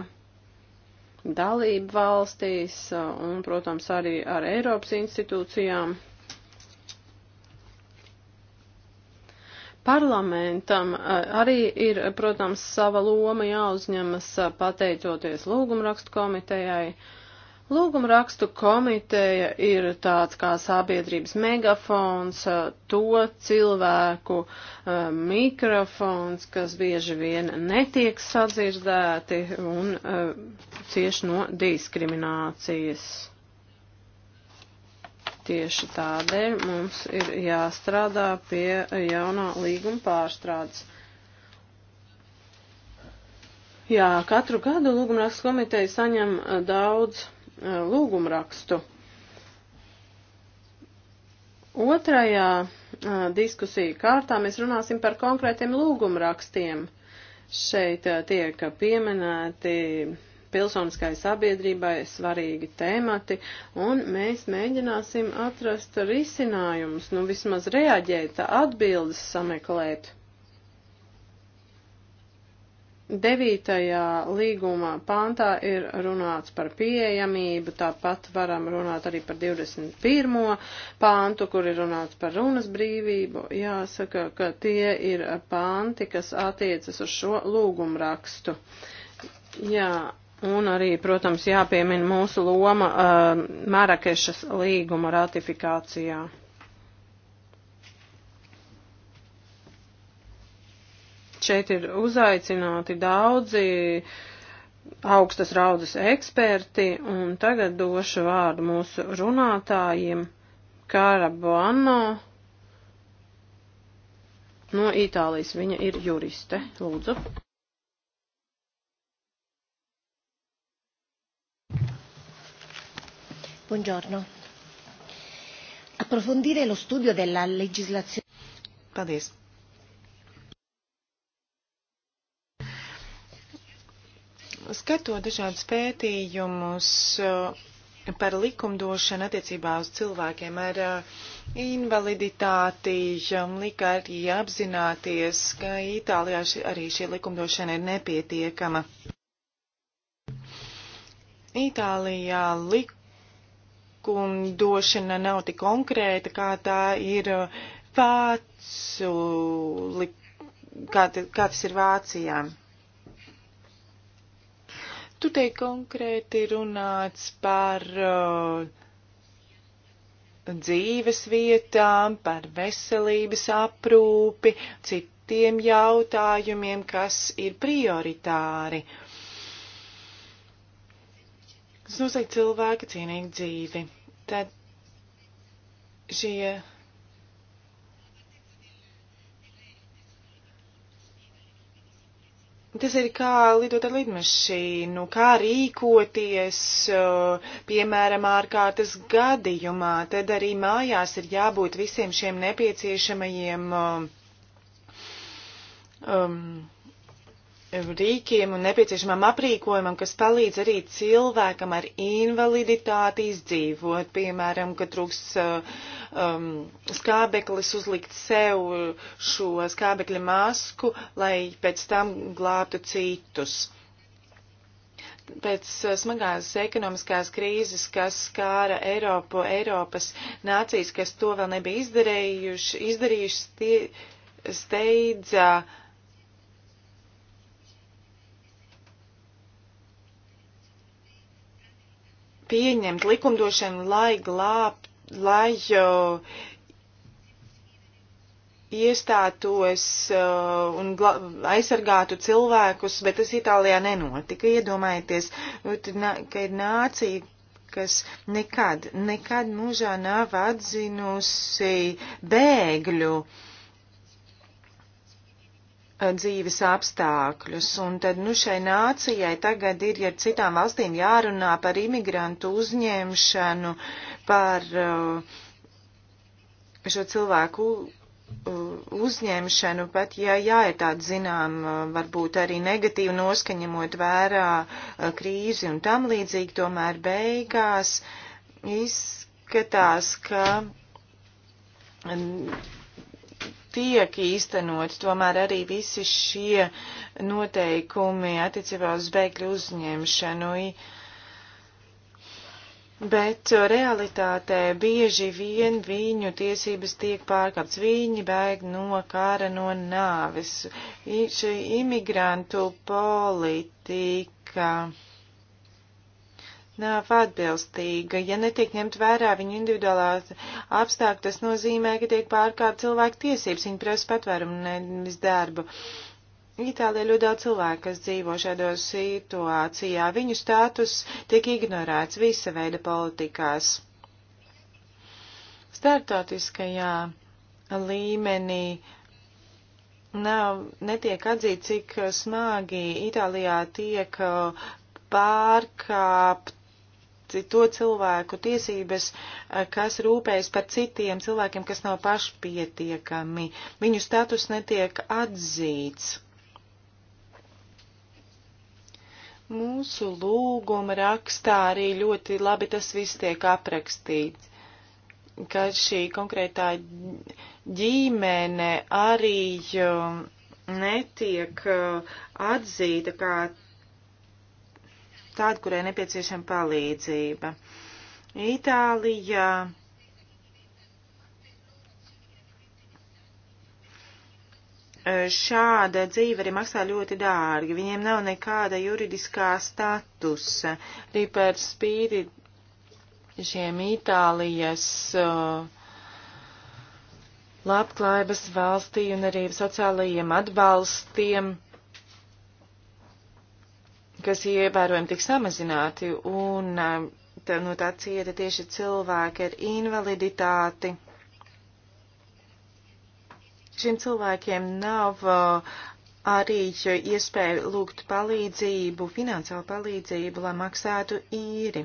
dalība valstīs e, un, protams, arī ar Eiropas institūcijām. Parlamentam arī ir, protams, sava loma jāuzņemas pateicoties lūgumrakstu komitejai. Lūgumrakstu komiteja ir tāds kā sabiedrības megafons, to cilvēku mikrofons, kas bieži vien netiek sadzirdēti un cieši no diskriminācijas. Tieši tādēļ mums ir jāstrādā pie jaunā līguma pārstrādes. Jā, katru gadu lūgumrakstu komiteja saņem eh, daudz eh, lūgumrakstu. Otrajā eh, diskusiju kārtā mēs runāsim par konkrētiem lūgumrakstiem. Šeit tiek pieminēti pilsoniskai sabiedrībai svarīgi temati, un mēs mēģināsim atrast risinājumus, nu vismaz reaģēt, atbildes sameklēt. 9. līgumā pāntā ir runāts par pieejamību, tāpat varam runāt arī par 21. pāntu, kur ir runāts par runas brīvību. Jāsaka, ka tie ir pānti, kas attiecas uz šo lūgumu rakstu. Jā, Un arī, protams, jāpiemina mūsu loma uh, Marakešas līguma ratifikācijā. Šeit ir uzaicināti daudzi augstas raudzes eksperti, un tagad došu vārdu mūsu runātājiem Kāra Boano no Itālijas. Viņa ir juriste. Lūdzu. Buongiorno. Approfondire lo studio della legislazione. Paldies. Skatot dažādus pētījumus eh, par likumdošanu attiecībā uz cilvēkiem ar eh, invaliditāti, um, lika arī apzināties, ka Itālijā arī šī likumdošana ir nepietiekama. Itālijā lik likumdošana nav tik konkrēta, kā tā ir vācu, kā, kā tas ir Vācijā. Tu te konkrēti runāts par uh, dzīves vietām, par veselības aprūpi, citiem jautājumiem, kas ir prioritāri. Uh, Tas nozīmē cilvēka cienīgu dzīvi. Tad šie Tas ir kā lidot ar lidmašīnu, kā rīkoties, piemēram, ārkārtas gadījumā. Tad arī mājās ir jābūt visiem šiem nepieciešamajiem um, rīkiem un nepieciešamam aprīkojumam, kas palīdz arī cilvēkam ar invaliditāti izdzīvot, piemēram, ka trūks uh, um, skābeklis uzlikt sev šo skābekļa masku, lai pēc tam glābtu citus pēc uh, smagās ekonomiskās krīzes, kas skāra Eiropu, Eiropas nācijas, kas to vēl nebija izdarījuši, izdarījuši steidza pieņemt likumdošanu, lai glābt, lai uh, iestātos uh, un aizsargātu cilvēkus, bet tas Itālijā nenotika. Iedomājieties, ka ir nācija, kas nekad, nekad mūžā nav atzinusi bēgļu. Uh, dzīves apstākļus. Un tad, nu, šai nācijai tagad ir ar citām valstīm jārunā par imigrantu uzņemšanu, par uh, šo cilvēku uh, uzņemšanu, pat ja jā, ir tāda zinām, uh, varbūt arī negatīvi noskaņemot vērā krīzi un tam līdzīgi, tomēr beigās izskatās, ka tiek īstenot, tomēr arī visi šie noteikumi attiecībā uz bēgļu uzņemšanu. Bet realitātē bieži vien viņu tiesības tiek pārkāpts. Viņi bēg no kara, no nāves. Šī imigrantu politika nav atbilstīga. Ja netiek ņemt vērā viņa individuālās apstākļi, tas nozīmē, ka tiek pārkāpt cilvēku tiesības, viņa prasa patvērumu nevis darbu. Itālijā ļoti daudz cilvēku, kas dzīvo šādos situācijā, viņu status tiek ignorēts visa veida politikās. Startautiskajā līmenī nav, netiek atzīt, cik smagi Itālijā tiek pārkāpt to cilvēku tiesības, eh, kas rūpējas par citiem cilvēkiem, kas nav pašpietiekami. Viņu status netiek atzīts. Mūsu lūguma rakstā arī ļoti labi tas viss tiek aprakstīts, ka šī konkrētā ģimene arī eh, netiek eh, atzīta kā tāda, kurai nepieciešama palīdzība. Itālijā šāda dzīve arī maksā ļoti dārgi. Viņiem nav nekāda juridiskā statusa. Arī par spīti šiem Itālijas uh, labklājības valstī un arī sociālajiem atbalstiem kas ievērojami tik samazināti, un um, tā, no tā cieta tieši cilvēki ar invaliditāti. Šiem cilvēkiem nav uh, arī iespēja lūgt palīdzību, finansiālu palīdzību, lai maksātu īri.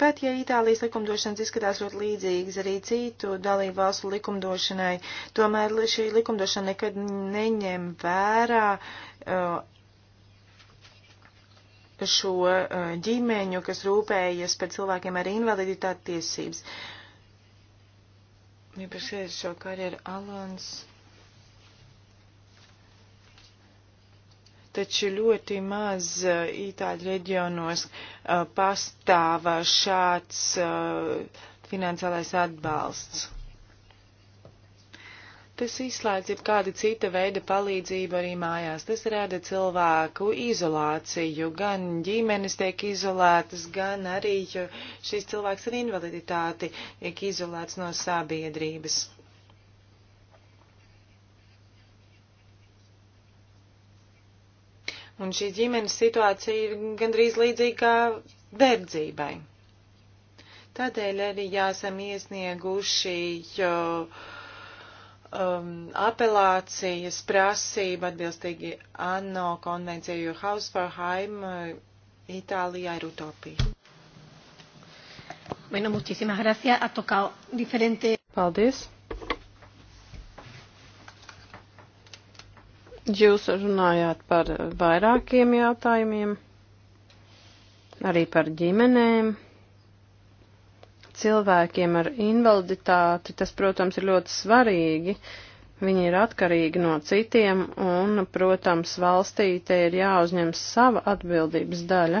Pat ja Itālijas likumdošanas izskatās ļoti līdzīgas arī citu dalību valstu likumdošanai, tomēr šī likumdošana nekad neņem vērā uh, šo eh, ģimeņu, kas rūpējas par cilvēkiem ar invaliditāti tiesības. Iepriekšējais šo karjeru Alans. Taču ļoti maz eh, Itāļu reģionos eh, pastāv šāds finansiālais atbalsts tas izslēdz jau kāda cita veida palīdzību arī mājās. Tas rada cilvēku izolāciju, gan ģimenes tiek izolētas, gan arī šis cilvēks ar invaliditāti tiek izolēts no sabiedrības. Un šī ģimenes situācija ir gandrīz līdzīga verdzībai. Tādēļ arī jāsam iesnieguši jau um, apelācijas prasība atbilstīgi ANO konvencijai, jo House for Haim uh, Itālijā ir utopija. Bueno, muchísimas gracias. Ha tocado diferente. Paldies. Jūs runājāt par vairākiem jautājumiem, arī par ģimenēm cilvēkiem ar invaliditāti, tas, protams, ir ļoti svarīgi. Viņi ir atkarīgi no citiem un, protams, valstī te ir jāuzņem sava atbildības daļa,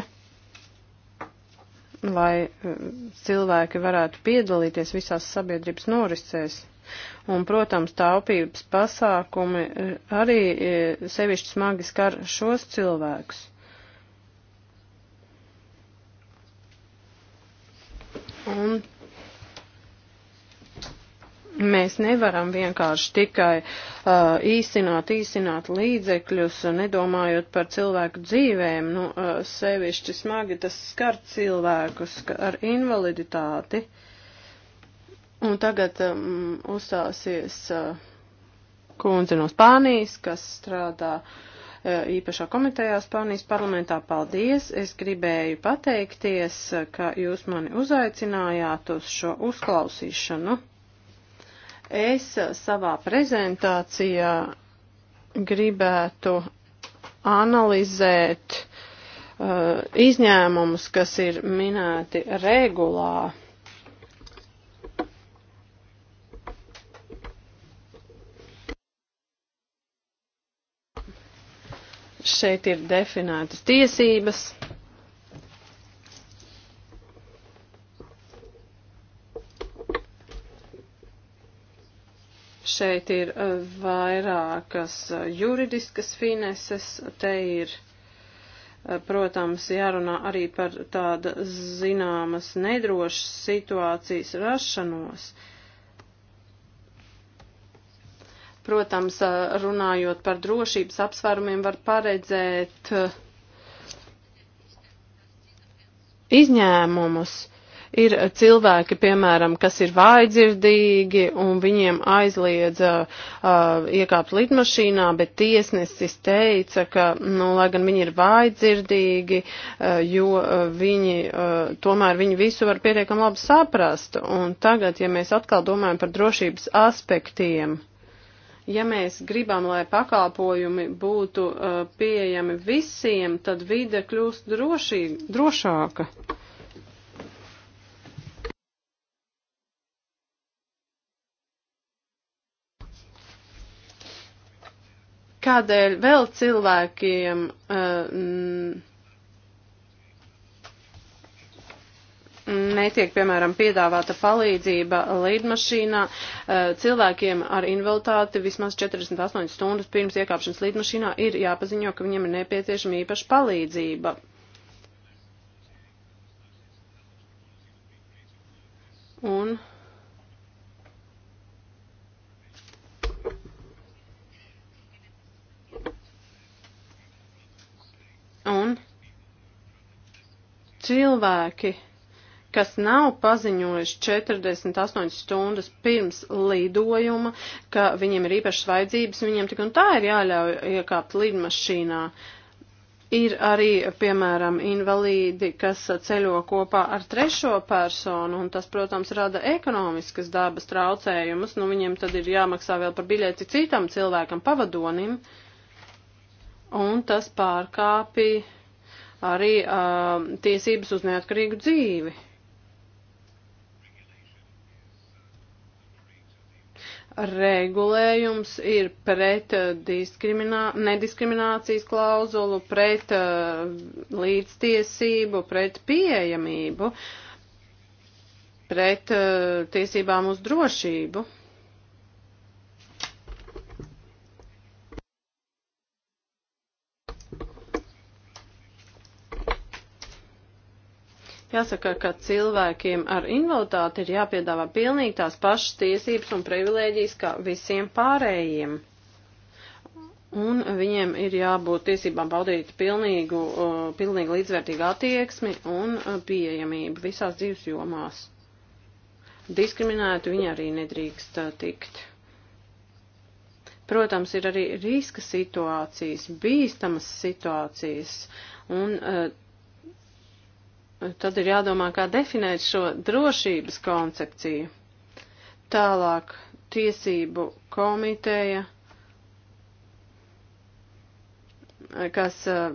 lai mm, cilvēki varētu piedalīties visās sabiedrības norisēs. Un, protams, taupības pasākumi eh, arī eh, sevišķi smagi skar šos cilvēkus. Un mēs nevaram vienkārši tikai uh, īsināt, īsināt līdzekļus, nedomājot par cilvēku dzīvēm. Nu, uh, sevišķi smagi tas skar cilvēkus ar invaliditāti. Un tagad um, uzstāsies uh, kundze no Spānijas, kas strādā uh, Eh, īpašā komitejā Spānijas parlamentā. Paldies! Es gribēju pateikties, ka jūs mani uzaicinājāt uz šo uzklausīšanu. Es savā prezentācijā gribētu analizēt uh, izņēmumus, kas ir minēti regulā šeit ir definētas tiesības. Šeit ir eh, vairākas eh, juridiskas fineses, te ir eh, protams, jārunā arī par tāda zināmas nedrošas situācijas rašanos. Protams, runājot par drošības apsvērumiem, var paredzēt izņēmumus. Ir cilvēki, piemēram, kas ir vājdzirdīgi un viņiem aizliedza uh, iekāpt lidmašīnā, bet tiesnesis teica, ka, nu, lai gan viņi ir vājdzirdīgi, uh, jo viņi, uh, tomēr viņi visu var pietiekam labi saprast. Un tagad, ja mēs atkal domājam par drošības aspektiem, Ja mēs gribam, lai pakalpojumi būtu uh, pieejami visiem, tad vide kļūst drošī, drošāka. Kādēļ vēl cilvēkiem uh, m, netiek, piemēram, piedāvāta palīdzība lidmašīnā eh, cilvēkiem ar invaliditāti vismaz 48 stundas pirms iekāpšanas lidmašīnā ir jāpaziņo, ka viņiem ir nepieciešama īpaša palīdzība. Un Un cilvēki kas nav paziņojuši 48 stundas pirms lidojuma, ka viņiem ir īpašas vajadzības, viņiem tik un tā ir jāļauj iekāpt lidmašīnā. Ir arī, piemēram, invalīdi, kas ceļo kopā ar trešo personu, un tas, protams, rada ekonomiskas dabas traucējumus. Nu, viņiem tad ir jāmaksā vēl par biļeti citam cilvēkam, pavadonim, un tas pārkāpja arī uh, tiesības uz neatkarīgu dzīvi. regulējums ir pret eh, nediskriminācijas klauzulu, pret uh, līdztiesību, pret pieejamību, pret uh, tiesībām uz drošību. Jāsaka, ka cilvēkiem ar invaliditāti ir jāpiedāvā pilnīgi tās pašas tiesības un privilēģijas kā visiem pārējiem. Un viņiem ir jābūt tiesībām baudīt pilnīgu, uh, pilnīgi līdzvērtīgu attieksmi un uh, pieejamību visās dzīves jomās. Diskriminēti viņi arī nedrīkst uh, tikt. Protams, ir arī riska situācijas, bīstamas situācijas, un tad ir jādomā, kā definēt šo drošības koncepciju. Tālāk tiesību komiteja, kas eh,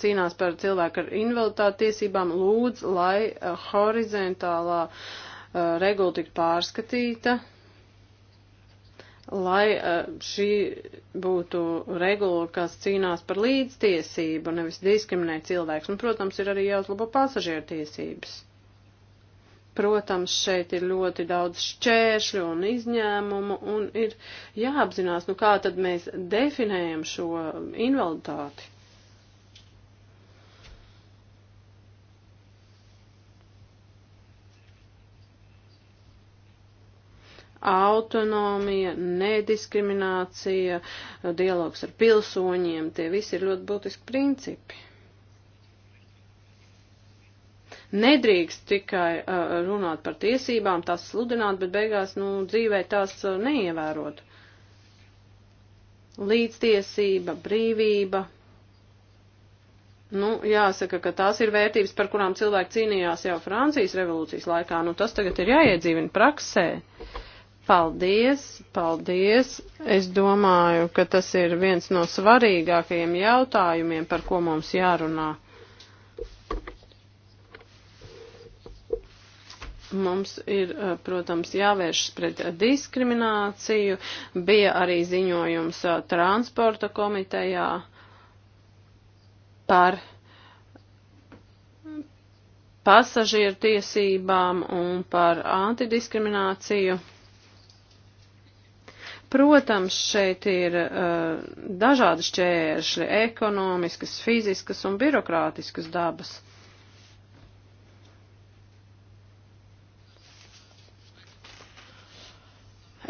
cīnās par cilvēku ar invaliditāti tiesībām, lūdz, lai eh, horizontālā eh, regula tiktu pārskatīta lai e, šī būtu regula, kas cīnās par līdztiesību, nevis diskriminē cilvēks. Un, protams, ir arī jāuzlabo pasažieru tiesības. Protams, šeit ir ļoti daudz šķēršļu un izņēmumu, un ir jāapzinās, nu kā tad mēs definējam šo invaliditāti. autonomija, nediskriminācija, dialogs ar pilsoņiem, tie visi ir ļoti būtiski principi. Nedrīkst tikai uh, runāt par tiesībām, tās sludināt, bet beigās, nu, dzīvē tās uh, neievērot. Līdztiesība, brīvība, Nu, jāsaka, ka tās ir vērtības, par kurām cilvēki cīnījās jau Francijas revolūcijas laikā. Nu, tas tagad ir jāiedzīvina praksē. Uh, Paldies, paldies. Es domāju, ka tas ir viens no svarīgākajiem jautājumiem, par ko mums jārunā. mums ir, eh, protams, jāvēršas pret diskrimināciju. Bija arī ziņojums eh, transporta komitejā par pasažieru tiesībām un par antidiskrimināciju. Protams, šeit ir uh, dažādi šķēršļi - ekonomiskas, fiziskas un birokrātiskas dabas.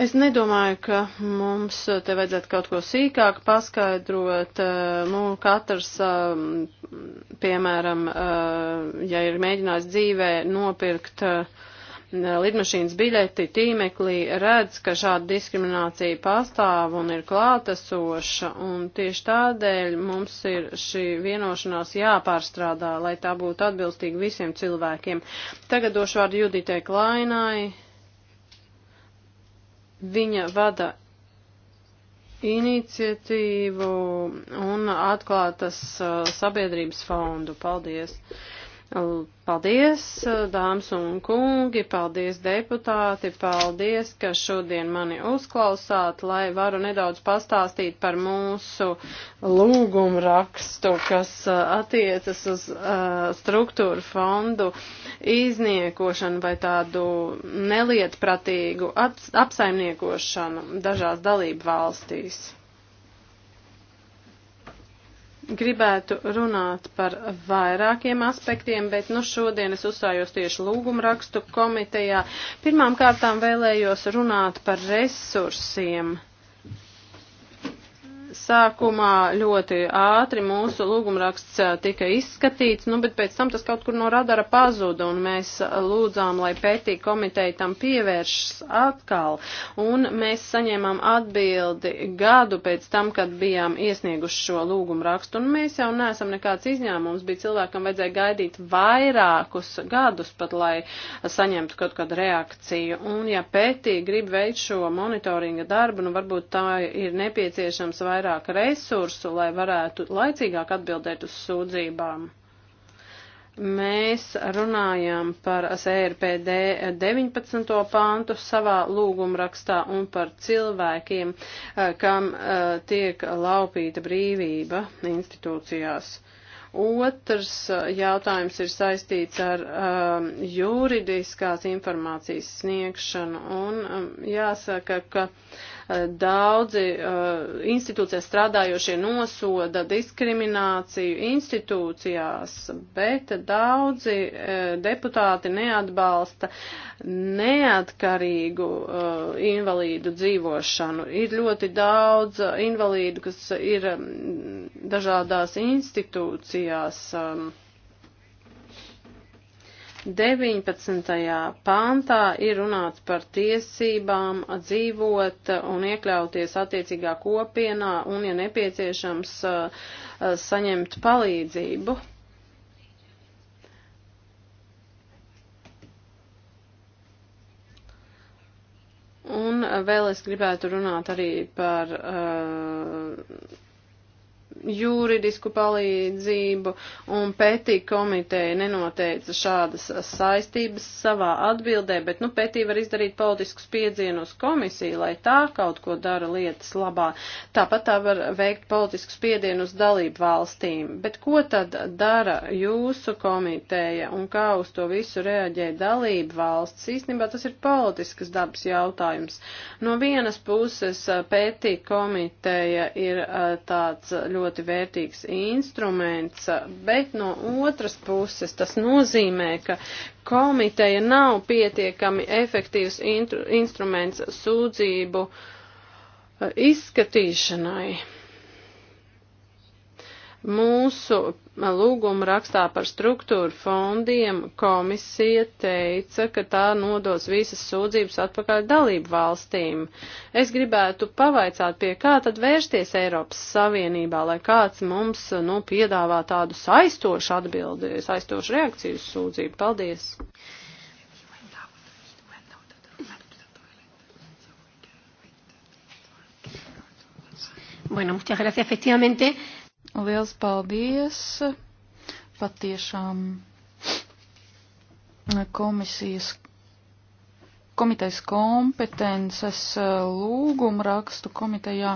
Es nedomāju, ka mums te vajadzētu kaut ko sīkāk paskaidrot. Eh, nu, katrs, eh, piemēram, ja ir mēģinājis dzīvē nopirkt uh, lidmašīnas biļeti tīmeklī redz, ka šāda diskriminācija pastāv un ir klātesoša, un tieši tādēļ mums ir šī vienošanās jāpārstrādā, lai tā būtu atbilstīga visiem cilvēkiem. Tagad došu vārdu Juditei Klainai. Viņa vada iniciatīvu un atklātas uh, sabiedrības fondu. Paldies! Uh, Paldies, dāmas un kungi, paldies deputāti, paldies, ka šodien mani uzklausāt, lai varu nedaudz pastāstīt par mūsu lūgumu rakstu, kas uh, attiecas uz uh, struktūru fondu izniekošanu vai tādu nelietpratīgu apsaimniekošanu dažās dalību valstīs gribētu runāt par vairākiem aspektiem, bet nu šodien es uzstājos tieši lūguma rakstu komitejā. Pirmām kārtām vēlējos runāt par resursiem. Sākumā ļoti ātri mūsu lūgumraksts tika izskatīts, nu, bet pēc tam tas kaut kur no radara pazuda, un mēs lūdzām, lai pētī komiteja tam pievēršas atkal, un mēs saņēmām atbildi gadu pēc tam, kad bijām iesnieguši šo lūgumrakstu, un mēs jau neesam nekāds izņēmums, bija cilvēkam vajadzēja gaidīt vairākus gadus pat, lai saņemtu kaut kādu reakciju, un ja pētī grib veikt šo monitoringa darbu, nu, varbūt tā ir nepieciešams vairāk vairāk resursu, lai varētu laicīgāk atbildēt uz sūdzībām. Mēs runājam par SRPD e 19. pāntu savā lūgumrakstā un par cilvēkiem, eh, kam eh, tiek laupīta brīvība institūcijās. Otrs eh, jautājums ir saistīts ar um, juridiskās informācijas sniegšanu, un um, jāsaka, ka uh, Daudzi eh, institūcijās strādājošie nosoda diskrimināciju institūcijās, bet daudzi eh, deputāti neatbalsta neatkarīgu eh, invalīdu dzīvošanu. Ir ļoti daudz invalīdu, kas ir mm, dažādās institūcijās. Um, 19. pāntā ir runāts par tiesībām dzīvot un iekļauties attiecīgā kopienā un, ja nepieciešams, saņemt palīdzību. Un vēl es gribētu runāt arī par uh, juridisku palīdzību, un pētī komiteja nenoteica šādas saistības savā atbildē, bet, nu, pētī var izdarīt politisku spiedienu uz komisiju, lai tā kaut ko dara lietas labā. Tāpat tā var veikt politisku spiedienu uz dalību valstīm. Bet ko tad dara jūsu komiteja un kā uz to visu reaģē dalību valsts? Īstenībā tas ir politiskas dabas jautājums. No vienas puses pētī komiteja ir eh, tāds ļoti ļoti vērtīgs instruments, bet no otras puses tas nozīmē, ka komiteja nav pietiekami efektīvs instruments sūdzību uh, izskatīšanai. Mūsu lūguma rakstā par struktūru fondiem komisija teica, ka tā nodos visas sūdzības atpakaļ dalību valstīm. Es gribētu pavaicāt, pie kā tad vērsties Eiropas Savienībā, lai kāds mums, nu, piedāvā tādu saistošu atbildi, saistošu reakciju uz sūdzību. Paldies! Bueno, muchas gracias. Efectivamente, Liels paldies! Patiešām komisijas komitejas kompetences eh, lūguma rakstu komitejā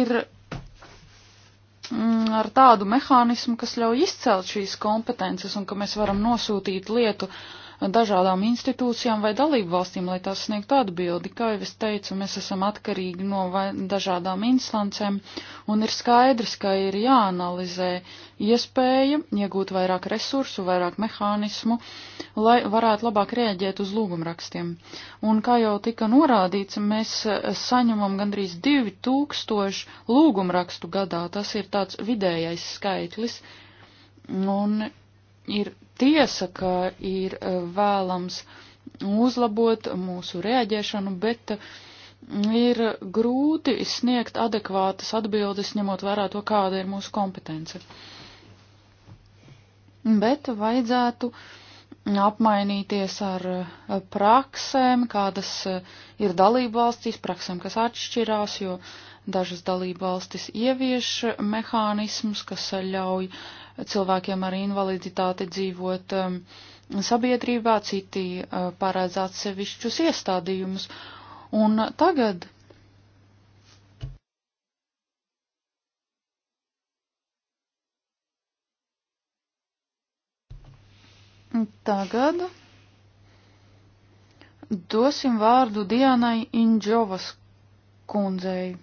ir mm, ar tādu mehānismu, kas ļauj izcelt šīs kompetences un ka mēs varam nosūtīt lietu uh, dažādām institūcijām vai dalību valstīm, lai tās sniegtu atbildi. Kā jau es teicu, mēs esam atkarīgi no dažādām instancēm, un ir skaidrs, ka ir jāanalizē iespēja iegūt vairāk resursu, vairāk mehānismu, lai varētu labāk rēģēt uz lūgumrakstiem. Un kā jau tika norādīts, mēs saņemam gandrīz 2000 lūgumrakstu gadā. Tas ir tāds vidējais skaitlis. Un ir tiesa, ka ir e, vēlams uzlabot mūsu reaģēšanu, bet e, ir grūti sniegt adekvātas atbildes, ņemot vērā to, kāda ir mūsu kompetence. Bet vajadzētu apmainīties ar e, praksēm, kādas ir dalību valstīs, praksēm, kas atšķirās, jo dažas dalību valstis ievieš mehānismus, kas ļauj uh, cilvēkiem ar invaliditāti dzīvot um, sabiedrībā, citi uh, paredz atsevišķus iestādījumus. Un tagad Tagad dosim vārdu Dianai Indžovas kundzei.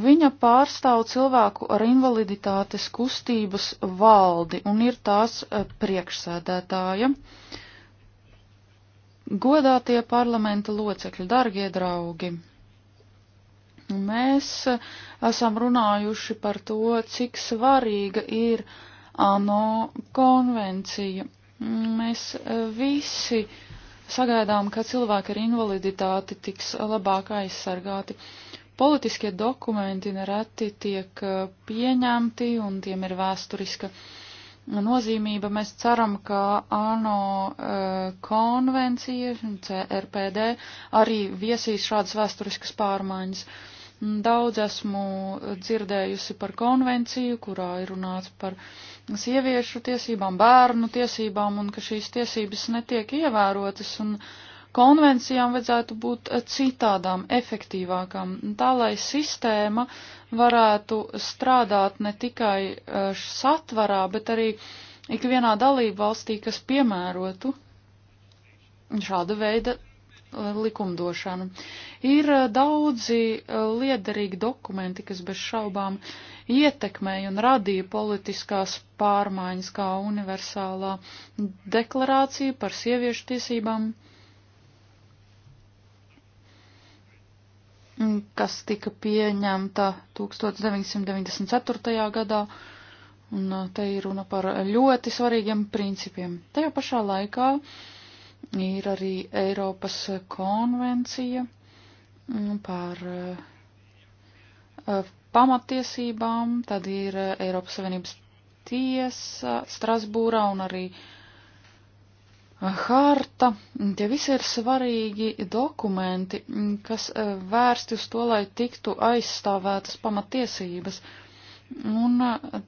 Viņa pārstāv cilvēku ar invaliditātes kustības valdi un ir tās e, priekšsēdētāja. Godātie parlamenta locekļi, dargie draugi! Mēs e, esam runājuši par to, cik svarīga ir ANO konvencija. Mēs e, visi sagaidām, ka cilvēki ar invaliditāti tiks labāk aizsargāti. Uh, politiskie dokumenti nereti tiek eh, pieņemti un tiem ir vēsturiska nozīmība. Mēs ceram, ka ANO eh, konvencija, CRPD, arī viesīs šādas vēsturiskas pārmaiņas. Daudz esmu dzirdējusi par konvenciju, kurā ir runāts par sieviešu tiesībām, bērnu tiesībām un ka šīs tiesības netiek ievērotas. Un, uh, konvencijām vajadzētu būt eh, citādām, efektīvākām, tā lai sistēma varētu strādāt ne tikai eh, satvarā, bet arī ikvienā dalību valstī, kas piemērotu šāda veida eh, likumdošanu. Ir daudzi liederīgi dokumenti, kas bez šaubām ietekmēja un radīja politiskās pārmaiņas, kā universālā deklarācija par sieviešu tiesībām Mm, kas tika pieņemta 1994. gadā, un uh, te ir runa par ļoti svarīgiem principiem. Tajā pašā laikā ir arī Eiropas konvencija mm, par uh, uh, pamatiesībām, tad ir Eiropas Savienības tiesa Strasbūrā un arī uh, harta, tie visi ir svarīgi dokumenti, kas eh, vērsti uz to, lai tiktu aizstāvētas pamatiesības un eh,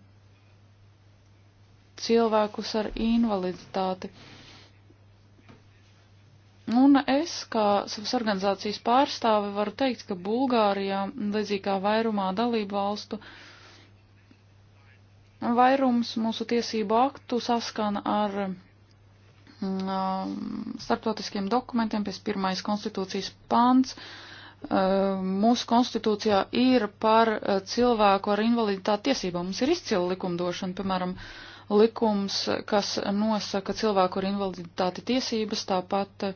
cilvēkus ar invaliditāti. Un es, kā savas organizācijas pārstāve, varu teikt, ka Bulgārijā, līdzīgā vairumā dalību valstu, vairums mūsu tiesību aktu saskana ar Um, starptautiskiem dokumentiem, pēc pirmais konstitūcijas pants. Um, mūsu konstitūcijā ir par uh, cilvēku ar invaliditāti tiesībām. Mums ir izcila likumdošana, piemēram, likums, kas nosaka cilvēku ar invaliditāti tiesības, tāpat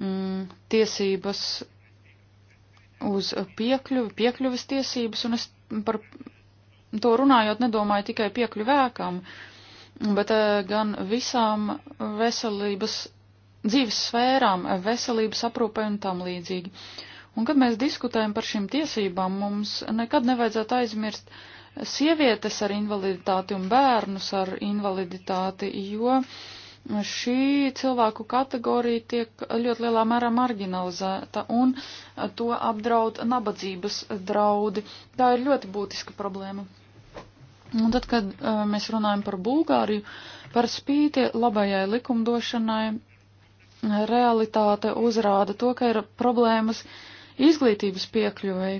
mm, tiesības uz piekļuvi, piekļuvis tiesības, un es par to runājot nedomāju tikai piekļuvēkam. Uh, bet eh, gan visām veselības dzīves sfērām, eh, veselības aprūpai un tam līdzīgi. Un, kad mēs diskutējam par šīm tiesībām, mums nekad nevajadzētu aizmirst sievietes ar invaliditāti un bērnus ar invaliditāti, jo šī cilvēku kategorija tiek ļoti lielā mērā marginalizēta un to apdraud nabadzības draudi. Tā ir ļoti būtiska problēma. Un tad, kad uh, mēs runājam par Bulgāriju, par spīti labajai likumdošanai, realitāte uzrāda to, ka ir problēmas izglītības piekļuvēji.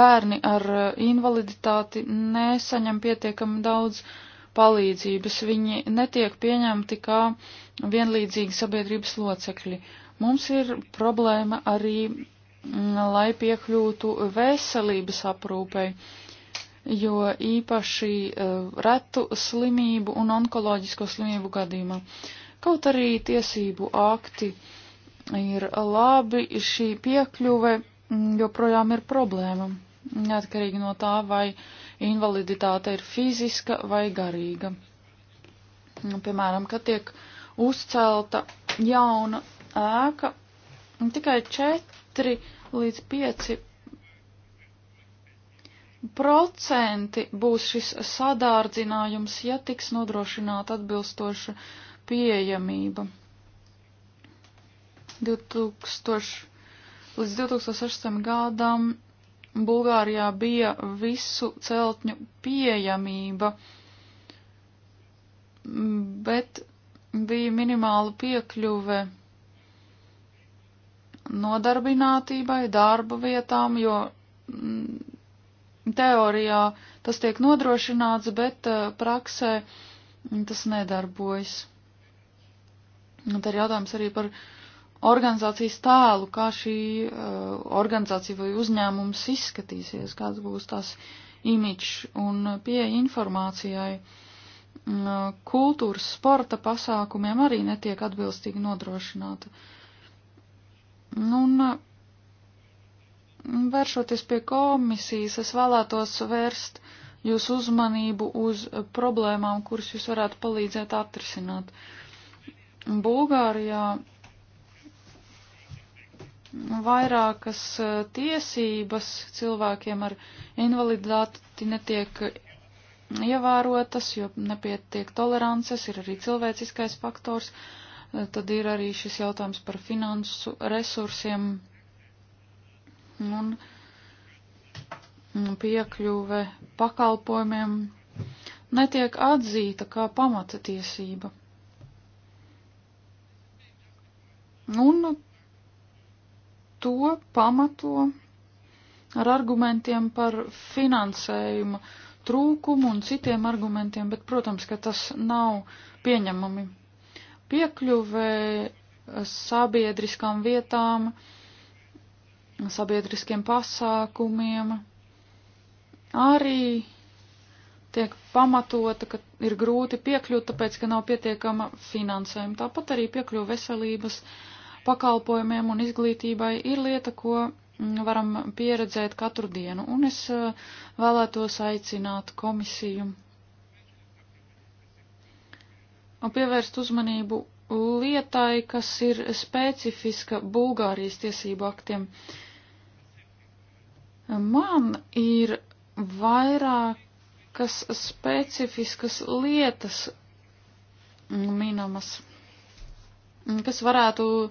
Bērni ar uh, invaliditāti nesaņem pietiekami daudz palīdzības, viņi netiek pieņemti kā vienlīdzīgi sabiedrības locekļi. Mums ir problēma arī, m, lai piekļūtu veselības aprūpei. Uh, jo īpaši eh, retu slimību un onkoloģisko slimību gadījumā. Kaut arī tiesību akti ir labi, šī piekļuve mm, joprojām ir problēma, neatkarīgi no tā, vai invaliditāte ir fiziska vai garīga. Nu, piemēram, kad tiek uzcelta jauna ēka, tikai 4 līdz 5 procenti būs šis sadārdzinājums, ja tiks nodrošināta atbilstoša pieejamība. 2000, līdz 2006. gadam Bulgārijā bija visu celtņu pieejamība, bet bija minimāla piekļuve nodarbinātībai, darba vietām, jo Teorijā tas tiek nodrošināts, bet eh, praksē tas nedarbojas. Un te ir jautājums arī par organizācijas tēlu, kā šī uh, organizācija vai uzņēmums izskatīsies, kāds būs tās imidžs un pieeja informācijai. Uh, kultūras, sporta pasākumiem arī netiek atbilstīgi nodrošināta. Nu, un uh, Vēršoties pie komisijas, es vēlētos vērst jūsu uzmanību uz problēmām, kuras jūs varētu palīdzēt atrisināt. Bulgārijā vairākas eh, tiesības cilvēkiem ar invaliditāti netiek ievērotas, jo nepietiek tolerances, ir arī cilvēciskais faktors, eh, tad ir arī šis jautājums par finansu resursiem un piekļuve pakalpojumiem netiek atzīta kā pamata tiesība. Un to pamato ar argumentiem par finansējumu trūkumu un citiem argumentiem, bet, protams, ka tas nav pieņemami. Piekļuvē sabiedriskām vietām uh, sabiedriskiem pasākumiem arī tiek pamatota, ka ir grūti piekļūt, tāpēc, ka nav pietiekama finansējuma. Tāpat arī piekļuva veselības pakalpojumiem un izglītībai ir lieta, ko mm, varam pieredzēt katru dienu. Un es eh, vēlētos aicināt komisiju un pievērst uzmanību lietai, kas ir specifiska Bulgārijas tiesību aktiem. Man ir vairākas specifiskas lietas minamas, kas varētu e,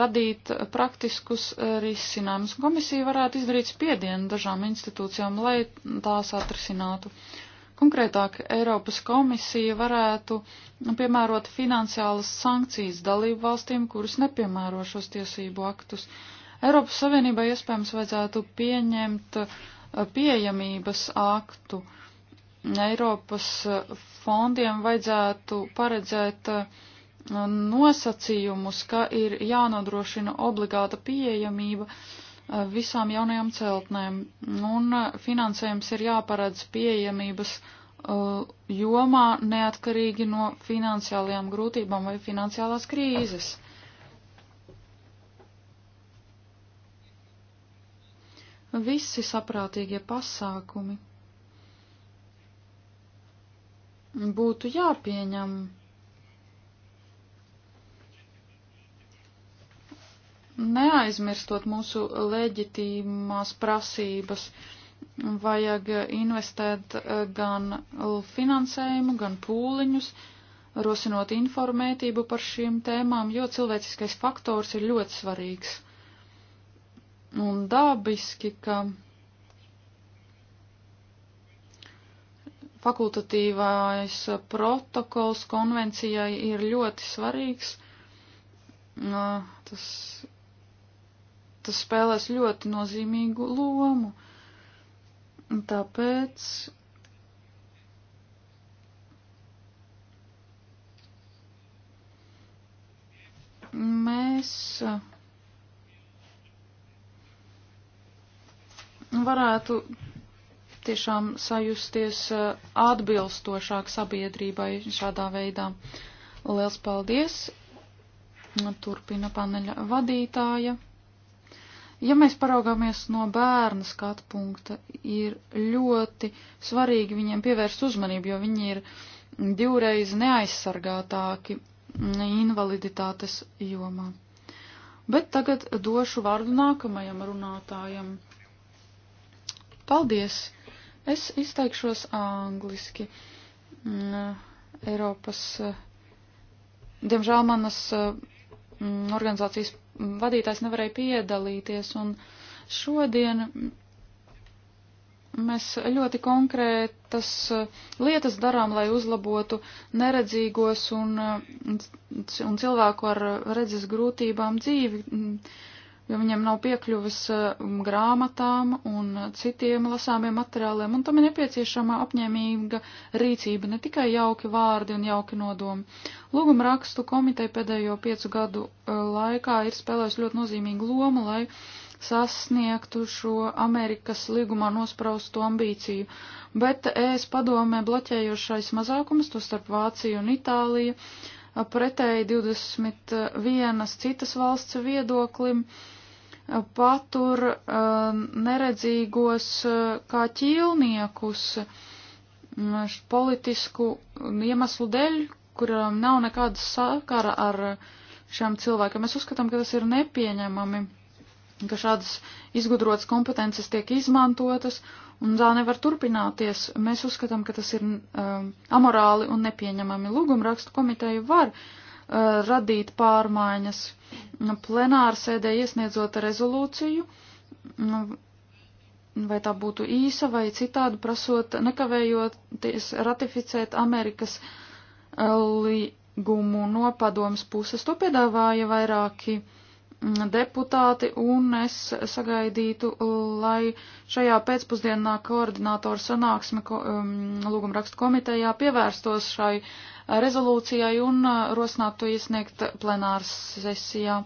radīt praktiskus e, risinājumus. Komisija varētu izdarīt spiedienu dažām institūcijām, lai tās atrisinātu. Uh, Konkrētāk, Eiropas komisija varētu nu, piemērot finansiālas sankcijas dalību valstīm, kuras nepiemēro šos tiesību aktus. Eiropas Savienībai iespējams vajadzētu pieņemt uh, pieejamības aktu. Eiropas uh, fondiem vajadzētu paredzēt uh, nosacījumus, ka ir jānodrošina obligāta pieejamība uh, Eh, visām jaunajām celtnēm, un eh, finansējums ir jāparedz pieejamības eh, jomā neatkarīgi no finansiālajām grūtībām vai finansiālās krīzes. Visi saprātīgie pasākumi būtu jāpieņem neaizmirstot mūsu leģitīmās prasības, vajag investēt eh, gan finansējumu, gan pūliņus, rosinot informētību par šīm tēmām, jo cilvēciskais faktors ir ļoti svarīgs. Un dabiski, ka fakultatīvais protokols konvencijai ir ļoti svarīgs. Tas tas spēlēs ļoti nozīmīgu lomu. Tāpēc mēs varētu tiešām sajusties uh, atbilstošāk sabiedrībai šādā veidā. Liels paldies! Turpina paneļa vadītāja. Ja mēs paraugāmies no bērna skatu punkta, ir ļoti svarīgi viņiem pievērst uzmanību, jo viņi ir divreiz neaizsargātāki invaliditātes jomā. Bet tagad došu vārdu nākamajam runātājam. Paldies! Es izteikšos angliski. Mm, Eiropas, mm, diemžēl manas mm, organizācijas vadītājs nevarēja piedalīties, un šodien mēs ļoti konkrētas uh, lietas darām, lai uzlabotu neredzīgos un, uh, un cilvēku ar uh, redzes grūtībām dzīvi. Mm, jo viņiem nav piekļuvis eh, grāmatām un citiem lasāmiem materiāliem, un tam ir nepieciešama apņēmīga rīcība, ne tikai jauki vārdi un jauki nodomi. Lūguma rakstu komiteja pēdējo piecu gadu eh, laikā ir spēlējusi ļoti nozīmīgu lomu, lai sasniegtu šo Amerikas līgumā nospraustu ambīciju, bet ES padomē bloķējošais mazākums, to starp Vāciju un Itāliju, pretēji 21 citas valsts viedoklim patur neredzīgos kā ķīlniekus politisku iemeslu dēļ, kurām nav nekāda sakara ar šiem cilvēkiem. Mēs uzskatām, ka tas ir nepieņemami ka šādas izgudrotas kompetences tiek izmantotas un tā nevar turpināties. Mēs uzskatām, ka tas ir um, amorāli un nepieņemami. Lūgumrakstu komiteju var uh, radīt pārmaiņas plenāra sēdē iesniedzot rezolūciju, nu, vai tā būtu īsa vai citādi prasot, nekavējoties ratificēt Amerikas uh, līgumu no padomas puses. To piedāvāja vairāki uh, deputāti, un es sagaidītu, uh, lai šajā pēcpusdienā koordinātoru sanāksme ko, um, lūgumrakstu komitejā pievērstos šai uh, rezolūcijai un uh, rosinātu to iesniegt plenāras sesijā.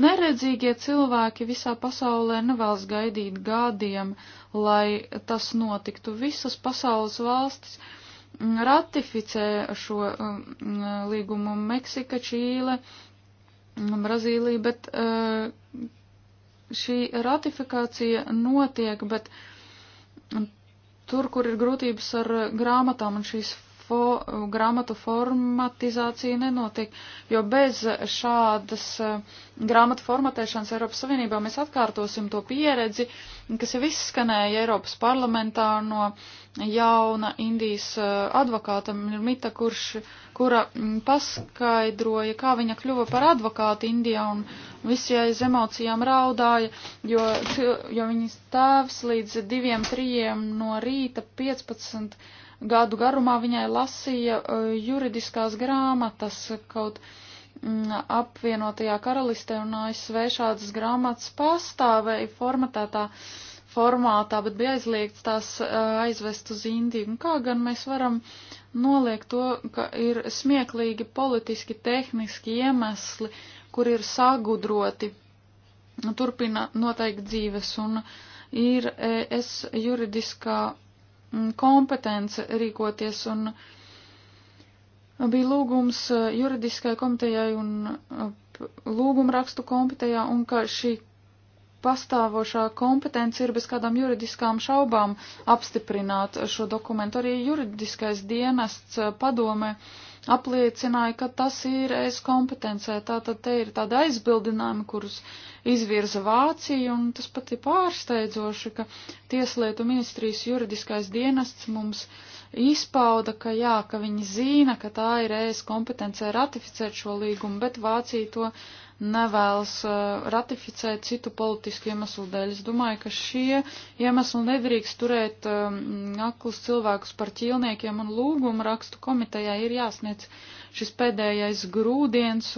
Neredzīgie cilvēki visā pasaulē nevēlas gaidīt gadiem, lai tas notiktu. Visas pasaules valstis mm, ratificē šo um, līgumu Meksika, Čīle, uh, Brazīliju, bet eh, šī ratifikācija notiek, bet tur, kur ir grūtības ar grāmatām un šīs fo, grāmatu formatizācija nenotiek, jo bez šādas eh, grāmatu formatēšanas Eiropas Savienībā mēs atkārtosim to pieredzi, kas jau izskanēja Eiropas parlamentā no jauna Indijas eh, advokāta Mirmita, kurš, kura mm, paskaidroja, kā viņa kļuva par advokātu Indijā un visi aiz emocijām raudāja, jo, jo viņas tēvs līdz diviem, trījiem no rīta 15 gadu garumā viņai lasīja eh, juridiskās grāmatas kaut mm, apvienotajā karalistē un ASV šādas grāmatas pastāvēja formatētā formātā, bet bija aizliegts tās eh, aizvest uz Indiju. Un kā gan mēs varam noliegt to, ka ir smieklīgi politiski, tehniski iemesli, kur ir sagudroti, turpina noteikti dzīves un ir eh, es juridiskā Mm, kompetence rīkoties un bija lūgums juridiskai komitejai un lūgumrakstu komitejā un ka šī pastāvošā kompetence ir bez kādām juridiskām šaubām apstiprināt šo dokumentu. Arī juridiskais dienests padome apliecināja, ka tas ir es kompetencē. Tātad te ir tāda aizbildinājuma, kurus izvirza Vācija, un tas pat ir pārsteidzoši, ka Tieslietu ministrijas juridiskais dienests mums uh, izpauda, ka jā, ka viņi zina, ka tā ir ES kompetencē ratificēt šo līgumu, bet Vācija to nevēlas uh, ratificēt citu politisku iemeslu dēļ. Es domāju, ka šie iemesli nedrīkst turēt um, aklus cilvēkus par ķīlniekiem un lūgumu rakstu komitejai ir jāsniedz šis pēdējais grūdienis,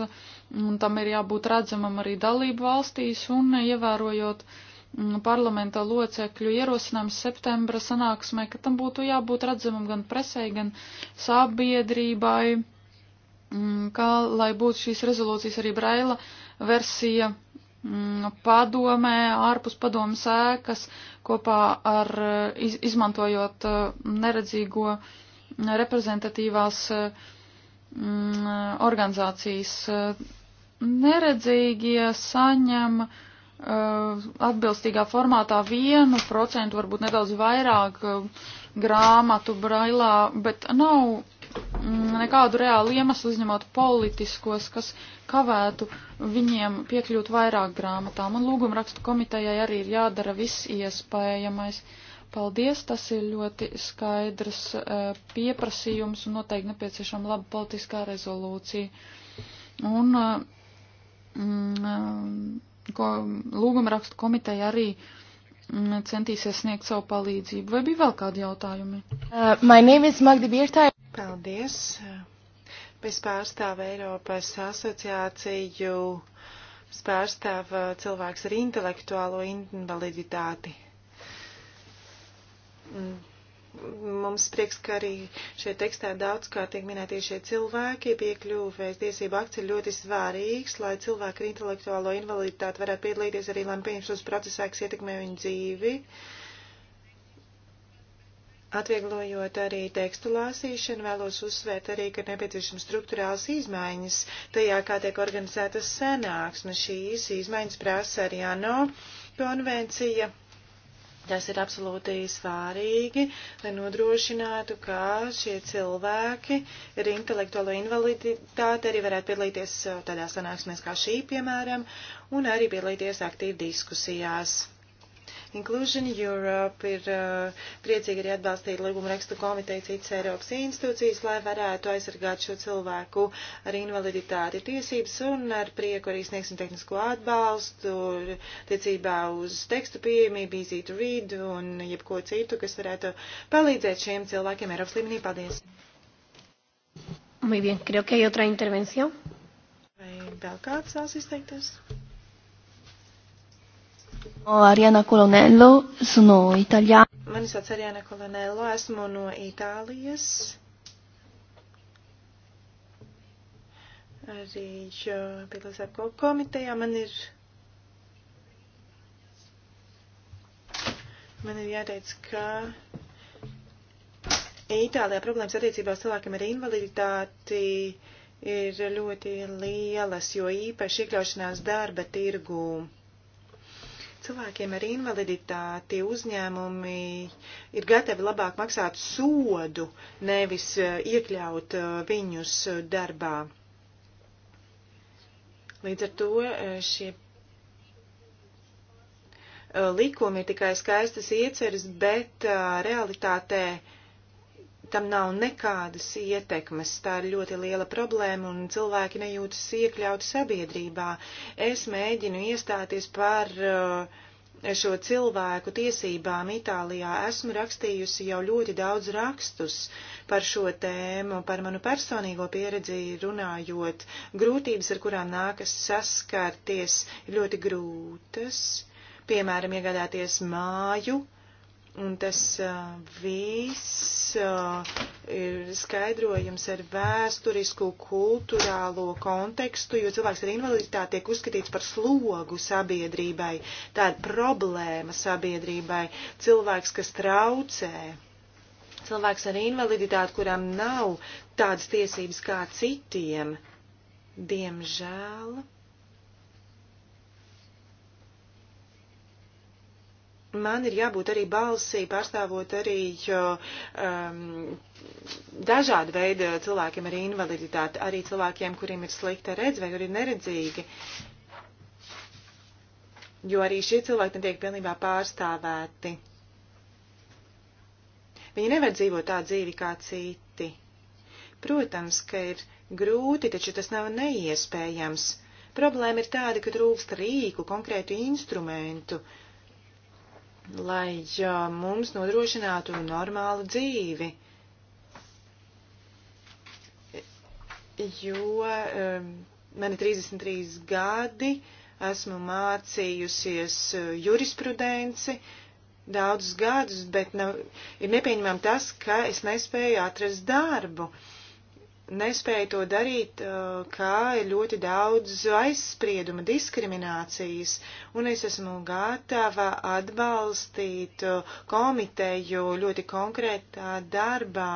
un tam ir jābūt redzamam arī dalību valstīs un ievērojot. Ja Mm, parlamenta locekļu ierosinājums septembra sanāksmē, ka tam būtu jābūt redzamam gan presē, gan sabiedrībai, mm, kā lai būtu šīs rezolūcijas arī braila versija mm, padomē, ārpus padomas ēkas, kopā ar eh, iz, izmantojot eh, neredzīgo reprezentatīvās eh, organizācijas. Neredzīgie saņem uh, Uh, atbilstīgā formātā vienu procentu, varbūt nedaudz vairāk uh, grāmatu brailā, bet nav mm, nekādu reālu iemeslu izņemot politiskos, kas kavētu viņiem piekļūt vairāk grāmatām. Un lūguma rakstu komitejai arī ir jādara viss iespējamais. Paldies, tas ir ļoti skaidrs uh, pieprasījums un noteikti nepieciešama laba politiskā rezolūcija. Un, mm, um, ko lūguma rakstu komiteja arī mm, centīsies sniegt savu palīdzību. Vai bija vēl kādi jautājumi? Uh, my name is Magdi Biertāja. Paldies. Es pārstāvu Eiropas asociāciju, es pārstāvu uh, cilvēks ar intelektuālo invaliditāti. Mm mums prieks, ka arī šeit tekstā daudz kā tiek minētie šie cilvēki, piekļuvēs tiesību akts ir ļoti svārīgs, lai cilvēki ar intelektuālo invaliditāti varētu piedalīties arī lēmumu pieņemšanas procesā, kas ietekmē viņu dzīvi. Atvieglojot arī tekstu lāsīšanu, vēlos uzsvērt arī, ka nepieciešams struktūrāls izmaiņas tajā, kā tiek organizētas senāksmes. Šīs izmaiņas prasa arī ANO konvencija Tas ir absolūti svārīgi, lai nodrošinātu, ka šie cilvēki ar intelektuālo invaliditāti arī varētu piedalīties uh, tādā sanāksmēs kā šī, piemēram, un arī piedalīties aktīvi diskusijās. Inclusion Europe ir uh, priecīgi arī atbalstīt līguma rakstu komiteju citas Eiropas institūcijas, lai varētu aizsargāt šo cilvēku ar invaliditāti tiesības un ar prieku arī sniegsim tehnisko atbalstu tiecībā uz tekstu pieejamību, easy to read un jebko citu, kas varētu palīdzēt šiem cilvēkiem Eiropas līmenī. Paldies! Muy bien, creo que hay otra intervención. Vai vēl kāds tās izteikties? Ariana Colonello, sono italiāna. Mani sauc Ariana Colonello, esmu no Itālijas. Arī piedalos ar komitejā. Man ir, man ir jāteic, ka Itālijā problēmas attiecībā uz cilvēkiem ar invaliditāti ir ļoti lielas, jo īpaši iekļaušanās darba tirgū cilvēkiem ar invaliditāti uzņēmumi ir gatavi labāk maksāt sodu, nevis eh, iekļaut eh, viņus darbā. Līdz ar to eh, šie likumi ir tikai skaistas ieceres, bet realitātē uh, tam nav nekādas ietekmes. Tā ir ļoti liela problēma un cilvēki nejūtas iekļauti sabiedrībā. Es mēģinu iestāties par uh, šo cilvēku tiesībām Itālijā. Esmu rakstījusi jau ļoti daudz rakstus par šo tēmu, par manu personīgo pieredzi runājot. Grūtības, ar kurām nākas saskarties, ir ļoti grūtas. Piemēram, iegādāties māju, uh, Un tas uh, viss uh, ir skaidrojums ar vēsturisko, kultūrālo kontekstu, jo cilvēks ar invaliditāti tiek uzskatīts par slogu sabiedrībai, tāda problēma sabiedrībai, cilvēks, kas traucē. Cilvēks ar invaliditāti, kuram nav tādas tiesības kā citiem, diemžēl man ir jābūt arī balsī, pārstāvot arī um, dažādu veidu cilvēkiem ar invaliditāti, arī cilvēkiem, kuriem ir slikta redz vai kuri ir neredzīgi. Jo arī šie cilvēki netiek pilnībā pārstāvēti. Viņi nevar dzīvot tā dzīvi kā citi. Protams, ka ir grūti, taču tas nav neiespējams. Problēma ir tāda, ka trūkst rīku, konkrētu instrumentu, uh, lai mums nodrošinātu normālu dzīvi. Jo man ir 33 gadi, esmu mācījusies uh, jurisprudenci daudzus gadus, bet nav, ir nepieņemam tas, ka es nespēju atrast darbu. Uh, nespēja to darīt, uh, kā ir ļoti daudz aizsprieduma, diskriminācijas, un es esmu gatava atbalstīt uh, komiteju ļoti konkrētā darbā,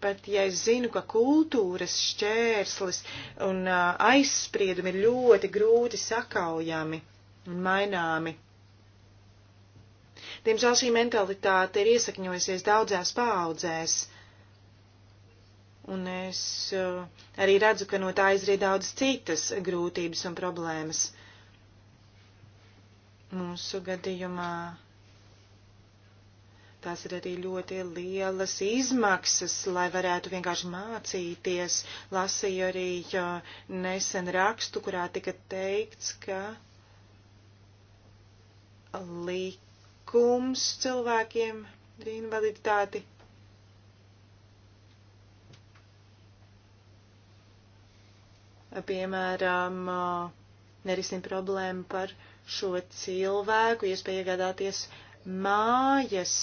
pat ja es zinu, ka kultūras šķērslis un uh, aizspriedumi ir ļoti grūti sakaujami un maināmi. Diemžēl šī mentalitāte ir iesakņojusies daudzās paudzēs Un es eh, arī redzu, ka no tā izriet daudz citas grūtības un problēmas. Mūsu gadījumā tās ir arī ļoti lielas izmaksas, lai varētu vienkārši mācīties. Lasīju arī nesen rakstu, kurā tika teikts, ka likums cilvēkiem ar invaliditāti piemēram, nerisina problēmu par šo cilvēku, iespēja iegādāties mājas.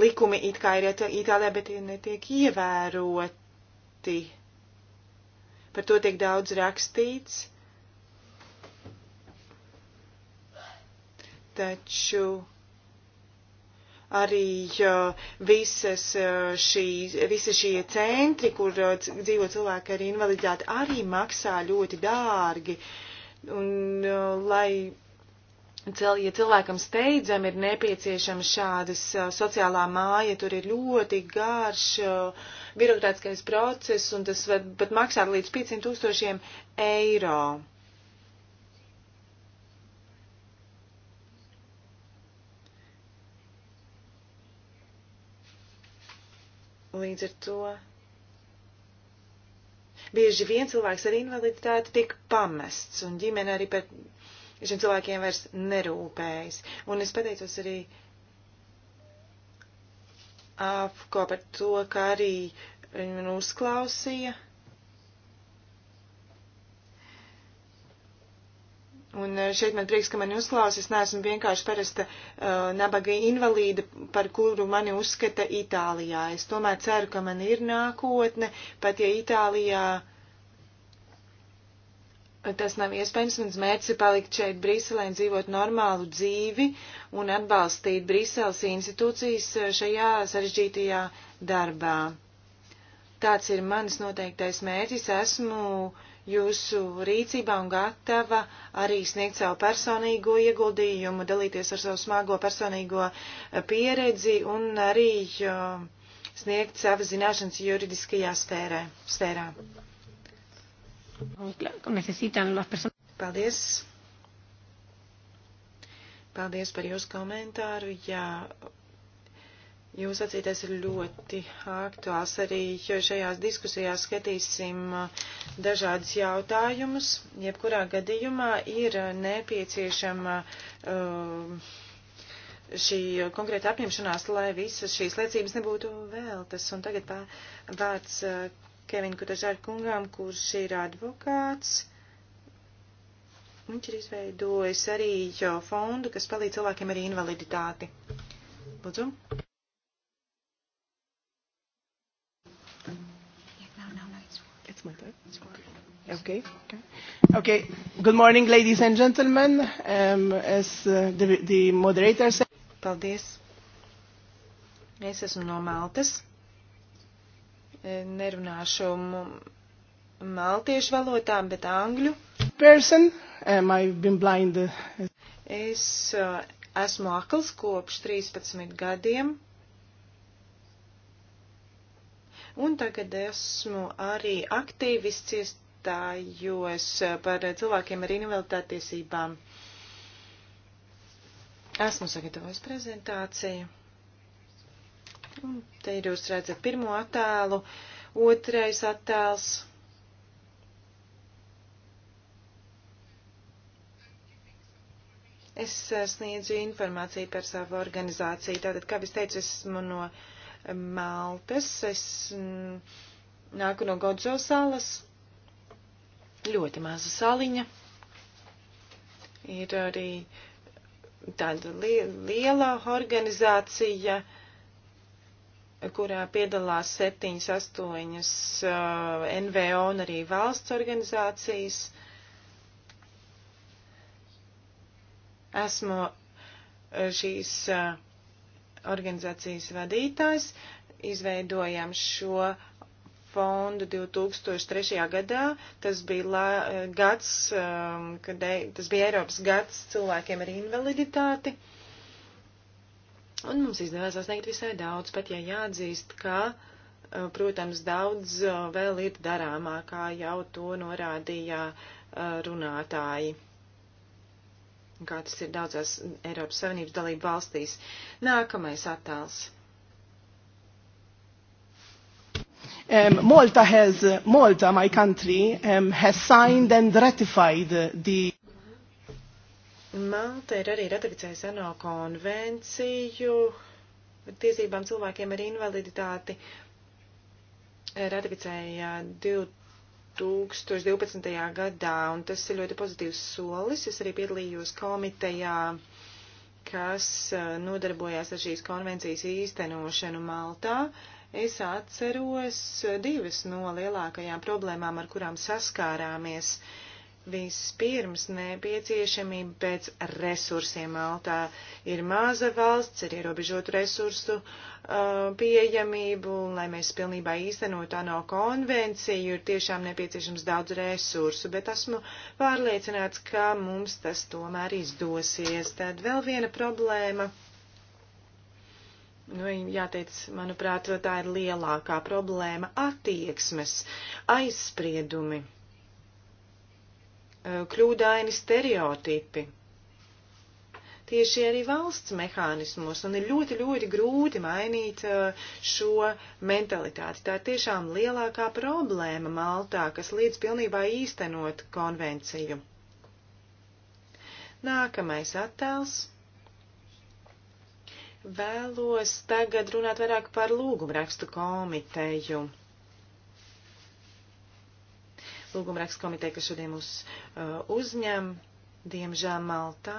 Likumi it kā ir Itālijā, bet tie netiek ievēroti. Par to tiek daudz rakstīts. Taču arī visas eh, šī, visi šie centri, kur eh, dzīvo cilvēki ar invaliditāti, arī maksā ļoti dārgi. Un, eh, lai ja cilvēkam steidzam ir nepieciešama šādas sociālā māja, tur ir ļoti garš birokrātiskais process, un tas var pat maksāt līdz 500 tūkstošiem eiro. Līdz ar to bieži vien cilvēks ar invaliditāti tiek pamests, un ģimene arī par šiem cilvēkiem vairs nerūpējas. Un es pateicos arī apko par to, ka arī viņi man uzklausīja. Un eh, šeit man prieks, ka mani uzklaus, es neesmu vienkārši parasta uh, nabaga invalīda, par kuru mani uzskata Itālijā. Es tomēr ceru, ka man ir nākotne, pat ja Itālijā eh, tas nav iespējams, mans mērķis ir palikt šeit Briselē un dzīvot normālu dzīvi un atbalstīt Briseles institūcijas šajā sarežģītajā darbā. Tāds ir mans noteiktais mērķis. Esmu uh, jūsu rīcībā un gatava arī sniegt savu personīgo ieguldījumu, dalīties ar savu smago personīgo eh, pieredzi un arī eh, sniegt savas zināšanas juridiskajā sfērē, sfērā. Paldies! Paldies par jūsu komentāru. Jā, Jūs sacītais ir ļoti aktuāls arī, jo šajās diskusijās skatīsim uh, dažādus jautājumus. Jebkurā gadījumā ir nepieciešama uh, šī konkrēta apņemšanās, lai visas šīs liecības nebūtu vēltas. Un tagad vārds uh, Kevin Kutažāra kungām, kurš ir advokāts. Viņš ir izveidojis arī fondu, kas palīdz cilvēkiem ar invaliditāti. Lūdzu. It's my turn. It's okay. okay. Okay. Good morning, ladies and gentlemen. Um, as uh, the, the moderator said. Paldies. Es esmu no Maltas. E, nerunāšu maltiešu valodām, bet angļu. Person, um, I've been blind. Es uh, esmu akls kopš 13 gadiem. Un tagad esmu arī aktīvists iestājos par cilvēkiem ar invaliditāti tiesībām. Esmu sagatavojis prezentāciju. Un te ir jūs redzat pirmo attēlu, otrais attēls. Es sniedzu informāciju par savu organizāciju. Tātad, kā es teicu, esmu no uh, Maltas, es nāku no Godzo salas, ļoti maza saliņa. Ir arī tāda liela organizācija, kurā piedalās septiņas, astoņas uh, NVO un arī valsts organizācijas. Esmu uh, šīs uh, organizācijas vadītājs. Izveidojām šo fondu 2003. gadā. Tas bija la, gads, um, kad e, tas bija Eiropas gads cilvēkiem ar invaliditāti. Un mums izdevās sasniegt visai daudz, pat ja jāatzīst, ka uh, protams, daudz uh, vēl ir darāmā, kā jau to norādīja uh, runātāji kā tas ir daudzās Eiropas Savienības dalību valstīs. Nākamais attēls. Um, Malta has, Malta, my country, um, has signed and ratified the. Malta ir arī ratificējusi ANO konvenciju par tiesībām cilvēkiem ar invaliditāti. Ratificēja 20 2012. gadā, un tas ir ļoti pozitīvs solis. Es arī piedalījos komitejā, kas eh, nodarbojās ar šīs konvencijas īstenošanu Maltā. Es atceros eh, divas no lielākajām problēmām, ar kurām saskārāmies uh, Vispirms nepieciešamība pēc resursiem Maltā ir maza valsts ar ierobežotu resursu uh, pieejamību, un lai mēs pilnībā īstenot ANO konvenciju, ir tiešām nepieciešams daudz resursu, bet esmu pārliecināts, ka mums tas tomēr izdosies. Tad vēl viena problēma. Nu, jāteic, manuprāt, tā ir lielākā problēma - attieksmes, aizspriedumi E, kļūdaini stereotipi. Tieši arī valsts mehānismos, un ir ļoti, ļoti grūti mainīt e, šo mentalitāti. Tā ir tiešām lielākā problēma Maltā, kas līdz pilnībā īstenot konvenciju. Nākamais attēls. Vēlos tagad runāt vairāk par lūgumrakstu komiteju lūgumrakstu komiteja, kas šodien mūs uh, uzņem, diemžēl Maltā,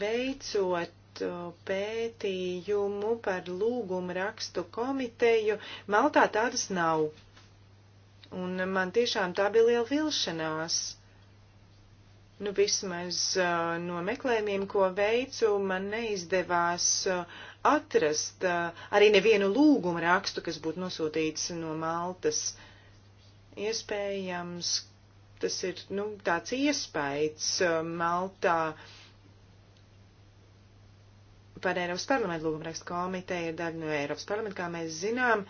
veicot uh, pētījumu par lūgumrakstu komiteju, Maltā tādas nav. Un man tiešām tā bija liela vilšanās Nu, vismaz uh, no meklējumiem, ko veicu, man neizdevās uh, atrast uh, arī nevienu lūgumu rakstu, kas būtu nosūtīts no Maltas. Iespējams, tas ir nu, tāds iespējas uh, Maltā par Eiropas parlamentu lūgumrakstu komiteju ir daļa no Eiropas parlamenta, kā mēs zinām.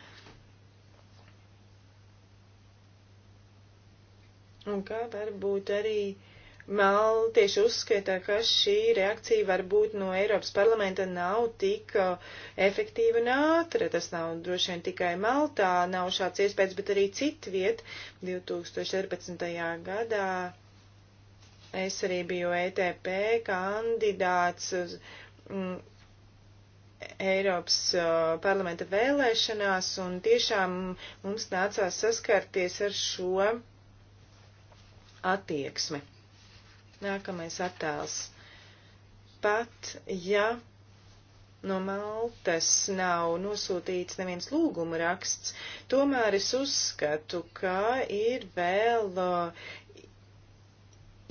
Un kā varbūt arī uh, Maltieši uzskata, ka šī reakcija varbūt no Eiropas parlamenta nav tik uh, efektīva un ātra. Tas nav droši vien tikai Maltā, nav šāds iespējas, bet arī citviet 2014. gadā. Es arī biju ETP kandidāts uz mm, Eiropas uh, parlamenta vēlēšanās, un tiešām mums nācās saskarties ar šo attieksmi. Nākamais attēls. Pat ja no Maltas nav nosūtīts neviens lūguma raksts, tomēr es uzskatu, ka ir vēl uh,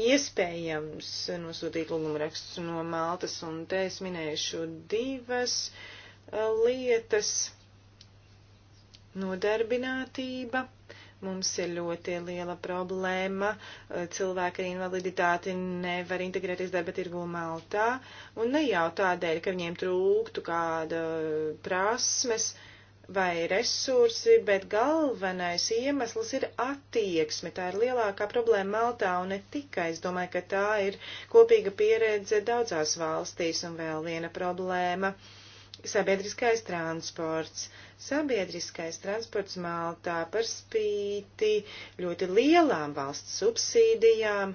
iespējams nosūtīt lūguma rakstus no Maltas, un te es minēšu divas uh, lietas. Nodarbinātība Mums ir ļoti liela problēma. Cilvēki ar invaliditāti nevar integrēties darba tirgu Maltā, un ne jau tādēļ, ka viņiem trūktu kāda prasmes vai resursi, bet galvenais iemesls ir attieksme. Tā ir lielākā problēma Maltā un ne tikai. Es domāju, ka tā ir kopīga pieredze daudzās valstīs un vēl viena problēma. Uh, Sabiedriskais transports. Sabiedriskais transports Maltā par spīti ļoti lielām valsts subsīdijām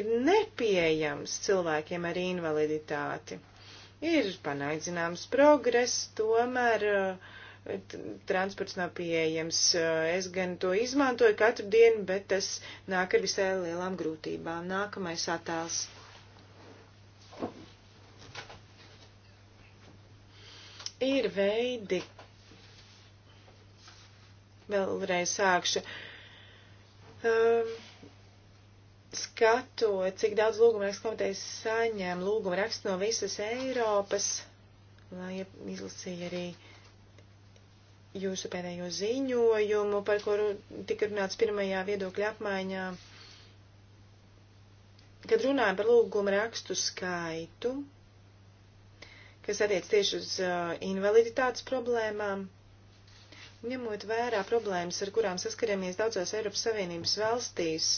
ir nepieejams cilvēkiem ar invaliditāti. Ir panaidzināms progress, tomēr uh, transports nav pieejams. Eh, es gan to izmantoju katru dienu, bet tas nāk ar visai lielām grūtībām. Nākamais attēls. Ir veidi, vēlreiz sākšu, um, ehm, skatot, cik daudz lūgumrakstu komitejas saņem lūgumrakstu no visas Eiropas, lai izlasīja arī jūsu pēdējo ziņojumu, par kuru tika runāts pirmajā viedokļa apmaiņā. Kad runājam par lūgumu rakstu skaitu, kas attiec tieši uz uh, invaliditātes problēmām. Ņemot vērā problēmas, ar kurām saskaramies daudzās Eiropas Savienības valstīs,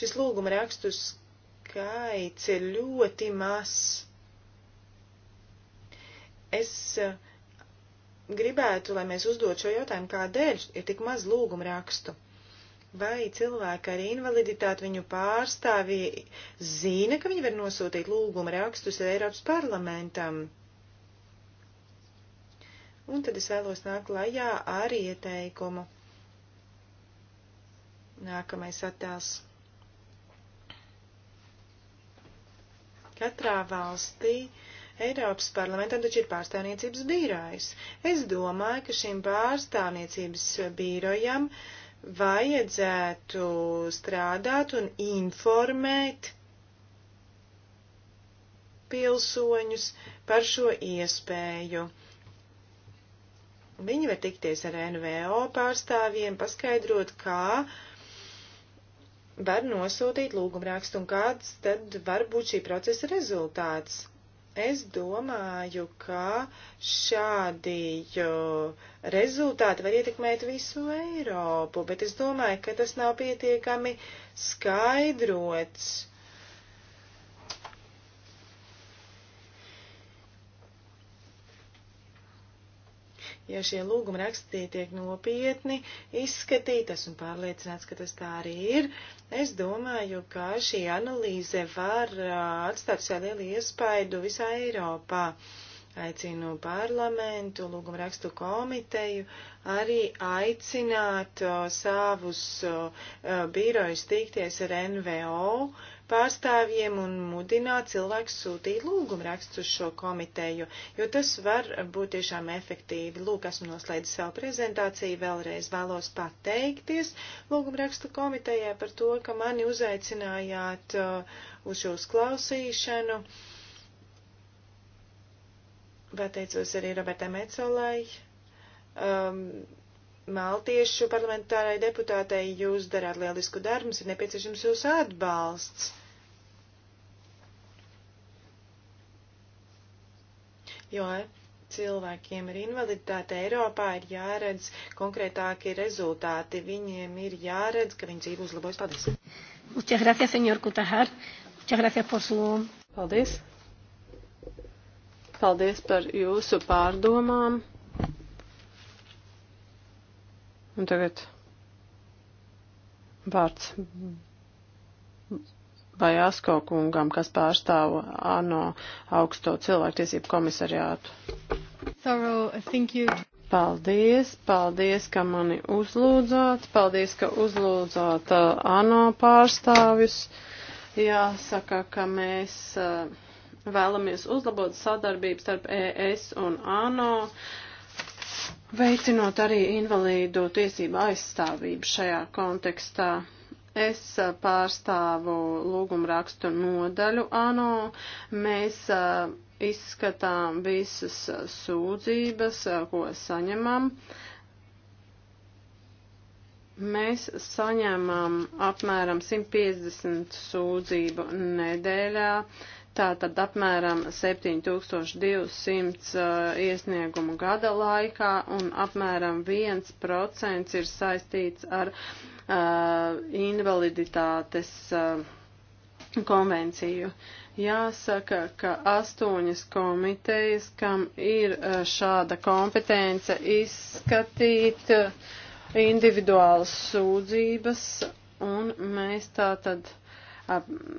šis lūguma rakstu skaits ir ļoti mazs. Es uh, gribētu, lai mēs uzdot šo jautājumu, kādēļ ir tik maz lūguma rakstu. Vai cilvēki ar invaliditāti viņu pārstāvji zina, ka viņi var nosūtīt lūguma rakstus Eiropas parlamentam? Un tad es vēlos nākt lajā ar ieteikumu. Nākamais attēls. Katrā valstī Eiropas parlamentam taču ir pārstāvniecības bīrājs. Es domāju, ka šim pārstāvniecības bīrojam uh, vajadzētu strādāt un informēt pilsoņus par šo iespēju. Viņi var tikties ar NVO pārstāvjiem, paskaidrot, kā var nosūtīt lūgumrakstu un kāds tad var būt šī procesa rezultāts. Es domāju, ka šādi rezultāti var ietekmēt visu Eiropu, bet es domāju, ka tas nav pietiekami skaidrots ja šie lūguma rakstī tiek nopietni izskatītas un pārliecināts, ka tas tā arī ir, es domāju, ka šī analīze var uh, atstāt sev lielu iespaidu visā Eiropā. Aicinu parlamentu, lūguma rakstu komiteju arī aicināt o, uh, savus o, uh, birojus tikties ar NVO, pārstāvjiem un mudināt cilvēkus sūtīt lūgumu rakstus uz šo komiteju, jo tas var būt tiešām efektīvi. Lūk, esmu noslēdzis savu prezentāciju, vēlreiz vēlos pateikties lūgumu rakstu komitejai par to, ka mani uzaicinājāt uh, uz šo klausīšanu. Pateicos arī Robertai Mecolai. Um, Maltiešu parlamentārai deputātei jūs darāt lielisku darbu, mums ir nepieciešams jūsu atbalsts. jo cilvēkiem ar invaliditāti Eiropā ir jāredz konkrētāki rezultāti. Viņiem ir jāredz, ka viņu dzīve uzlabojas. Paldies! Muchas gracias, señor Kutahar. Muchas gracias por su... Paldies! Paldies par jūsu pārdomām. Un tagad vārds vai Asko kungam, kas pārstāv ANO augsto cilvēktiesību komisariātu. Thorough, thank you. Paldies, paldies, ka mani uzlūdzāt, paldies, ka uzlūdzāt uh, ANO pārstāvis. Jāsaka, ka mēs. Uh, vēlamies uzlabot sadarbību starp ES un ANO, veicinot arī invalīdu tiesību aizstāvību šajā kontekstā. Es pārstāvu lūgumrakstu nodaļu ANO. Mēs izskatām visas sūdzības, ko saņemam. Mēs saņemam apmēram 150 sūdzību nedēļā. Uh, Tātad apmēram 7200 uh, iesniegumu gada laikā un apmēram 1% ir saistīts ar uh, invaliditātes uh, konvenciju. Jāsaka, ka astoņas komitejas, kam ir uh, šāda kompetence izskatīt uh, individuālas sūdzības, un mēs tā tad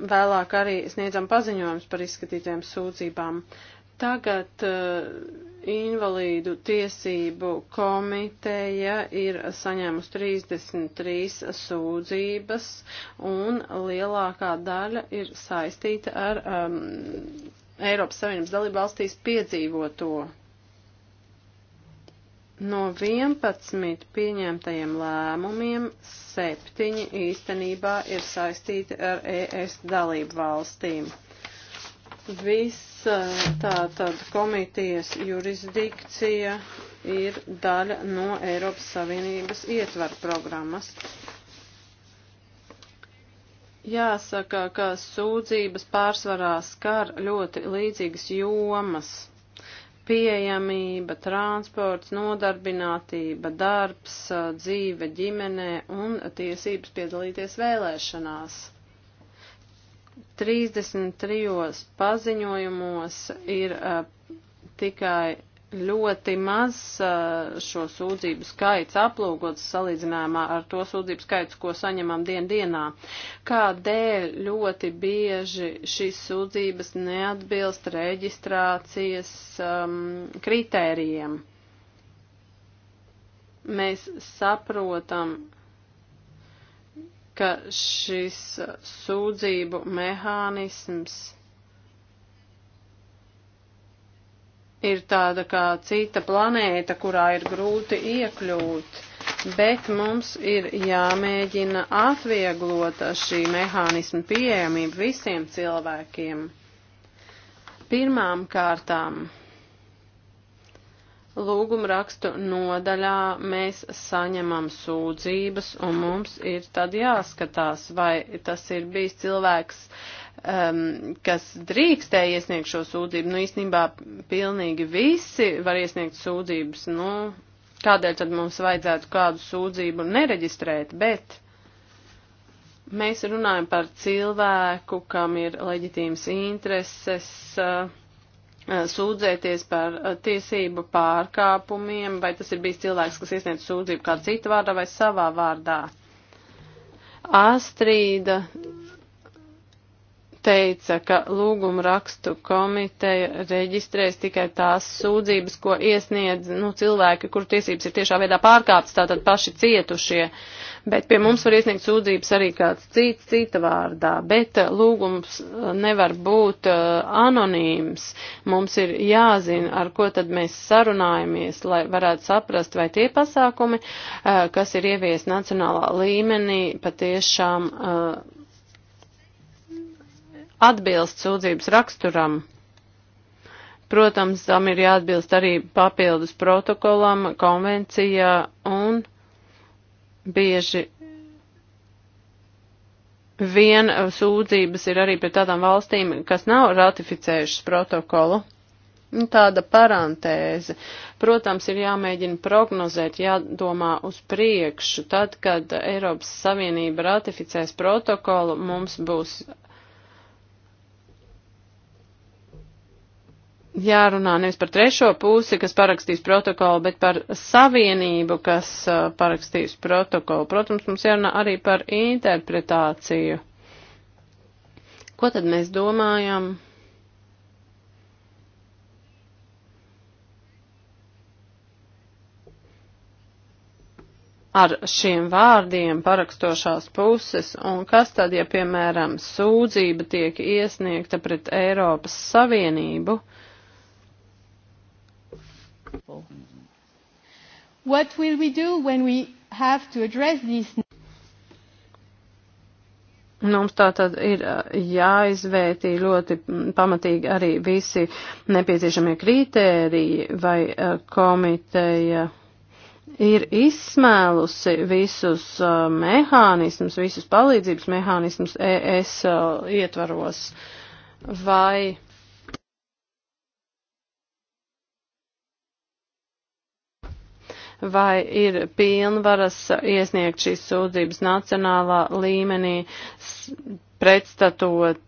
Vēlāk arī sniedzam paziņojums par izskatītajām sūdzībām. Tagad eh, invalīdu tiesību komiteja ir saņēmusi 33 sūdzības, un lielākā daļa ir saistīta ar um, Eiropas Savienības dalību valstīs piedzīvoto No 11 pieņemtajiem lēmumiem 7 īstenībā ir saistīti ar ES dalību valstīm. Viss tātad komitejas jurisdikcija ir daļa no Eiropas Savienības ietvaru programmas. Jāsaka, ka sūdzības pārsvarā skar ļoti līdzīgas jomas pieejamība, transports, nodarbinātība, darbs, dzīve ģimenē un tiesības piedalīties vēlēšanās. 33 paziņojumos ir uh, tikai ļoti maz eh, šo sūdzību skaits aplūkots salīdzinājumā ar to sūdzību skaitu, ko saņemam dien dienā. Kādēļ ļoti bieži šīs sūdzības neatbilst reģistrācijas um, kritērijiem? Mēs saprotam, ka šis sūdzību mehānisms ir tāda kā cita planēta, kurā ir grūti iekļūt, bet mums ir jāmēģina atvieglot šī mehānisma pieejamību visiem cilvēkiem. Pirmām kārtām lūguma rakstu nodaļā mēs saņemam sūdzības, un mums ir tad jāskatās, vai tas ir bijis cilvēks, uh, um, kas drīkstēja iesniegt šo sūdzību, nu īstenībā pilnīgi visi var iesniegt sūdzības, nu kādēļ tad mums vajadzētu kādu sūdzību nereģistrēt, bet mēs runājam par cilvēku, kam ir leģitīmas intereses. Uh, uh sūdzēties par uh, tiesību pārkāpumiem, vai tas ir bijis cilvēks, kas iesniedz sūdzību kāda cita vārdā vai savā vārdā. Astrīda teica, ka lūguma rakstu komiteja reģistrēs tikai tās sūdzības, ko iesniedz nu, cilvēki, kur tiesības ir tiešā veidā pārkāptas, tātad paši cietušie. Bet pie mums var iesniegt sūdzības arī kāds cits, cita vārdā. Bet uh, lūgums uh, nevar būt uh, anonīms. Mums ir jāzina, ar ko tad mēs sarunājamies, lai varētu saprast, vai tie pasākumi, uh, kas ir ievies nacionālā līmenī, patiešām. Uh, atbilst sūdzības raksturam. Protams, tam ir jāatbilst arī papildus protokolam, konvencijā un bieži vien sūdzības ir arī pret tādām valstīm, kas nav ratificējušas protokolu. Nu, tāda parantēze. Protams, ir jāmēģina prognozēt, jādomā uz priekšu. Tad, kad Eiropas Savienība ratificēs protokolu, mums būs jārunā nevis par trešo pusi, kas parakstīs protokolu, bet par savienību, kas uh, parakstīs protokolu. Protams, mums jārunā arī par interpretāciju. Ko tad mēs domājam? ar šiem vārdiem parakstošās puses, un kas tad, ja, piemēram, sūdzība tiek iesniegta pret Eiropas Savienību, uh, What will we do when we have to address these Mums tā tad ir uh, jāizvērtī ļoti pamatīgi arī visi nepieciešamie kritēriji, vai uh, komiteja ir izsmēlusi visus uh, mehānismus, visus palīdzības mehānismus ES ietvaros, vai vai ir pilnvaras iesniegt šīs sūdzības nacionālā līmenī, pretstatot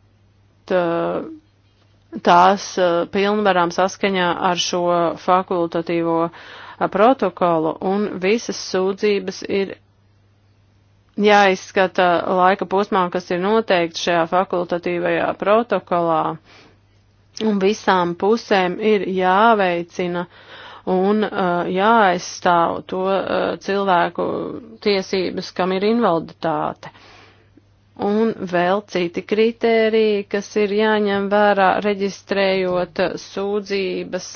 tās pilnvarām saskaņā ar šo fakultatīvo protokolu, un visas sūdzības ir jāizskata laika posmā, kas ir noteikts šajā fakultatīvajā protokolā, un visām pusēm ir jāveicina uh, un uh, jāaizstāv to uh, cilvēku tiesības, kam ir invaliditāte. Un vēl citi kritēriji, kas ir jāņem vērā reģistrējot sūdzības,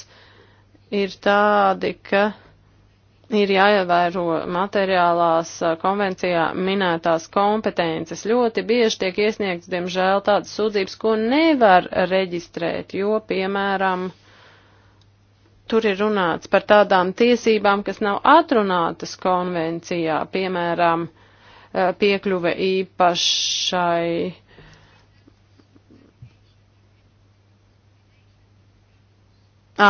ir tādi, ka ir jāievēro materiālās uh, konvencijā minētās kompetences. Ļoti bieži tiek iesniegts, diemžēl, tādas sūdzības, ko nevar reģistrēt, jo, piemēram, uh, Tur ir runāts par tādām tiesībām, kas nav atrunātas konvencijā, piemēram, e, piekļuve īpašai. Ā,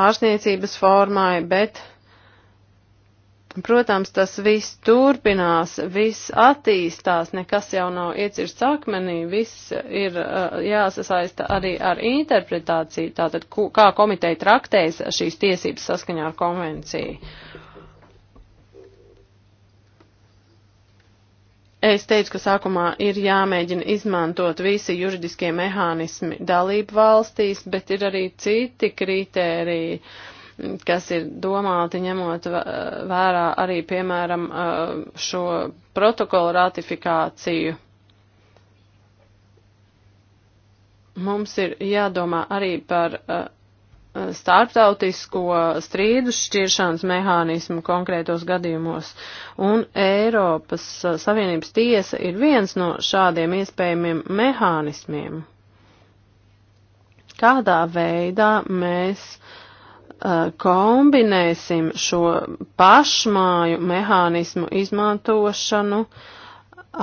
ārsniecības formai, bet Protams, tas viss turpinās, viss attīstās, nekas jau nav iecirsts akmenī, viss ir uh, jāsasaista arī ar interpretāciju, tātad kā komiteja traktēs šīs tiesības saskaņā ar konvenciju. Es teicu, ka sākumā ir jāmēģina izmantot visi juridiskie mehānismi dalību valstīs, bet ir arī citi kritēriji. Uh, kas ir domāti ņemot vērā arī, piemēram, šo protokolu ratifikāciju. Mums ir jādomā arī par starptautisko strīdu šķiršanas mehānismu konkrētos gadījumos, un Eiropas Savienības tiesa ir viens no šādiem iespējamiem mehānismiem. Kādā veidā mēs uh, Uh, kombinēsim šo pašmāju mehānismu izmantošanu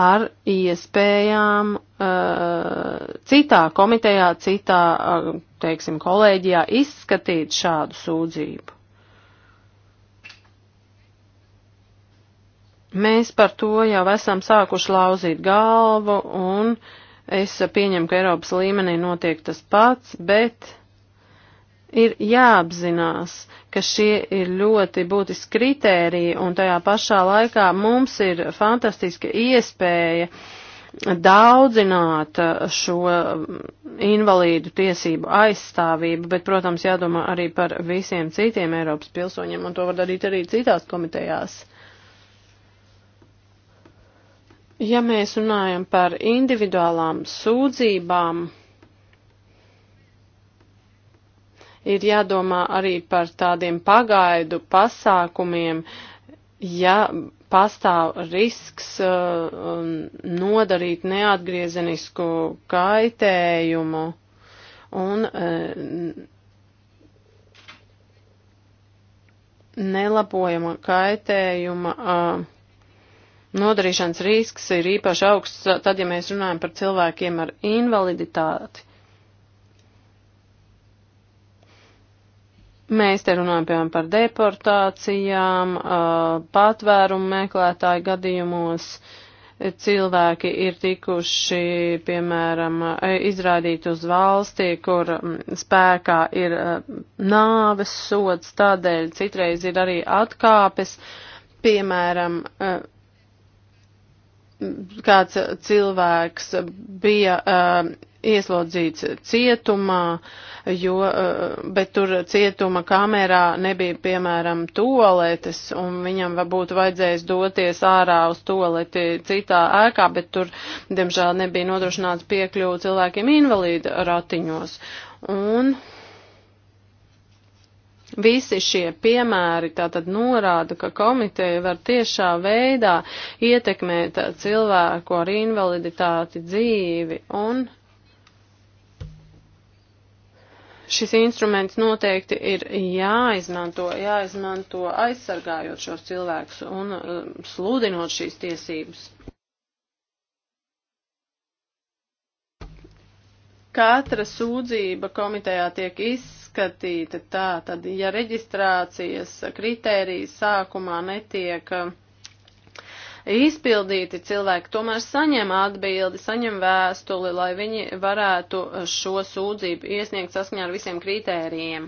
ar iespējām uh, citā komitejā, citā, uh, teiksim, kolēģijā izskatīt šādu sūdzību. Mēs par to jau esam sākuši lauzīt galvu, un es pieņemu, ka Eiropas līmenī notiek tas pats, bet ir jāapzinās, ka šie ir ļoti būtiski kritēriji, un tajā pašā laikā mums ir fantastiska iespēja daudzināt uh, šo mm, invalīdu tiesību aizstāvību, bet, protams, jādomā arī par visiem citiem Eiropas pilsoņiem, un to var darīt arī citās komitejās. Ja mēs runājam par individuālām sūdzībām, Ir jādomā arī par tādiem pagaidu pasākumiem, ja pastāv risks uh, um, nodarīt neatgriezenisku kaitējumu. Un uh, nelabojama kaitējuma uh, nodarīšanas risks ir īpaši augsts, tad, ja mēs runājam par cilvēkiem ar invaliditāti. Mēs te runājam, piemēram, par deportācijām, patvērumu meklētāju gadījumos. Cilvēki ir tikuši, piemēram, izrādīti uz valstī, kur spēkā ir nāves sods, tādēļ citreiz ir arī atkāpes, piemēram, kāds cilvēks bija uh, ieslodzīts cietumā, jo, eh, bet tur cietuma kamerā nebija, piemēram, toaletes, un viņam būtu vajadzējis doties ārā uz toaleti citā ēkā, bet tur, diemžēl, nebija nodrošināts piekļuvu cilvēkiem invalīda ratiņos. Un Visi šie piemēri tātad norāda, ka komiteja var tiešā veidā ietekmēt cilvēku ar invaliditāti dzīvi un šis instruments noteikti ir jāizmanto, jāizmanto aizsargājot šos cilvēkus un um, sludinot šīs tiesības. Katra sūdzība komitejā tiek izskatīta tā, tad ja reģistrācijas kritērijas sākumā netiek uh, izpildīti, cilvēki tomēr saņem atbildi, saņem vēstuli, lai viņi varētu šo sūdzību iesniegt saskaņā ar visiem kritērijiem.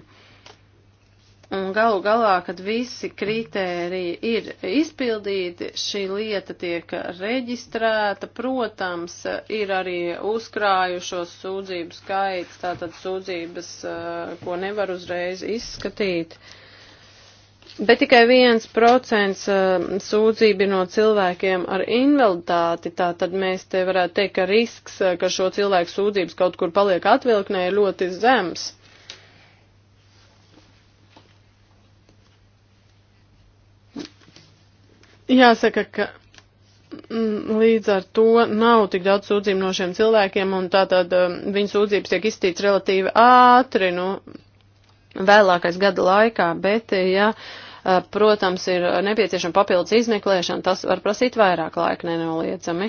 Un galu galā, kad visi kritēriji ir izpildīti, šī lieta tiek reģistrēta. Protams, ir arī uzkrājušos sūdzību skaits, tātad sūdzības, eh, ko nevar uzreiz izskatīt. Uh, Bet tikai viens procents uh, sūdzību no cilvēkiem ar invaliditāti, tā tad mēs te varētu teikt, ka risks, uh, ka šo cilvēku sūdzības kaut kur paliek atvilknē, ir ļoti zems. Jāsaka, ka mm, līdz ar to nav tik daudz sūdzību no šiem cilvēkiem, un tātad um, viņu sūdzības tiek izstīts relatīvi ātri, nu, vēlākais gada laikā, bet, ja Eh, protams, ir nepieciešama papildus izmeklēšana, tas var prasīt vairāk laika nenoliedzami.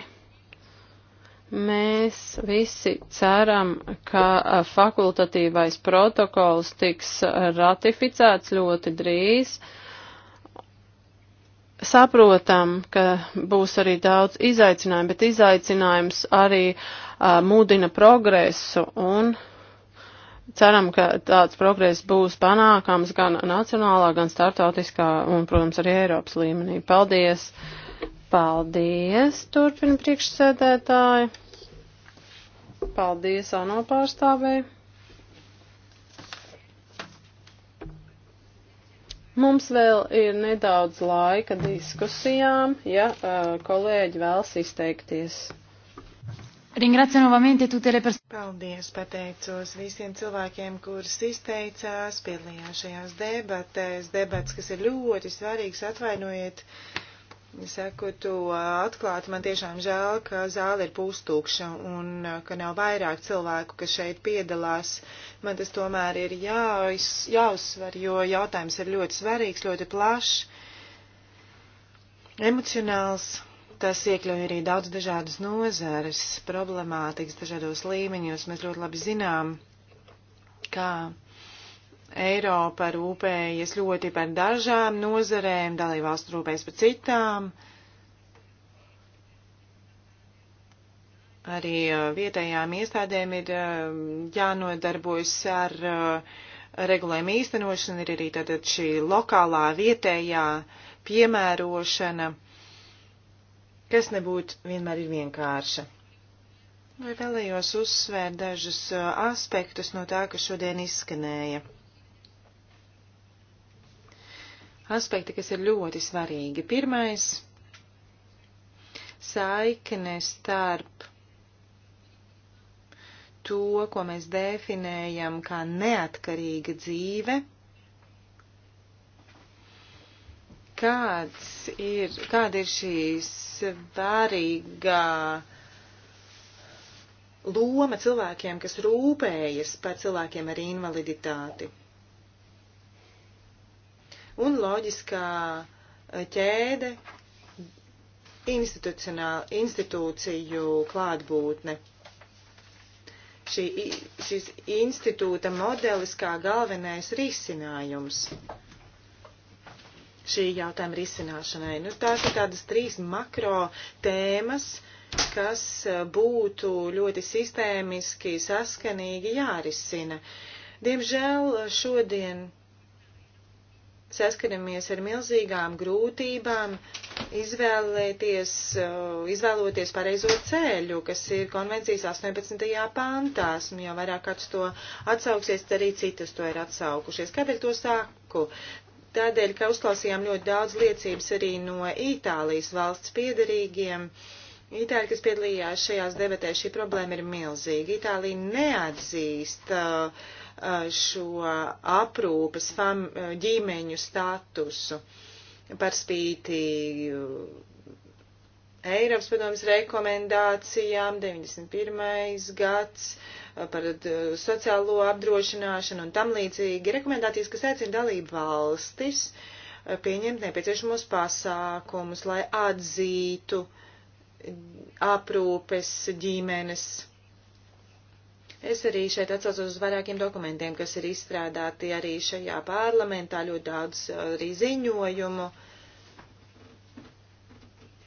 Mēs visi ceram, ka eh, fakultatīvais protokols tiks ratificēts ļoti drīz. Saprotam, ka būs arī daudz izaicinājumu, bet izaicinājums arī uh, mudina progresu un uh, Ceram, ka tāds progress būs panākams gan nacionālā, gan startautiskā un, protams, arī Eiropas līmenī. Paldies! Paldies, turpina priekšsēdētāji. Paldies, ANO pārstāvēji. Mums vēl ir nedaudz laika diskusijām, ja kolēģi vēlas izteikties. Ringrazio nuovamente tutte le persone. Paldies, pateicos visiem cilvēkiem, kuras izteicās, piedalījās šajās debatēs, debats, kas ir ļoti svarīgs, atvainojiet. Saku to atklāti, man tiešām žēl, ka zāle ir pūstūkša un uh, ka nav vairāk cilvēku, kas šeit piedalās. Man tas tomēr ir jā, jāuzsver, jo jautājums ir ļoti svarīgs, ļoti plašs, emocionāls Tas iekļauj arī daudz dažādas nozares, problemātikas dažādos līmeņos. Mēs ļoti labi zinām, kā Eiropa rūpējas ļoti par dažām nozarēm, dalībvalsts rūpējas par citām. Arī uh, vietējām iestādēm ir um, jānodarbojas ar uh, regulējumu īstenošanu, ir arī tātad šī lokālā vietējā piemērošana kas nebūtu vienmēr ir vienkārša. Vai vēlējos uzsvērt dažus aspektus no tā, kas šodien izskanēja? Aspekti, kas ir ļoti svarīgi. Pirmais - saikne starp to, ko mēs definējam kā neatkarīga dzīve Kāds ir, kāda ir šī svarīgā loma cilvēkiem, kas rūpējas par cilvēkiem ar invaliditāti? Un loģiskā ķēde institūciju klātbūtne šī, šis institūta modelis kā galvenais risinājums šī jautājuma risināšanai. Nu, tās ir tādas trīs makro tēmas, kas e, būtu ļoti sistēmiski, saskanīgi jārisina. Diemžēl e, šodien saskaramies ar milzīgām grūtībām izvēlēties, e, izvēloties pareizo ceļu, kas ir konvencijas 18. pāntā. Esmu jau vairāk kāds to atsauksies, arī citas to ir atsaukušies. Kādēļ to sāku? tādēļ, ka uzklausījām ļoti daudz liecības arī no Itālijas valsts piedarīgiem. Itāļi, kas piedalījās šajās debatēs, šī problēma ir milzīga. Itālija neatzīst uh, uh, šo aprūpes fam, uh, ģimeņu statusu par spīti Eiropas padomjas rekomendācijām 91. gads uh, par uh, sociālo apdrošināšanu un tam līdzīgi rekomendācijas, kas aicina dalību valstis uh, pieņemt nepieciešamos pasākumus, lai atzītu mm, aprūpes ģimenes. Es arī šeit atsaucos uz vairākiem dokumentiem, kas ir izstrādāti arī šajā parlamentā, ļoti daudz arī ziņojumu. Uh,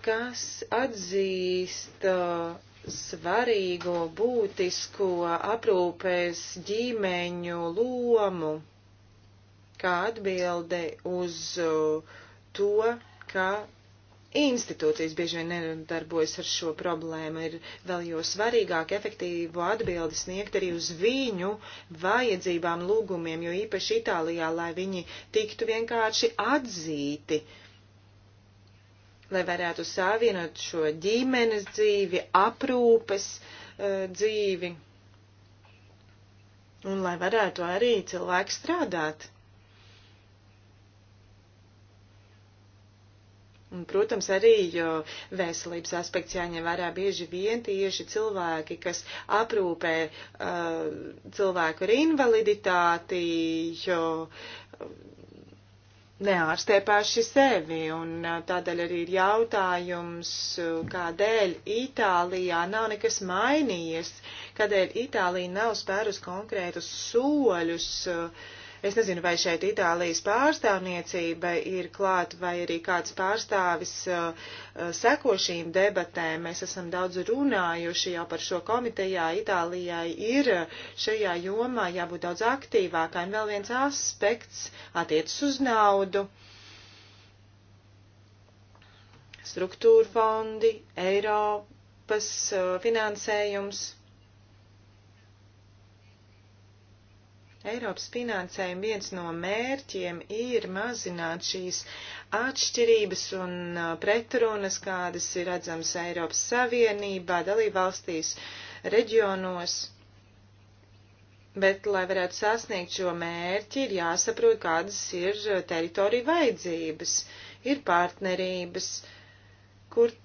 kas atzīst uh, svarīgo, būtisko aprūpēs ģimeņu lomu, kā atbilde uz uh, to, ka institūcijas bieži vien nedarbojas ar šo problēmu, ir vēl jo svarīgāk efektīvu atbildi sniegt arī uz viņu vajadzībām, lūgumiem, jo īpaši Itālijā, lai viņi tiktu vienkārši atzīti. Uh, lai varētu savienot šo ģimenes dzīvi, aprūpes uh, dzīvi, un lai varētu arī cilvēki strādāt. Un, protams, arī veselības aspekts jāņem vērā bieži vien tieši cilvēki, kas aprūpē uh, cilvēku ar invaliditāti, jo, uh, neārstē paši sevi, un uh, tādēļ arī ir jautājums, uh, kādēļ Itālijā nav nekas mainījies, kādēļ Itālija nav spērus konkrētus soļus, uh, Es nezinu, vai šeit Itālijas pārstāvniecība ir klāt, vai arī kāds pārstāvis uh, uh, seko šīm debatēm. Mēs esam daudz runājuši jau par šo komitejā. Itālijai ir uh, šajā jomā jābūt daudz aktīvākai. Un vēl viens aspekts attiecas uz naudu. Struktūra fondi, Eiropas uh, finansējums. Eiropas finansējuma viens no mērķiem ir mazināt šīs atšķirības un uh, pretrunas, kādas ir redzamas Eiropas Savienībā, dalībvalstīs, reģionos. Bet, lai varētu sasniegt šo mērķi, ir jāsaprot, kādas ir uh, teritorija vajadzības, ir partnerības, kur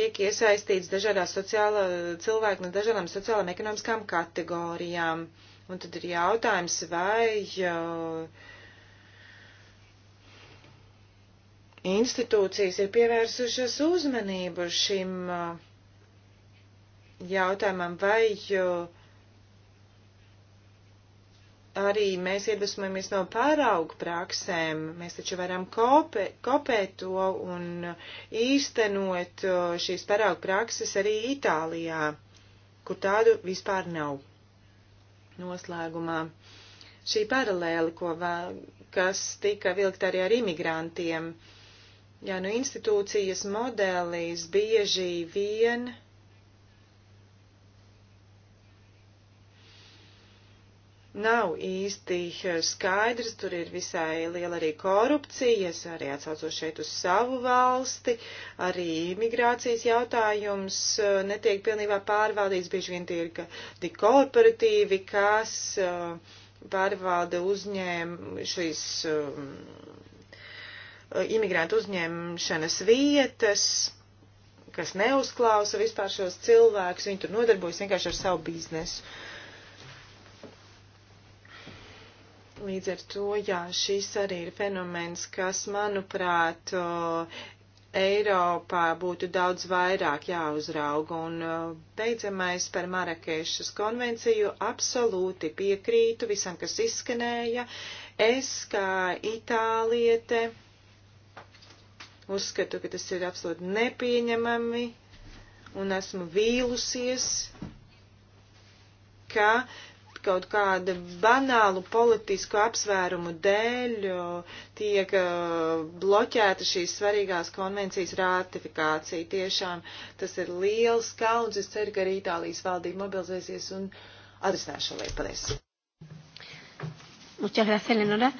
tiek iesaistīts dažādās sociāla cilvēki no dažādām sociālām ekonomiskām kategorijām. Uh, Un tad ir jautājums, vai institūcijas ir pievērsušas uzmanību šim uh, jautājumam, vai uh, arī mēs iedvesmojamies no pāraugu praksēm. Mēs taču varam kopē, kopēt to un īstenot uh, šīs pāraugu prakses arī Itālijā, kur tādu vispār nav noslēgumā. Šī paralēli, ko vēl, kas tika vilkt arī ar imigrantiem, ja nu institūcijas modelis bieži vien nav īsti eh, skaidrs, tur ir visai liela arī korupcija, es arī atsaucos šeit uz savu valsti, arī imigrācijas jautājums eh, netiek pilnībā pārvaldīts, bieži vien tie ir tik korporatīvi, kas eh, pārvalda uzņēm šīs imigrantu uzņemšanas vietas kas neuzklausa vispār šos cilvēkus, viņi tur nodarbojas vienkārši ar savu biznesu. Uh, Līdz ar to, jā, šis arī ir fenomens, kas, manuprāt, Eiropā būtu daudz vairāk jāuzrauga. Un beidzamais par Marakešas konvenciju absolūti piekrītu visam, kas izskanēja. Es kā itāliete uzskatu, ka tas ir absolūti nepieņemami un esmu vīlusies, ka kaut kāda banālu politisku apsvērumu dēļ tiek uh, bloķēta šīs svarīgās konvencijas ratifikācija. Tiešām tas ir liels kauns. Es ceru, ka arī Itālijas valdība mobilizēsies un atrisinās šo lietu. Paldies! Muchas gracias, Lenora.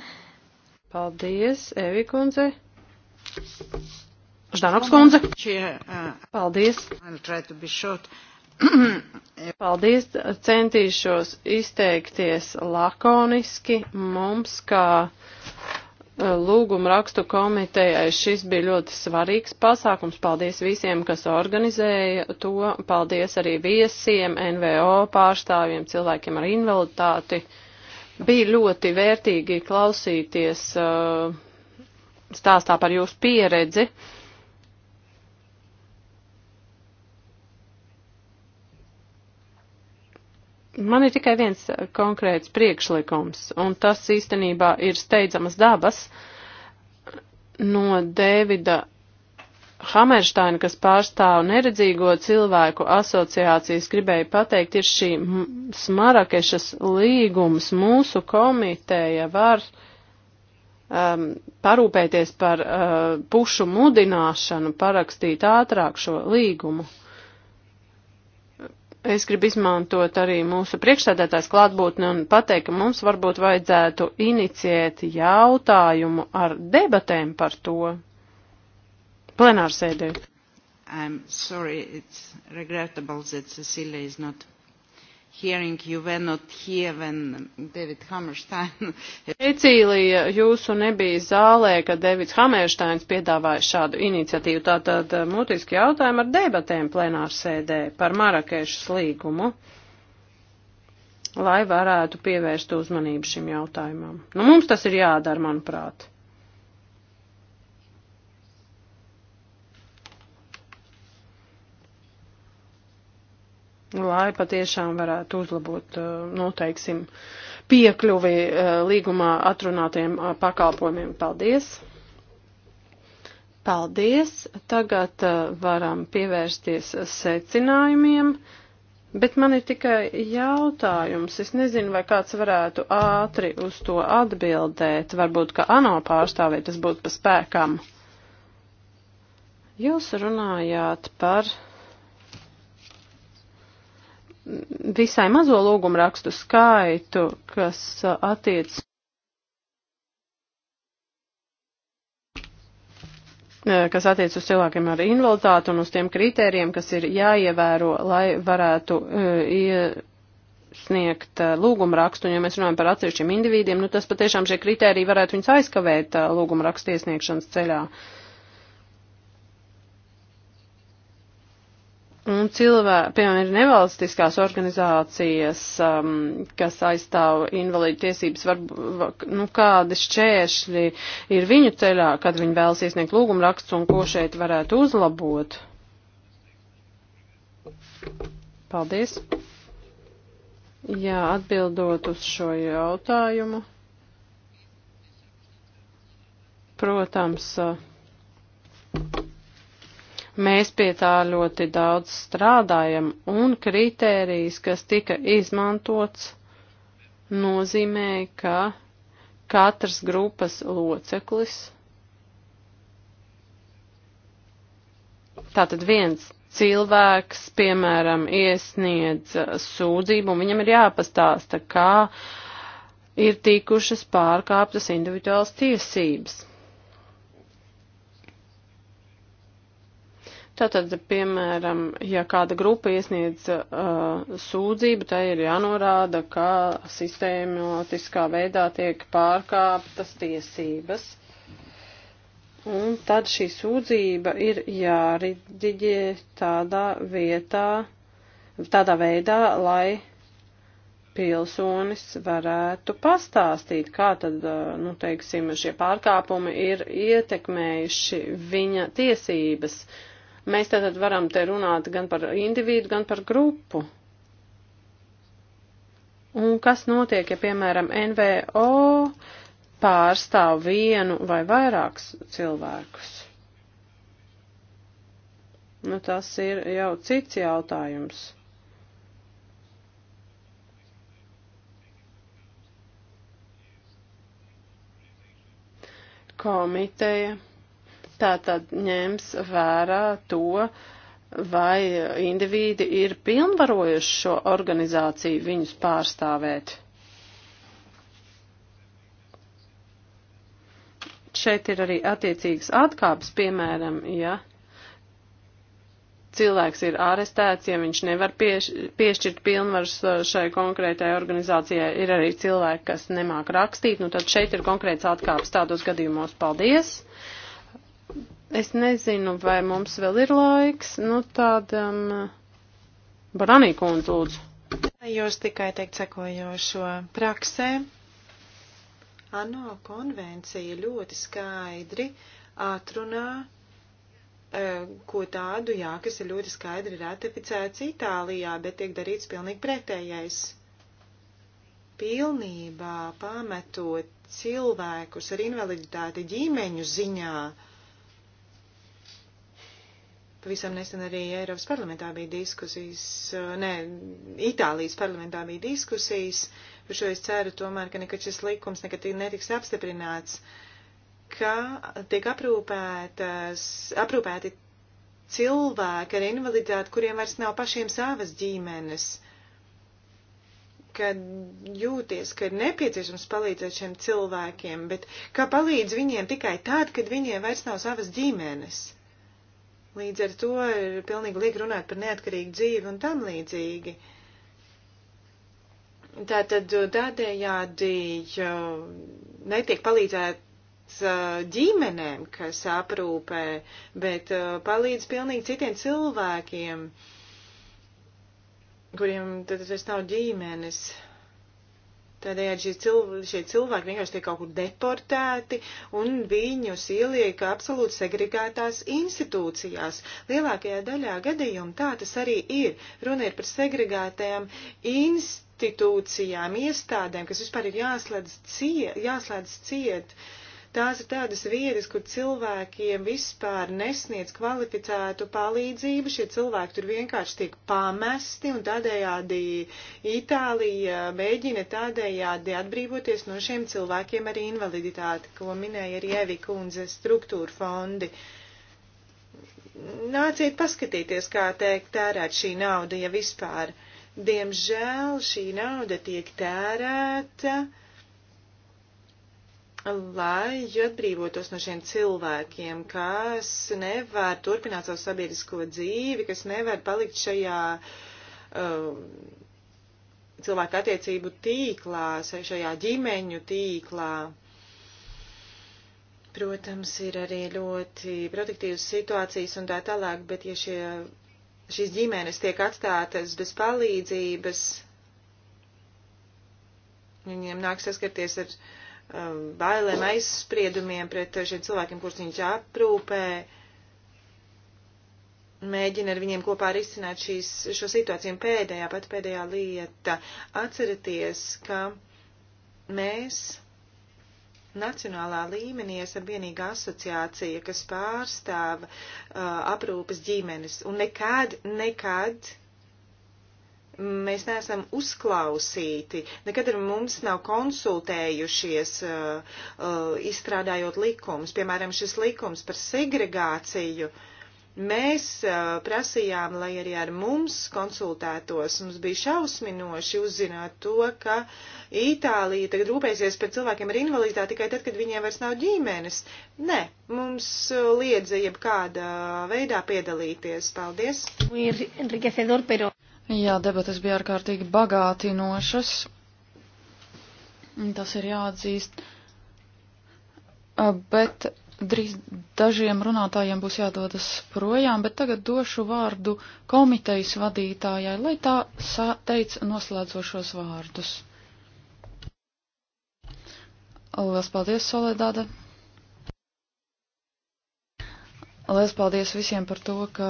Paldies, Evi kundze. Ždanoks kundze. Paldies. Paldies, centīšos izteikties lakoniski. Mums, kā e, lūguma rakstu komitejai, šis bija ļoti svarīgs pasākums. Paldies visiem, kas organizēja to. Paldies arī viesiem, NVO pārstāvjiem, cilvēkiem ar invaliditāti. Bija ļoti vērtīgi klausīties e, stāstā par jūsu pieredzi. Man ir tikai viens konkrēts priekšlikums, un tas īstenībā ir steidzamas dabas no Dēvida Hamerštaina, kas pārstāv neredzīgo cilvēku asociācijas, gribēja pateikt, ir šī Smarakešas līgums. Mūsu komiteja var um, parūpēties par uh, pušu mudināšanu, parakstīt ātrāk šo līgumu. Es gribu izmantot arī mūsu priekšsēdētājs klātbūtni un pateikt, ka mums varbūt vajadzētu iniciēt jautājumu ar debatēm par to plenārsēdē. I'm sorry, it's regrettable that Cecilia is not hearing you were not here when David Hammerstein. Cecīlija, jūsu nebija zālē, kad Davids Hammersteins piedāvāja šādu iniciatīvu. Tātad eh, mutiski jautājumu ar debatēm plenārsēdē par Marakešas līgumu, lai varētu pievērst uzmanību šim jautājumam. Nu, mums tas ir jādara, manuprāt. lai patiešām varētu uzlabot, eh, noteiksim, nu, piekļuvi eh, līgumā atrunātiem eh, pakalpojumiem. Paldies! Paldies! Tagad varam pievērsties secinājumiem, bet man ir tikai jautājums. Es nezinu, vai kāds varētu ātri uz to atbildēt. Varbūt, ka ANO pārstāvēt tas būtu pa spēkam. Jūs runājāt par visai mazo lūgumrakstu skaitu, kas uh, attiec uh, kas attiec uz cilvēkiem ar invaliditāti un uz tiem kritērijiem, kas ir jāievēro, lai varētu uh, iesniegt lūgumrakstu. Un, ja mēs runājam par atsevišķiem individiem, nu tas patiešām šie kritēriji varētu viņus aizkavēt lūgumrakstu iesniegšanas ceļā. Uh, Un cilvēki, piemēram, ir nevalstiskās organizācijas, um, kas aizstāv invalīdu tiesības, var, var, nu, kādi šķēršļi ir viņu ceļā, kad viņi vēlas iesniegt lūgumu rakstu un ko šeit varētu uzlabot. Paldies. Jā, atbildot uz šo jautājumu. Protams. Uh, Mēs pie tā ļoti daudz strādājam, un kritērijs, kas tika izmantots, nozīmē, ka katras grupas loceklis, tātad viens cilvēks, piemēram, iesniedz sūdzību, un viņam ir jāpastāsta, kā ir tikušas pārkāptas individuālas tiesības. Tātad, piemēram, ja kāda grupa iesniedz uh, sūdzību, tai ir jānorāda, ka sistēmatiskā veidā tiek pārkāptas tiesības. Un tad šī sūdzība ir jāriģiģē tādā vietā, tādā veidā, lai pilsonis varētu pastāstīt, kā tad, uh, nu, teiksim, šie pārkāpumi ir ietekmējuši viņa tiesības. Uh, Mēs tātad varam te runāt gan par individu, gan par grupu. Un kas notiek, ja, piemēram, NVO pārstāv vienu vai vairākus cilvēkus? Nu, tas ir jau cits jautājums. Komiteja tā tad ņems vērā to, vai indivīdi ir pilnvarojuši šo organizāciju viņus pārstāvēt. Šeit ir arī attiecīgas atkāpes, piemēram, ja cilvēks ir arestēts, ja viņš nevar pieš, piešķirt pilnvaras uh, šai konkrētai organizācijai, ir arī cilvēki, kas nemāk rakstīt, nu tad šeit ir konkrēts atkāps tādos gadījumos. Paldies! Es nezinu, vai mums vēl ir laiks, nu tādam baranīkundz lūdzu. Jūs tikai teikt sekojošo praksē. ANO konvencija ļoti skaidri atrunā e, ko tādu, jā, kas ir ļoti skaidri ratificēts Itālijā, bet tiek darīts pilnīgi pretējais. Pilnībā pametot cilvēkus ar invaliditāti ģimeņu ziņā, uh, Pavisam nesen arī Eiropas parlamentā bija diskusijas, uh, nē, Itālijas parlamentā bija diskusijas, par šo es ceru tomēr, ka nekad šis likums nekad netiks apstiprināts, ka tiek aprūpētas, aprūpēti cilvēki ar invaliditāti, kuriem vairs nav pašiem savas ģimenes, ka jūties, ka ir nepieciešams palīdzēt šiem cilvēkiem, bet kā palīdz viņiem tikai tad, kad viņiem vairs nav savas ģimenes Līdz ar to ir pilnīgi liek runāt par neatkarīgu dzīvi un tam līdzīgi. Tātad tādējādi netiek palīdzēts uh, ģimenēm, kas aprūpē, bet uh, palīdz pilnīgi citiem cilvēkiem, kuriem tad tas nav ģimenes. Uh, Tādējādi šie, cilv šie cilvēki vienkārši tiek kaut kur deportēti un viņus ieliek absolūti segregētās institūcijās. Lielākajā daļā gadījumu tā tas arī ir. Runa ir par segregētajām institūcijām, iestādēm, kas vispār ir jāslēdz ciet. Jāslēdz ciet. Uh, Tās ir tādas vietas, kur cilvēkiem vispār nesniedz kvalificētu palīdzību, šie cilvēki tur vienkārši tiek pamesti un tādējādi Itālija mēģina tādējādi atbrīvoties no šiem cilvēkiem ar invaliditāti, ko minēja arī Evi kundze struktūra fondi nāciet paskatīties, kā tiek tērēt šī nauda, ja vispār. Diemžēl šī nauda tiek tērēta uh, lai atbrīvotos no šiem cilvēkiem, kas nevar turpināt savu sabiedrisko dzīvi, kas nevar palikt šajā um, cilvēku attiecību tīklā, šajā ģimeņu tīklā. Protams, ir arī ļoti protektīvas situācijas un tā tālāk, bet ja šie, šīs ģimenes tiek atstātas bez palīdzības, viņiem nāk saskarties ar uh, Um, bailēm, aizspriedumiem pret šiem cilvēkiem, kurus viņš aprūpē, mēģina ar viņiem kopā risināt šīs, šo situāciju. Un pēdējā, pat pēdējā lieta - atcerieties, ka mēs nacionālā līmenī esam vienīgā asociācija, kas pārstāv uh, aprūpas ģimenes. Un nekad, nekad mēs neesam uzklausīti, nekad ar mums nav konsultējušies, uh, uh, izstrādājot likumus. Piemēram, šis likums par segregāciju. Mēs uh, prasījām, lai arī ar mums konsultētos. Mums bija šausminoši uzzināt to, ka Itālija tagad rūpēsies par cilvēkiem ar invaliditāti tikai tad, kad viņiem vairs nav ģimenes. Nē, mums uh, liedza jebkādā veidā piedalīties. Paldies! Jā, debatas bija ārkārtīgi bagātinošas. Tas ir jāatzīst. Bet drīz dažiem runātājiem būs jādodas projām, bet tagad došu vārdu komitejas vadītājai, lai tā teic noslēdzošos vārdus. Lielas paldies, Soledāda! Lielas paldies visiem par to, ka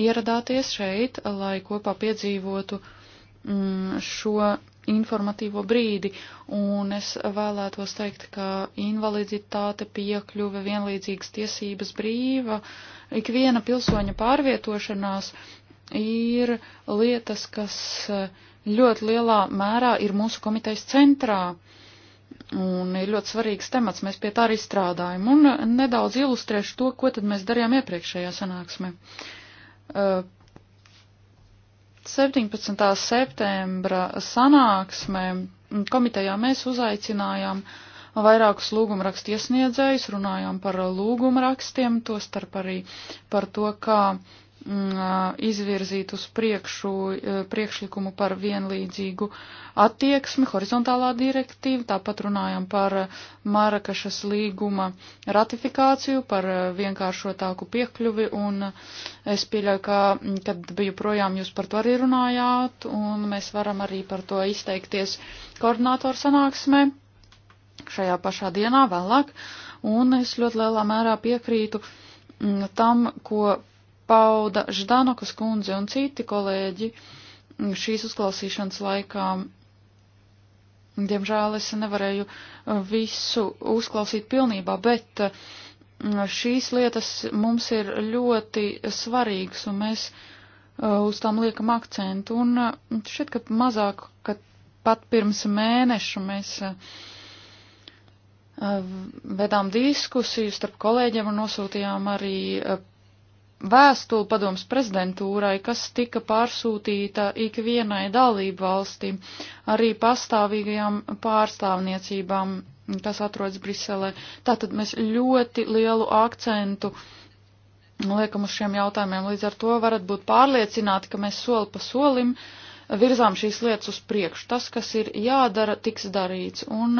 ieradāties šeit, lai kopā piedzīvotu mm, šo informatīvo brīdi, un es vēlētos teikt, ka invaliditāte piekļuve vienlīdzīgas tiesības brīva, ikviena pilsoņa pārvietošanās ir lietas, kas eh, ļoti lielā mērā ir mūsu komitejas centrā. Un ir ļoti svarīgs temats, mēs pie tā arī strādājam. Un nedaudz ilustrēšu to, ko tad mēs darījām iepriekšējā sanāksmē. Uh, 17. Eh, septembra sanāksmē komitejā mēs uzaicinājām vairākus lūgumrakstu iesniedzējus, runājām par lūgumrakstiem, to starp arī par to, kā uh, Mm, izvirzīt uz priekšu priekšlikumu par vienlīdzīgu attieksmi, horizontālā direktīva, tāpat runājam par Marakašas līguma ratifikāciju, par vienkāršotāku piekļuvi, un es pieļauju, ka, kad biju projām, jūs par to arī runājāt, un mēs varam arī par to izteikties koordinātoru sanāksmē šajā pašā dienā vēlāk, un es ļoti lielā mērā piekrītu tam, ko pauda Ždanokas kundze un citi kolēģi šīs uzklausīšanas laikā. Diemžēl es nevarēju uh, visu uzklausīt pilnībā, bet uh, šīs lietas mums ir ļoti svarīgas un mēs uh, uz tām liekam akcentu. Un šķiet, ka mazāk, ka pat pirms mēneša mēs vedām diskusiju starp kolēģiem un nosūtījām arī vēstuli padoms prezidentūrai, kas tika pārsūtīta ikvienai dalību valstīm, arī pastāvīgajām pārstāvniecībām, kas atrodas Briselē. Tātad mēs ļoti lielu akcentu liekam uz šiem jautājumiem. Līdz ar to varat būt pārliecināti, ka mēs soli pa solim virzām šīs lietas uz priekšu. Tas, kas ir jādara, tiks darīts. Un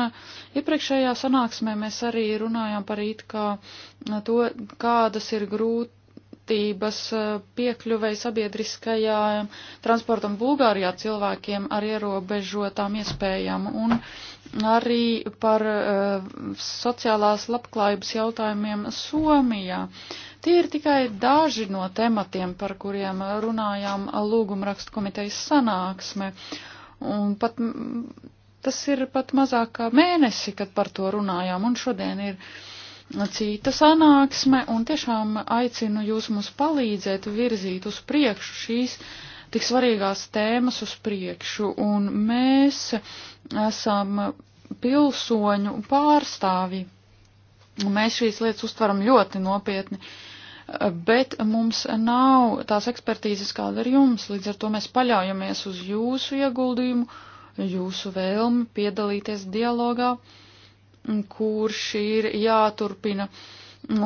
iepriekšējā sanāksmē mēs arī runājām par it kā to, kādas ir grūti kustības eh, piekļuvei sabiedriskajām transportam Bulgārijā cilvēkiem ar ierobežotām iespējām un arī par eh, sociālās labklājības jautājumiem Somijā. Tie ir tikai daži no tematiem, par kuriem runājām lūgumrakstu komitejas sanāksme. Un pat tas ir pat mazāk kā mēnesi, kad par to runājām, un šodien ir cita sanāksme, un tiešām aicinu jūs mums palīdzēt virzīt uz priekšu šīs tik svarīgās tēmas uz priekšu, un mēs esam pilsoņu pārstāvi. Mēs šīs lietas uztveram ļoti nopietni, bet mums nav tās ekspertīzes, kāda ir jums, līdz ar to mēs paļaujamies uz jūsu ieguldījumu, jūsu vēlmi piedalīties dialogā kurš ir jāturpina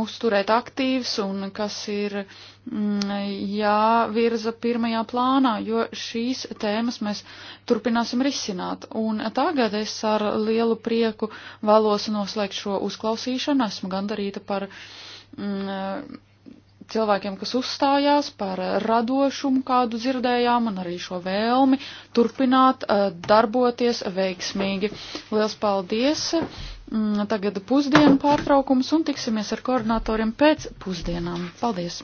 uzturēt aktīvs un kas ir mm, jāvirza pirmajā plānā, jo šīs tēmas mēs turpināsim risināt. Un tagad es ar lielu prieku vēlos noslēgt šo uzklausīšanu. Esmu gandarīta par mm, cilvēkiem, kas uzstājās, par radošumu, kādu dzirdējām, un arī šo vēlmi turpināt eh, darboties veiksmīgi. Liels paldies! Mm, tagad pusdienu pārtraukums un tiksimies ar koordinatoriem pēc pusdienām. Paldies!